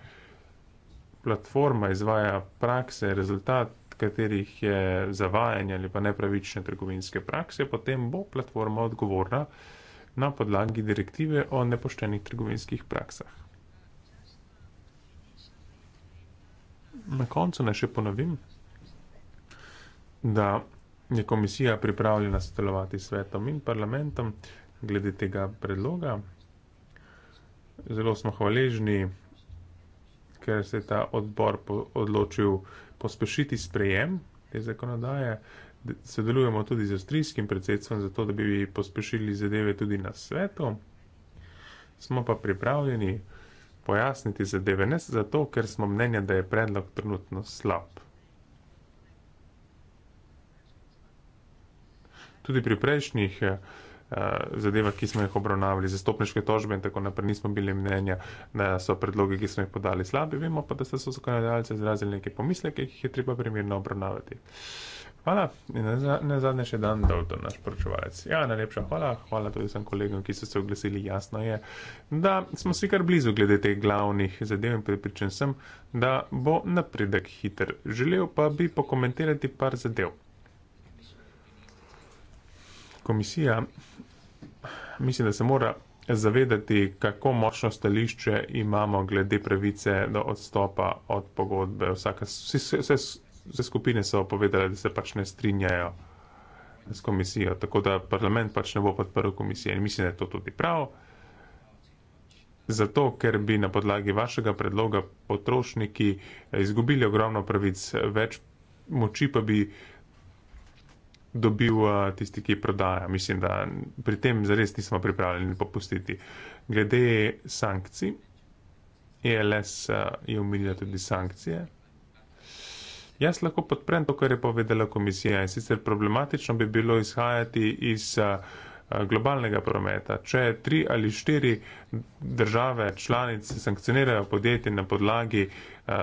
platforma izvaja prakse, rezultat katerih je zavajanje ali pa nepravične trgovinske prakse, potem bo platforma odgovorna na podlagi direktive o nepoštenih trgovinskih praksah. Na koncu naj še ponovim, da je komisija pripravljena sodelovati s svetom in parlamentom glede tega predloga. Zelo smo hvaležni, ker se je ta odbor odločil uh, pospešiti sprejem te zakonodaje. Sodelujemo tudi z avstrijskim predsedstvom, zato da bi pospešili zadeve tudi na svetu. Smo pa pripravljeni pojasniti zadeve, ne zato, ker smo mnenja, da je predlog trenutno slab. Tudi pri prejšnjih eh, Eh, zadeva, ki smo jih obravnavali, zastopniške tožbe in tako naprej, nismo bili mnenja, da so predlogi, ki smo jih podali, slabi. Vemo pa, da so so zakonodajalce izrazili neke pomisle, ki jih je treba primerno obravnavati. Hvala in na, za, na zadnje še dan, da je to naš poročevalec. Ja, najlepša hvala, hvala tudi vsem kolegom, ki so se oglasili. Jasno je, da smo si kar blizu glede teh glavnih zadev in pripričan sem, da bo napredek hiter. Želel pa bi pokomentirati par zadev komisija mislim, da se mora zavedati, kako močno stališče imamo glede pravice do odstopa od pogodbe. Vsaka, vse, vse, vse skupine so povedale, da se pač ne strinjajo s komisijo, tako da parlament pač ne bo podprl komisije in mislim, da je to tudi prav. Zato, ker bi na podlagi vašega predloga potrošniki izgubili ogromno pravic, več moči pa bi dobil uh, tisti, ki prodaja. Mislim, da pri tem zares nismo pripravljeni popustiti. Glede sankcij, ELS uh, je umilila tudi sankcije. Jaz lahko podprem to, kar je povedala komisija in sicer problematično bi bilo izhajati iz. Uh, Eh, globalnega prometa. Če tri ali štiri države članice sankcionirajo podjetje na podlagi eh,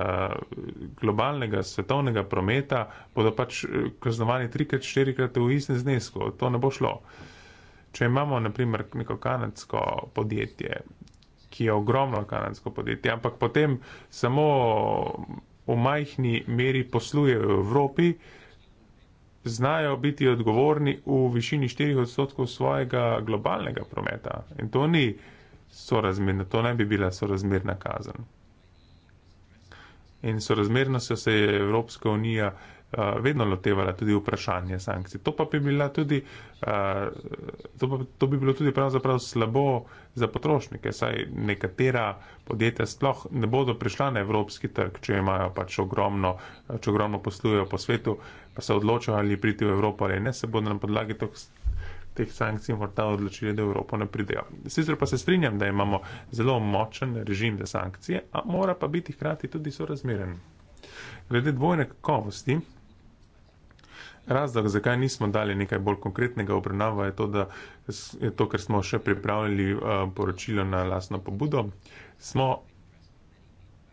globalnega svetovnega prometa, bodo pač eh, kaznovani trikrat, štirikrat v istem znesku. To ne bo šlo. Če imamo, naprimer, neko kanadsko podjetje, ki je ogromno kanadsko podjetje, ampak potem samo v majhni meri posluje v Evropi, uh, znajo biti odgovorni v višini 4 odstotkov svojega globalnega prometa. In to ni sorazmerno, to ne bi bila sorazmerna kazen. In sorazmerno so se je Evropska unija Eh, vedno lotevala tudi vprašanje sankcij. To pa bi, bila tudi, uh, to pa, to bi bilo tudi pravzaprav slabo za potrošnike, saj nekatera podjetja sploh ne bodo prišla na evropski trg, če imajo pač ogromno, če ogromno poslujejo po svetu, pa se odločajo ali priti v Evropo ali ne, se bodo na podlagi tog teh sankcij morda odločili, da v Evropo ne pridejo. Sicer pa se strinjam, da imamo zelo močen režim za sankcije, a mora pa biti hkrati tudi sorazmeren. Glede dvojne kakovosti, Razlog, zakaj nismo dali nekaj bolj konkretnega obravnava, je to, da je to, ker smo še pripravljali uh, eh, poročilo na lasno pobudo. Smo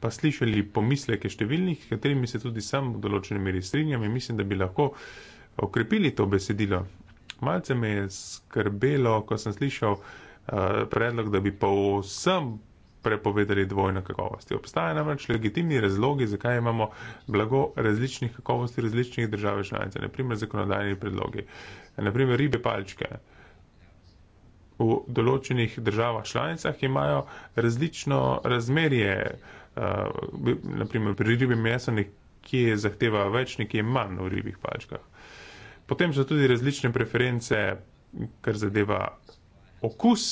pa slišali pomisleke številnih, katerimi se tudi sam v določeni meri strinjam in mislim, da bi lahko okrepili to besedilo. Malce me je skrbelo, ko sem slišal uh, predlog, da bi pa vsem prepovedali dvojno kakovosti. Obstajajo namreč legitimni razlogi, zakaj imamo blago različnih kakovosti različnih držav članice, naprimer zakonodajni predlogi, naprimer ribe palčke. V določenih državah članicah imajo različno razmerje, eh, naprimer pri ribi meso nekje zahteva več, nekje manj v ribih palčkah. Potem so tudi različne preference, kar zadeva okus.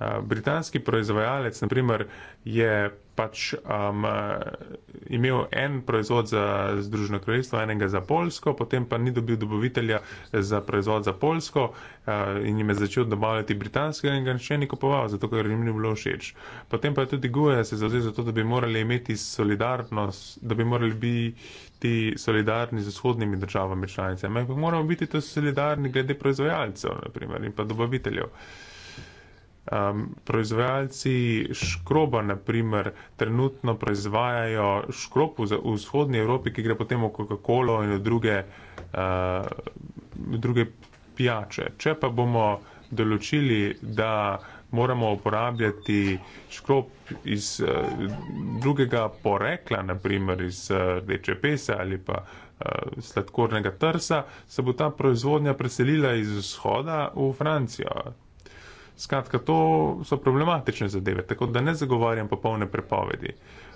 Britanski proizvajalec, na primer, je pač um, imel en proizvod za Združeno kraljestvo, enega za Polsko, potem pa ni dobil dobavitelja za proizvod za Polsko uh, in jim je začel dobavljati britanskega in ga še ni kupoval, zato ker jim ni bilo všeč. Potem pa je tudi Guja se zavzel za to, da bi morali imeti solidarnost, da bi morali biti solidarni z vzhodnimi državami članicami. Moramo biti tudi solidarni glede proizvajalcev, na primer, in pa dobaviteljev. Um, proizvajalci škroba, naprimer, trenutno proizvajajo škrob v, v vzhodnji Evropi, ki gre potem v Coca-Colo in v druge, uh, druge pijače. Če pa bomo določili, da moramo uporabljati škrob iz uh, drugega porekla, naprimer iz eh, rdeče uh, pese ali pa uh, sladkornega trsa, se bo ta proizvodnja preselila iz vzhoda v Francijo. Skratka, to so problematične zadeve, tako da ne zagovarjam popolne prepovedi.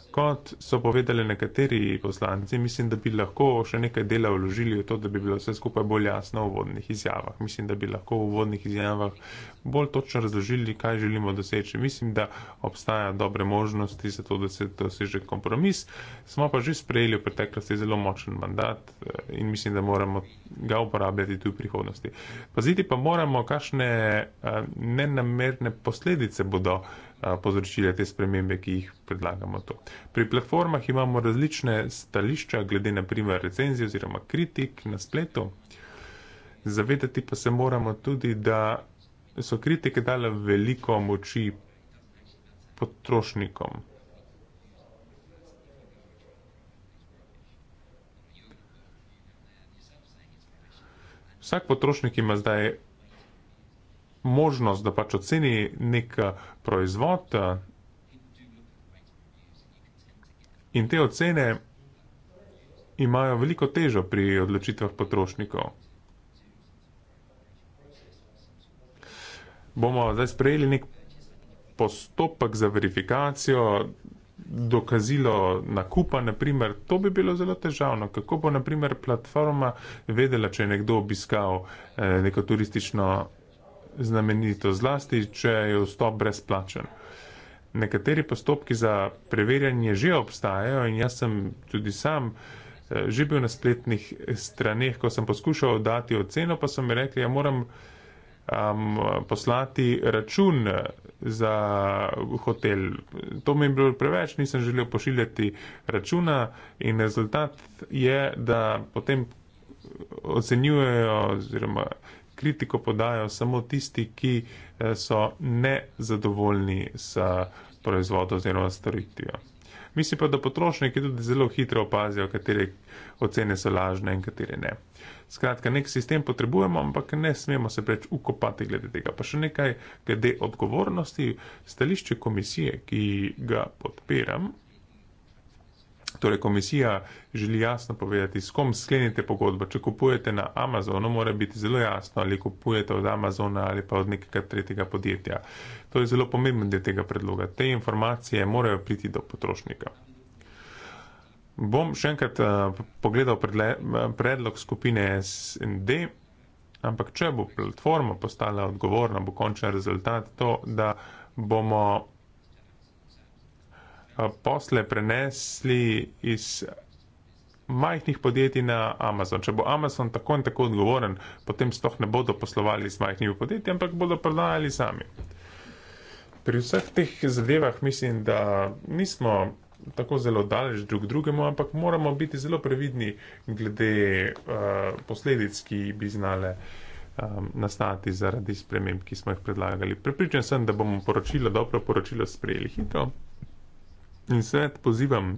Kot so povedali nekateri poslanci, mislim, da bi lahko še nekaj dela vložili v to, da bi bilo vse skupaj bolj jasno v vodnih izjavah. Mislim, da bi lahko v vodnih izjavah bolj točno razložili, kaj želimo doseči. Mislim, da obstaja dobre možnosti za to, da se doseže kompromis. Smo pa že sprejeli v preteklosti zelo močen mandat eh, in mislim, da moramo ga uporabljati tudi v prihodnosti. Paziti pa moramo, kakšne eh, nenamerne posledice bodo povzročile te spremembe, ki jih predlagamo to. Pri platformah imamo različne stališča, glede na primer recenzije oziroma kritik na spletu. Zavedati pa se moramo tudi, da so kritike dale veliko moči potrošnikom. Vsak potrošnik ima zdaj možnost, da pač oceni nek eh, proizvod eh, in te ocene imajo veliko težo pri odločitvah potrošnikov. Bomo zdaj sprejeli nek postopek za verifikacijo, dokazilo nakupa, naprimer, to bi bilo zelo težavno. Kako bo, naprimer, platforma vedela, če je nekdo obiskal eh, neko turistično znamenito, zlasti če je vstop brezplačen. Nekateri postopki za preverjanje že obstajajo in jaz sem tudi sam eh, že bil na spletnih straneh, ko sem poskušal dati oceno, pa so mi rekli, da ja moram um, poslati račun eh, za hotel. To mi je bilo preveč, nisem želel pošiljati računa in rezultat je, da potem ocenjujejo oziroma kritiko podajo samo tisti, ki eh, so nezadovoljni s eh, proizvodom oziroma storitvijo. Mislim pa, da potrošniki tudi zelo hitro opazijo, katere ocene so lažne in katere ne. Skratka, nek sistem potrebujemo, ampak ne smemo se preveč ukopati glede tega. Pa še nekaj glede odgovornosti. Stališče komisije, ki ga podpiram, Torej, komisija želi jasno povedati, s kom sklenite pogodbo. Če kupujete na Amazonu, mora biti zelo jasno, ali kupujete od Amazona ali pa od nekega tretjega podjetja. To je zelo pomemben del tega predloga. Te informacije morajo priti do potrošnika. Bom še enkrat uh, pogledal predle, predlog skupine SND, ampak če bo platforma postala odgovorna, bo končen rezultat to, da bomo posle prenesli iz majhnih podjetij na Amazon. Če bo Amazon tako in tako odgovoren, potem sploh ne bodo poslovali z majhnimi podjetji, ampak bodo prodajali sami. Pri vseh teh zadevah mislim, da nismo tako zelo daleč drug drugemu, ampak moramo biti zelo previdni glede uh, posledic, ki bi znale um, nastati zaradi sprememb, ki smo jih predlagali. Pripričan sem, da bomo poročilo, dobro poročilo sprejeli hitro in se pozivam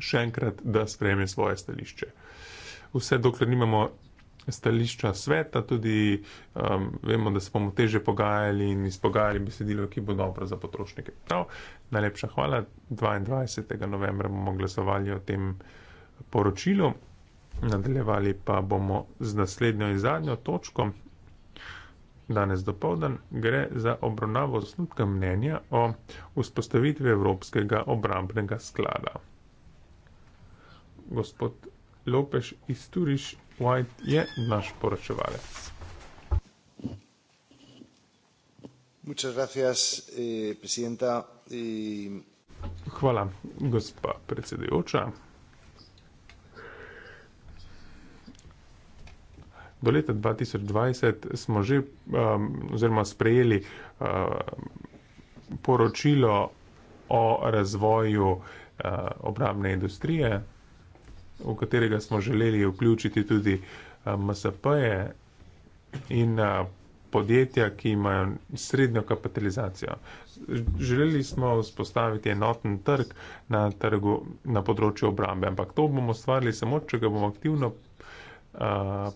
še enkrat, da sprejme svoje stališče. Vse dokler nimamo stališča sveta, tudi um, vemo, da se bomo teže pogajali in izpogajali besedilo, ki bo dobro za potrošnike. Prav, najlepša hvala. 22. novembra bomo glasovali o tem poročilu, nadaljevali pa bomo z naslednjo in zadnjo točko. Danes dopoldan gre za obravnavo osnutka mnenja o vzpostavitvi Evropskega obrambnega sklada. Gospod Lopeš iz Turiš White je naš poročevalec. Eh, Hvala, gospa predsedujoča. Do leta 2020 smo že um, oziroma sprejeli uh, poročilo o razvoju uh, obramne industrije, v katerega smo želeli vključiti tudi uh, MSP-je in uh, podjetja, ki imajo srednjo kapitalizacijo. Želeli smo vzpostaviti enoten trg na, trgu, na področju obrambe, ampak to bomo stvarili samo, če ga bomo aktivno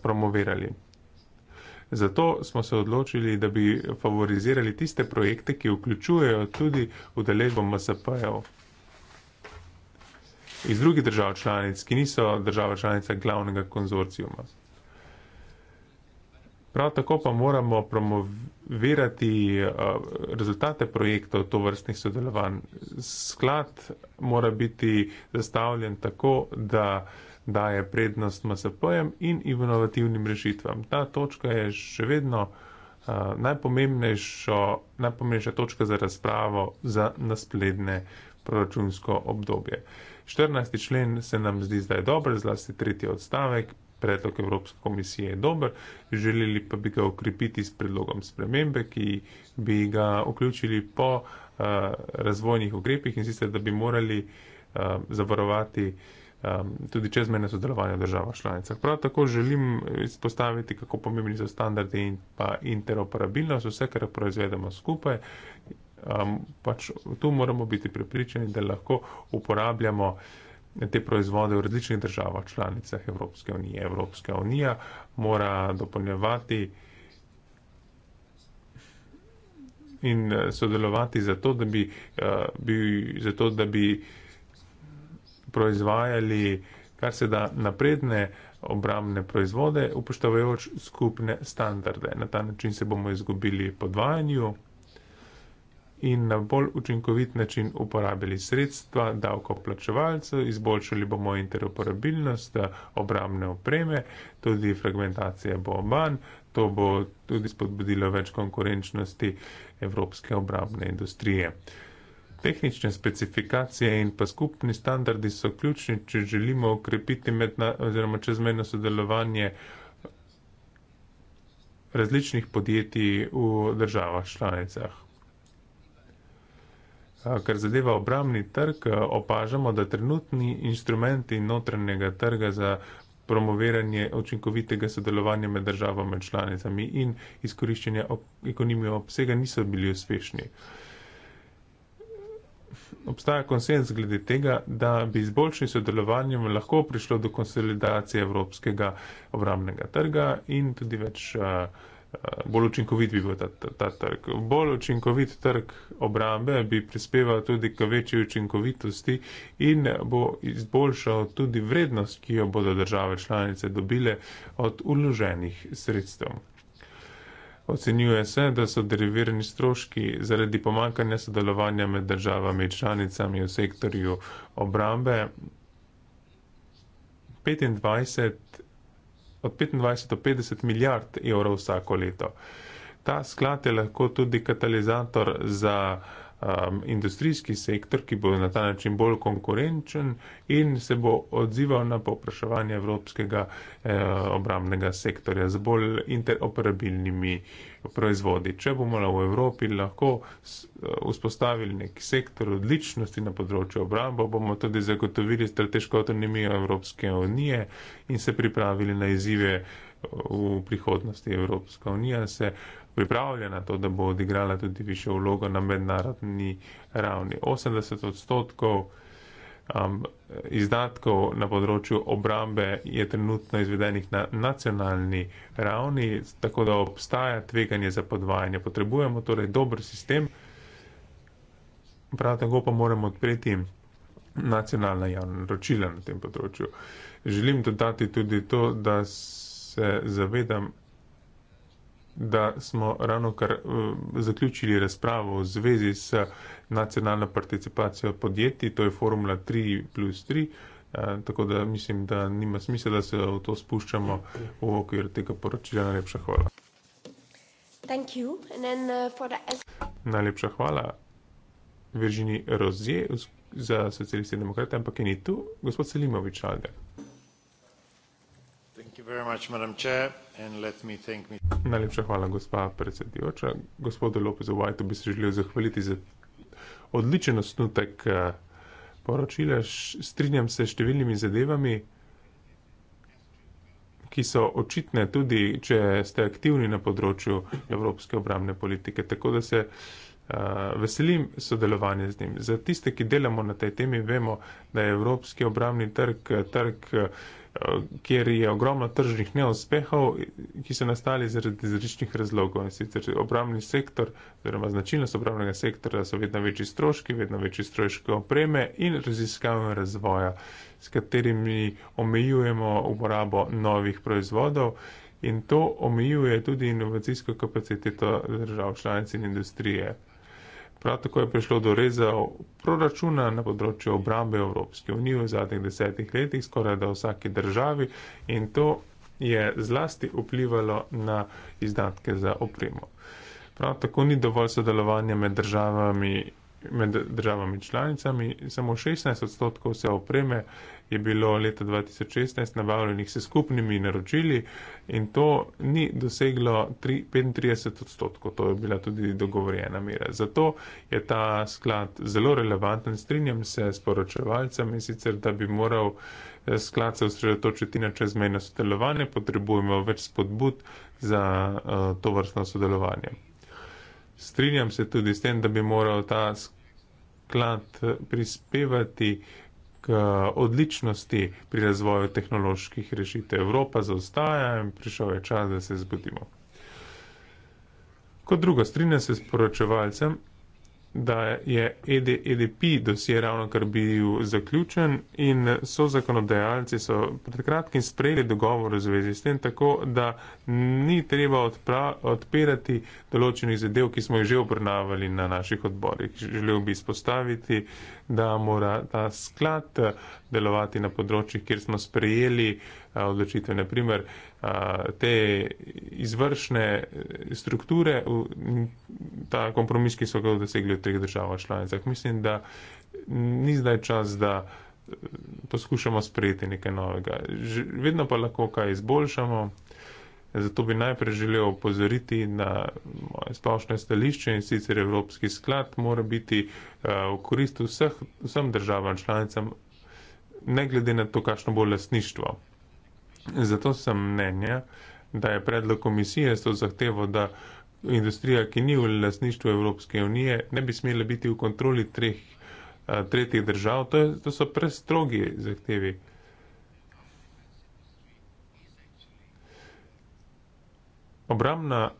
promovirali. Zato smo se odločili, da bi favorizirali tiste projekte, ki vključujejo tudi udeležbo MSP-jev iz drugih držav članic, ki niso država članica glavnega konzorcijuma. Prav tako pa moramo promovirati rezultate projektov to vrstnih sodelovanj. Sklad mora biti zastavljen tako, da uh, daje prednost MSP-jem in inovativnim rešitvam. Ta točka je še vedno uh, najpomembnejša točka za razpravo za naslednje proračunsko obdobje. 14. člen se nam zdi zdaj dober, zlasti tretji odstavek. Predlog Evropske komisije je dober, želeli pa bi ga ukrepiti s predlogom spremembe, ki bi ga vključili po uh, razvojnih ukrepih in sicer, da bi morali uh, zavarovati uh, um, tudi čezmene sodelovanja v državah članicah. Prav tako želim izpostaviti, kako pomembni so standardi in pa interoperabilnost, vse, kar proizvedemo skupaj. Um, pač tu moramo biti prepričani, da lahko uporabljamo te proizvode v različnih državah članicah Evropske unije. Evropska unija mora dopolnjevati in eh, sodelovati zato, da bi, uh, bi, zato, da bi uh, proizvajali kar se da napredne obramne proizvode, upoštevajoč skupne standarde. Na ta način se bomo izgubili podvajanju in na bolj učinkovit način uporabili sredstva davkoplačevalcev, izboljšali bomo interoperabilnost eh, obramne opreme, tudi fragmentacija bo manj, to bo tudi spodbudilo več konkurenčnosti evropske obramne industrije. Tehnične specifikacije in pa skupni standardi so ključni, če želimo okrepiti medna, oziroma čezmejno sodelovanje različnih podjetij v državah članicah. Ker zadeva obramni trg, opažamo, da trenutni instrumenti notranjega trga za promoviranje učinkovitega sodelovanja med državami članicami in izkoriščenja ekonomije obsega niso bili uspešni obstaja konsens glede tega, da bi z boljšim sodelovanjem lahko prišlo do konsolidacije evropskega obramnega trga in tudi več, eh, eh, bolj učinkovit bi bil ta, ta, ta trg. Bolj učinkovit trg obrambe bi prispeval tudi k večji učinkovitosti in bo izboljšal tudi vrednost, ki jo bodo države članice dobile od uloženih sredstev. Ocenjuje se, da so deriverni stroški zaradi pomankanja sodelovanja med državami članicami v sektorju obrambe 25, od 25 do 50 milijard evrov vsako leto. Ta sklad je lahko tudi katalizator za uh, um, industrijski sektor, ki bo na ta način bolj konkurenčen in se bo odzival na popraševanje evropskega eh, obramnega sektorja z bolj interoperabilnimi proizvodi. Če bomo v Evropi lahko eh, vzpostavili nek sektor odličnosti na področju obrambo, bomo tudi zagotovili strateško avtonomijo Evropske unije in se pripravili na izzive v prihodnosti Evropska unija se pripravlja na to, da bo odigrala tudi više vlogo na mednarodni ravni. 80 odstotkov um, izdatkov na področju obrambe je trenutno izvedenih na nacionalni ravni, tako da obstaja tveganje za podvajanje. Potrebujemo torej dober sistem, prav tako pa moramo odpreti nacionalna javna ročila na tem področju. Želim dodati tudi to, da se se zavedam, da smo ravno kar uh, zaključili razpravo v zvezi s nacionalno participacijo podjetij, to je formula 3 plus 3. Uh, eh, tako da mislim, da nima smisla, da se v to spuščamo v okvir tega poročila. Najlepša hvala. Thank you. And then, uh, for the... Najlepša hvala Viržini Rozje za socialiste demokrate, ampak je ni tu gospod Selimovič Alde. Najlepša hvala, gospa predsedujoča. Gospodu Lopezu Vajtu bi se želel zahvaliti za odličen osnutek eh, poročila. Strinjam se številnimi zadevami, ki so očitne tudi, če ste aktivni na področju evropske obramne politike. Tako da se eh, veselim sodelovanje z njim. Za tiste, ki delamo na tej temi, vemo, da je evropski obramni trg trg kjer je ogromno tržnih neuspehov, ki so nastali zaradi različnih razlogov. In sicer obramni sektor, oziroma značilnost obramnega sektora, so vedno večji stroški, vedno večji stroški opreme in raziskave razvoja, s katerimi omejujemo uporabo novih proizvodov in to omejuje tudi inovacijsko kapaciteto držav članic in industrije. Prav tako je prišlo do reza proračuna na področju obrambe Evropske unije v zadnjih desetih letih, skoraj da vsaki državi in to je zlasti vplivalo na izdatke za opremo. Prav tako ni dovolj sodelovanja med državami, med državami članicami, samo 16 odstotkov se opreme uh, je bilo leta 2016 nabavljenih s skupnimi naročili in to ni doseglo 3, 35 odstotkov. To je bila tudi dogovorjena mera. Zato je ta sklad zelo relevanten. Strinjam se s poročevalcem in sicer, da bi moral eh, sklad se osredotočiti na čezmejno sodelovanje, potrebujemo več spodbud za uh, to vrstno sodelovanje. Strinjam se tudi s tem, da bi moral ta sklad eh, prispevati k eh, odličnosti pri razvoju tehnoloških rešitev. Evropa zaostaja in prišel je čas, da se zbudimo. Kot drugo, strinjam se s poročevalcem, da je ED, EDP dosje ravno kar bil zaključen in so zakonodajalci so pred kratkim sprejeli dogovor v zvezi s tem tako, da ni treba odpra, odpirati določenih zadev, ki smo jih že obrnavali na naših odborih. Želel bi izpostaviti, da mora ta sklad delovati na področjih, kjer smo sprejeli uh, Eh, odločitve. Naprimer, eh, te izvršne eh, strukture, ta kompromis, ki so ga dosegli v treh državah članicah. Mislim, da ni zdaj čas, da poskušamo sprejeti nekaj novega. Vedno pa lahko kaj izboljšamo. Zato bi najprej želel opozoriti na splošne stališče in sicer Evropski sklad mora biti v korist vseh, vsem državam članicam, ne glede na to, kakšno bo lasništvo. Zato sem mnenja, da je predlog komisije s to zahtevo, da industrija, ki ni v lasništvu Evropske unije, ne bi smela biti v kontroli treh, a, eh, tretjih držav, to, je, to so prestrogi zahtevi. Obramna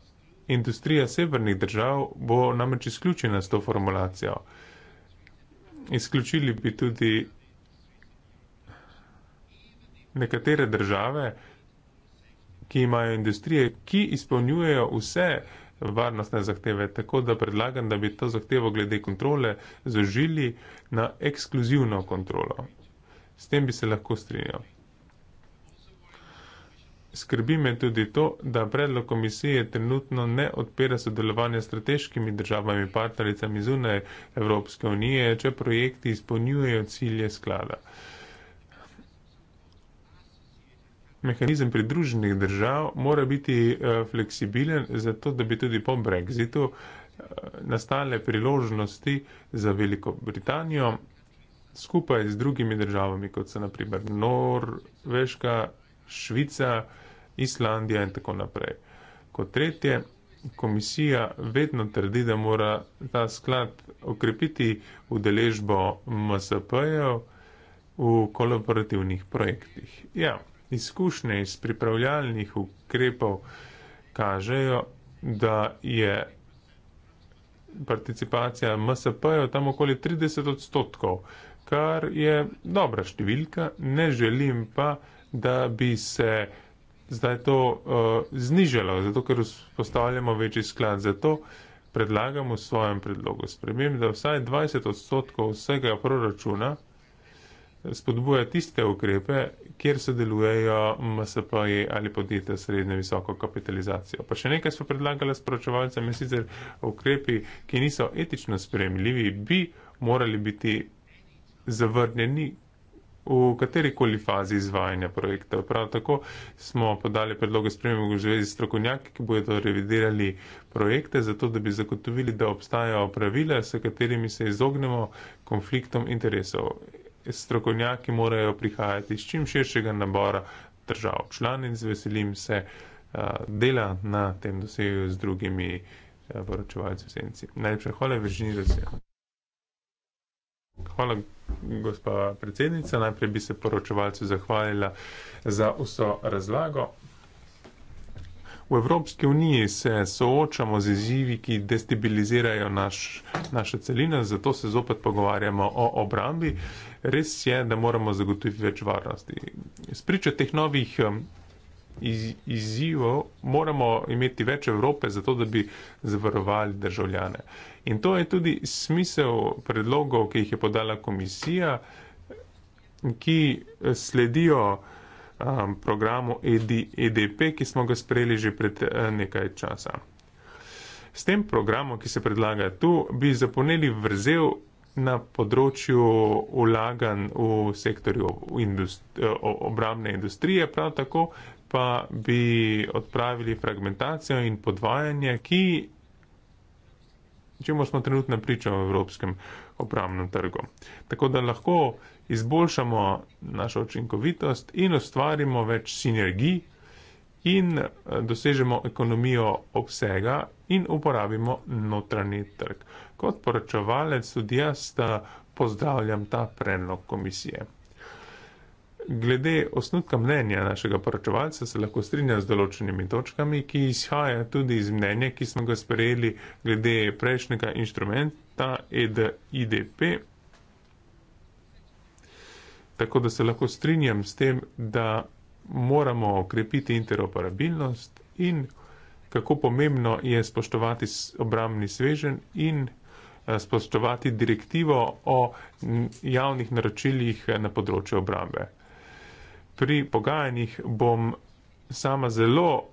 industrija severnih držav bo namreč izključena s to formulacijo. Izključili bi tudi nekatere države, ki imajo industrije, ki izpolnjujejo vse varnostne zahteve, tako da predlagam, da bi to zahtevo glede kontrole zožili na ekskluzivno kontrolo. S tem bi se lahko strinjal. Skrbi me tudi to, da predlog komisije trenutno ne odpira sodelovanja s strateškimi državami partnericami zunaj Evropske unije, če projekti izpolnjujejo cilje sklada. Uh, mehanizem pridruženih držav mora biti eh, fleksibilen, zato da bi tudi po brexitu eh, nastale priložnosti za Veliko Britanijo skupaj z drugimi državami, kot so naprimer Norveška, Švica, Islandija in tako naprej. Kot tretje, komisija vedno trdi, da mora ta sklad okrepiti udeležbo MSP-jev v kolaborativnih projektih. Ja. Izkušnje iz pripravljalnih ukrepov kažejo, da je participacija MSP-jev tam okoli 30 odstotkov, kar je dobra številka, ne želim pa, da bi se zdaj to uh, znižalo, zato ker postavljamo večji sklad. Zato predlagamo v svojem predlogu spremem, da vsaj 20 odstotkov vsega proračuna spodbuja tiste ukrepe, kjer sodelujejo MSP-ji ali podjetja srednje visoko kapitalizacijo. Pa še nekaj smo predlagali sporočevalcem, in sicer ukrepi, ki niso etično spremljivi, bi morali biti zavrnjeni v katerikoli fazi izvajanja projekta. Prav tako smo podali predloge spremembe v zvezi s trokovnjaki, ki bodo revidirali projekte, zato da bi zagotovili, da obstajajo pravila, s katerimi se izognemo konfliktom interesov strokovnjaki morajo prihajati iz čim širšega nabora držav član in z veselim se uh, dela na tem dosegu z drugimi uh, poročevalci v senci. Najlepša hvala, Vržini Rusija. Hvala, gospa predsednica. Najprej bi se poročevalcu zahvalila za vso razlago. V Evropski uniji se soočamo z izzivi, ki destabilizirajo naš, naše celine, zato se zopet pogovarjamo o obrambi. Res je, da moramo zagotoviti več varnosti. Spričo teh novih um, iz, izzivov moramo imeti več Evrope, zato da bi zavarovali državljane. In to je tudi smisel predlogov, ki jih je podala komisija, ki sledijo um, programu ED, EDP, ki smo ga sprejeli že pred eh, nekaj časa. S tem programom, ki se predlaga tu, bi zaponeli vrzel na področju ulagan v sektorju industri eh, obramne industrije, prav tako pa bi odpravili fragmentacijo in podvajanje, ki čemu smo trenutno priča v evropskem opravnem trgu. Tako da lahko izboljšamo našo učinkovitost in ustvarimo več sinergij in eh, dosežemo ekonomijo obsega in uporabimo notranji trg. Kot poročevalec tudi jaz eh, pozdravljam ta predlog komisije glede osnutka mnenja našega poročevalca se lahko strinja z določenimi točkami, ki izhaja tudi iz mnenja, ki smo ga sprejeli glede prejšnjega inštrumenta EDIDP. Tako da se lahko strinjam s tem, da moramo okrepiti interoperabilnost in kako pomembno je spoštovati obramni svežen in eh, spoštovati direktivo o javnih naročilih eh, na področju obrambe pri pogajanjih bom sama zelo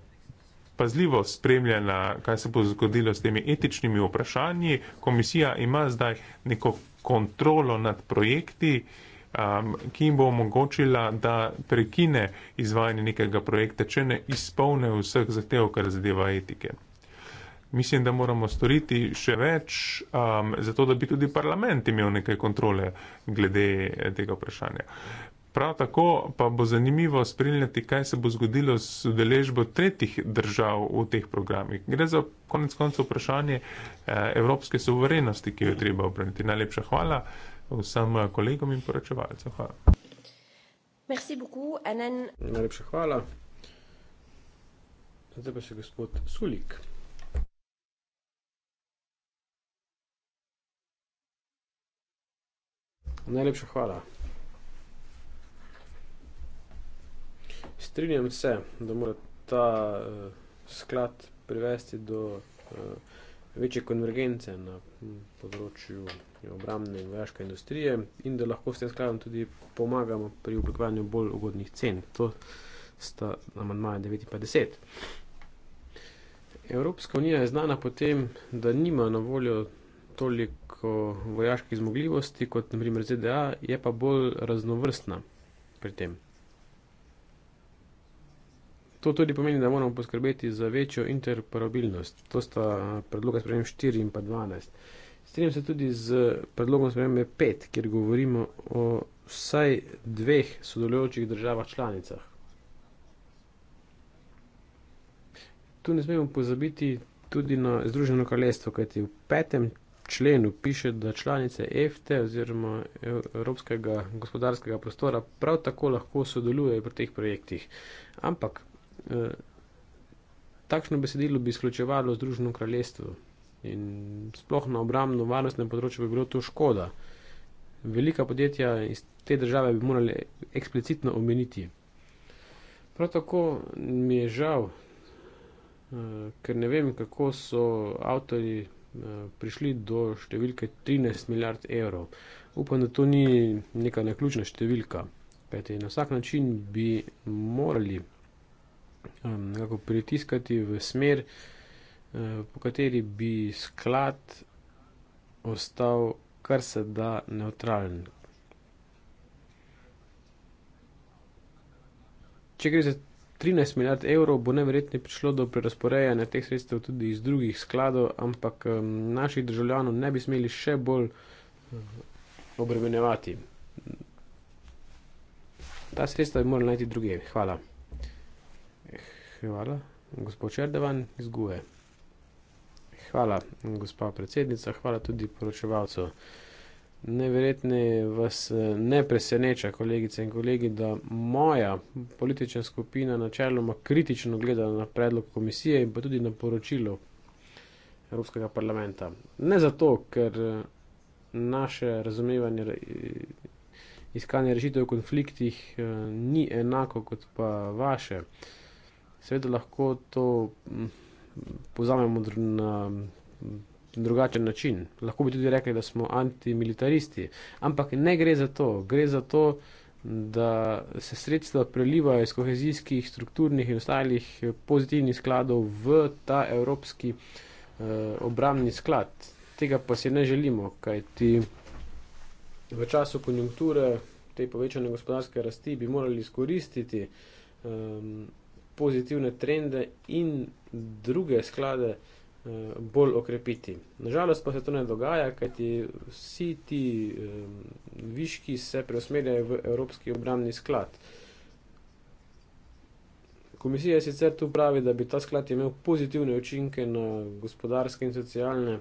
pazljivo spremljala, kaj se bo zgodilo s temi etičnimi vprašanji. Komisija ima zdaj neko kontrolo nad projekti, um, ki jim bo omogočila, da prekine izvajanje nekega projekta, če ne izpolne vseh zahtev, kar zadeva etike. Mislim, da moramo storiti še več, um, zato da bi tudi parlament imel nekaj kontrole glede tega vprašanja. Prav tako pa bo zanimivo spremljati, kaj se bo zgodilo s udeležbo tretjih držav v teh programih. Gre za konec koncev vprašanje eh, evropske suverenosti, ki jo treba obraniti. Najlepša hvala vsem kolegom in poročevalcem. Hvala. Merci beaucoup, Enen. Najlepša hvala. Zdaj pa še gospod Sulik. Najlepša hvala. Strinjam se, da mora ta uh, sklad privesti do uh, večje konvergence na hm, področju eh, obramne in vojaške industrije in da lahko s tem skladom tudi pomagamo pri oblikovanju bolj ugodnih cen. To sta amandmaja 9 in 10. Evropska unija je znana potem, da nima na voljo toliko vojaških zmogljivosti kot naprimer ZDA, je pa bolj raznovrstna pri tem. To tudi pomeni, da moramo poskrbeti za večjo interoperabilnost. To sta eh, predloga sprememb 4 in pa 12. Strenjam se tudi z predlogom spremembe 5, kjer govorimo o vsaj dveh sodelujočih državah članicah. Tu ne smemo pozabiti tudi na Združeno kraljestvo, kajti v petem členu piše, da članice EFTE e oziroma e-, Evropskega gospodarskega prostora prav tako lahko sodelujejo pri teh projektih. Ampak Eh, takšno besedilo bi izključevalo Združeno kraljestvo in sploh na obramno varnostnem področju bi bilo to škoda. Velika podjetja iz te države bi morali eksplicitno omeniti. Prav tako mi je žal, eh, ker ne vem, kako so avtori eh, prišli do številke 13 milijard evrov. Upam, da to ni neka neključna številka. Kajte, na vsak način bi morali um, pritiskati v smer, uh, po kateri bi sklad ostal kar se da neutralen. Če gre za 13 milijard evrov, bo neverjetno prišlo do prerasporejanja teh sredstev tudi iz drugih skladov, ampak um, naših državljanov ne bi smeli še bolj obremenjevati. Ta sredstva bi morali najti druge. Hvala. Hvala. Gospod Čerdevan iz Gue. Hvala, gospa predsednica, hvala tudi poročevalcu. Neverjetno vas eh, ne preseneča, kolegice in kolegi, da moja politična skupina načeloma kritično gleda na predlog komisije in pa tudi na poročilo Evropskega parlamenta. Ne zato, ker eh, naše razumevanje eh, iskanja rešitev v konfliktih ni enako kot pa vaše seveda lahko to mm, povzamemo na mm, drugačen način. Lahko bi tudi rekli, da smo antimilitaristi, ampak ne gre za to. Gre za to, da se sredstva prelivajo iz kohezijskih, strukturnih in ostalih eh, pozitivnih skladov v ta evropski eh, obramni sklad. Tega pa si ne želimo, kajti v času konjunkture te povečane gospodarske rasti bi morali izkoristiti. Eh, pozitivne trende in druge sklade eh, bolj okrepiti. Nažalost pa se to ne dogaja, kajti vsi ti eh, viški se preusmerjajo v Evropski obramni sklad. Komisija sicer tu pravi, da bi ta sklad imel pozitivne učinke na gospodarske in socialne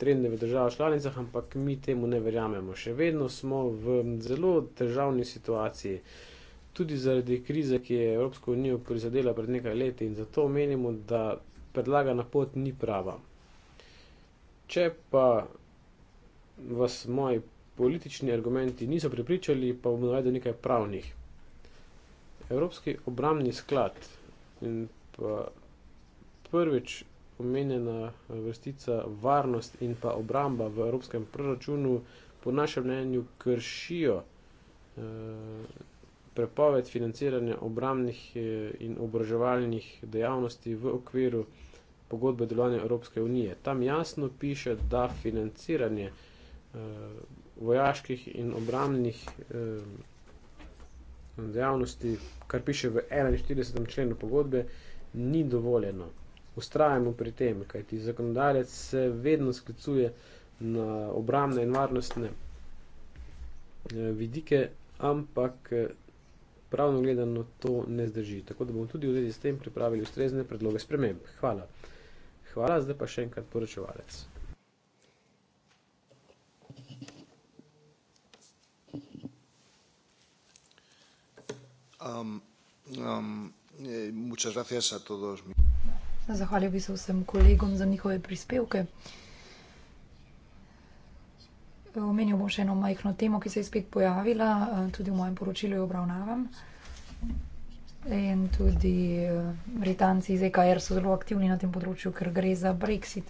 trende v državah članicah, ampak mi temu ne verjamemo. Še vedno smo v zelo težavni situaciji. Uh, tudi zaradi krize, ki je Evropsko unijo prizadela pred nekaj leti in zato menimo, da predlagana pot ni prava. Če pa vas moji politični argumenti niso pripričali, pa bom navedel nekaj pravnih. Evropski obramni sklad in pa prvič omenjena vrstica varnost in pa obramba v evropskem proračunu po našem mnenju kršijo. Eh, prepoved financiranja obramnih eh, in obraževalnih dejavnosti v okviru pogodbe delovanja Evropske unije. Tam jasno piše, da financiranje eh, vojaških in obramnih eh, dejavnosti, kar piše v 41. členu pogodbe, ni dovoljeno. Ustrajamo pri tem, kajti zakonodajalec se vedno sklicuje na obramne in varnostne vidike, ampak Pravno gledano to ne zdrži, tako da bomo tudi v zvezi s tem pripravili ustrezne predloge sprememb. Hvala. Hvala, zdaj pa še enkrat poročevalec. Um, um, e, Zahvaljujem se vsem kolegom za njihove prispevke. Omenil bom še eno majhno temo, ki se je spet pojavila, eh, tudi v mojem poročilu jo obravnavam. In tudi eh, Britanci iz EKR so zelo aktivni na tem področju, ker gre za Brexit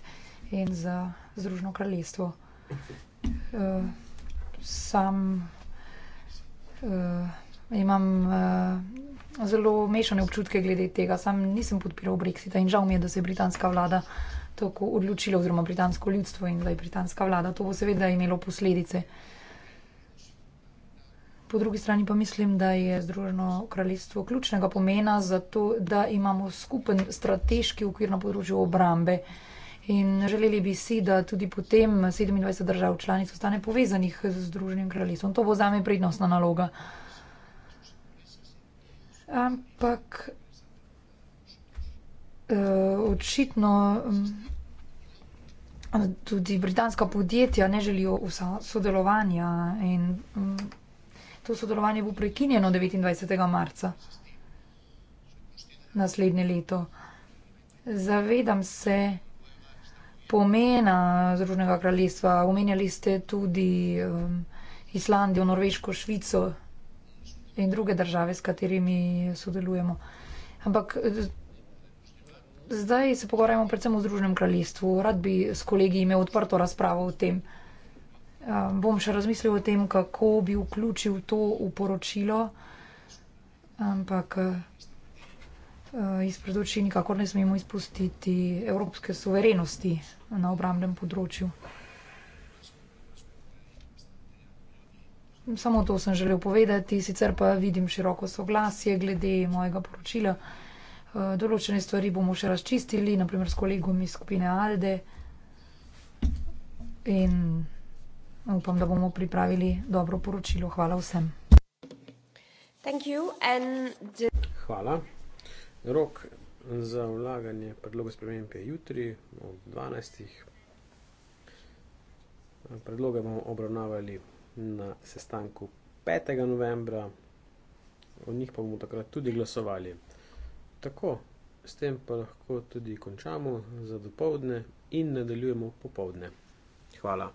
in za Združeno kraljestvo. Eh, sam imam zelo mešane občutke glede tega. Sam nisem podpiral Brexita in žal mi je, da se je britanska vlada tako odločilo, oziroma britansko ljudstvo in zdaj britanska vlada. To bo seveda imelo posledice. Po drugi strani pa mislim, da je Združeno kraljestvo ključnega pomena za to, da imamo skupen strateški ukvir na področju obrambe. In želeli bi si, da tudi potem 27 držav članic ostane povezanih z Združenim kraljestvom. To bo zame prednostna naloga. Ampak Eh, očitno mm, tudi britanska podjetja ne želijo vsa sodelovanja in mm, to sodelovanje bo prekinjeno 29. marca naslednje leto. Zavedam se pomena Združenega kraljestva. Omenjali ste tudi um, Islandijo, Norveško, Švico in druge države, s katerimi sodelujemo. Ampak eh, Zdaj se pogovarjamo predvsem o Združenem kraljestvu. Rad bi s kolegi imel odprto razpravo o tem. Ehm, bom še razmislil o tem, kako bi vključil to v poročilo, ampak eh, izpred oči nikakor ne smemo izpustiti evropske suverenosti na obramnem področju. Samo to sem želel povedati, sicer pa vidim široko soglasje glede mojega poročila. Eh, določene stvari bomo še razčistili, naprimer s kolegom iz skupine Alde. In upam, da bomo pripravili dobro poročilo. Hvala vsem. Hvala. Rok za vlaganje predloga spremembe je jutri ob 12. Predloge bomo obravnavali na sestanku 5. novembra, o njih pa bomo takrat tudi glasovali. Tako, s tem pa lahko tudi končamo za dopoledne in nadaljujemo popoldne. Hvala.